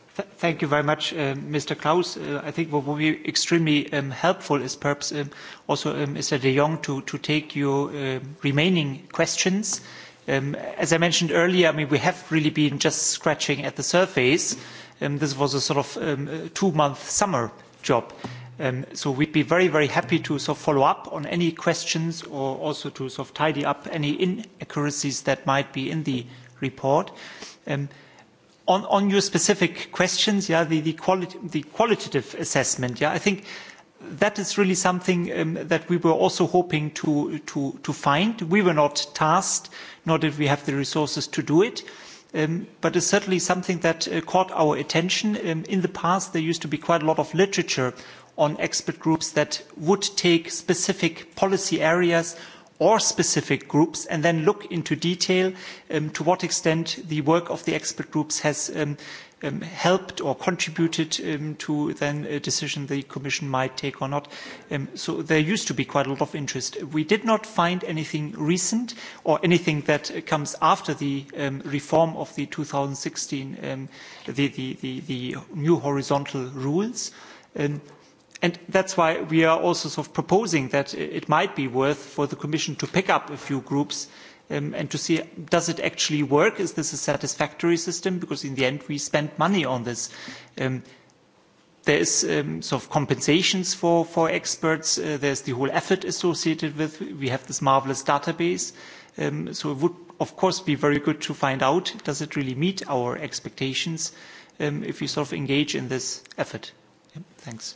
thank you very much, uh, Mr. Klaus. Uh, I think what will be extremely um, helpful is perhaps um, also um, Mr. de Jong to, to take your uh, remaining questions. Um, as I mentioned earlier, I mean, we have really been just scratching at the surface. Um, this was a sort of um, two-month summer job. Um, so we'd be very, very happy to sort of follow up on any questions or also to sort of tidy up any inaccuracies that might be in the report. Um, on, your specific questions, yeah, the, qualitative assessment, yeah, I think that is really something um, that we were also hoping to, find. We were not tasked, nor did we have the resources to do it. Um, but it's certainly something that uh, caught our attention. Um, in the past, there used to be quite a lot of literature on expert groups that would take specific policy areas or specific groups and then look into detail um, to what extent the work of the expert groups has um, um, helped or contributed um, to then a decision the Commission might take or not. Um, so there used to be quite a lot of interest. We did not find anything recent or anything that comes after the um, reform of the 2016, the, the, the, the, new horizontal rules and that's why we are also sort of proposing that it might be worth for the commission to pick up a few groups um, and to see does it actually work is this a satisfactory system because in the end we spend money on this um, there is um, sort of compensations for, for experts uh, there's the whole effort associated with we have this marvelous database um, so it would of course be very good to find out does it really meet our expectations um, if we sort of engage in this effort yeah, thanks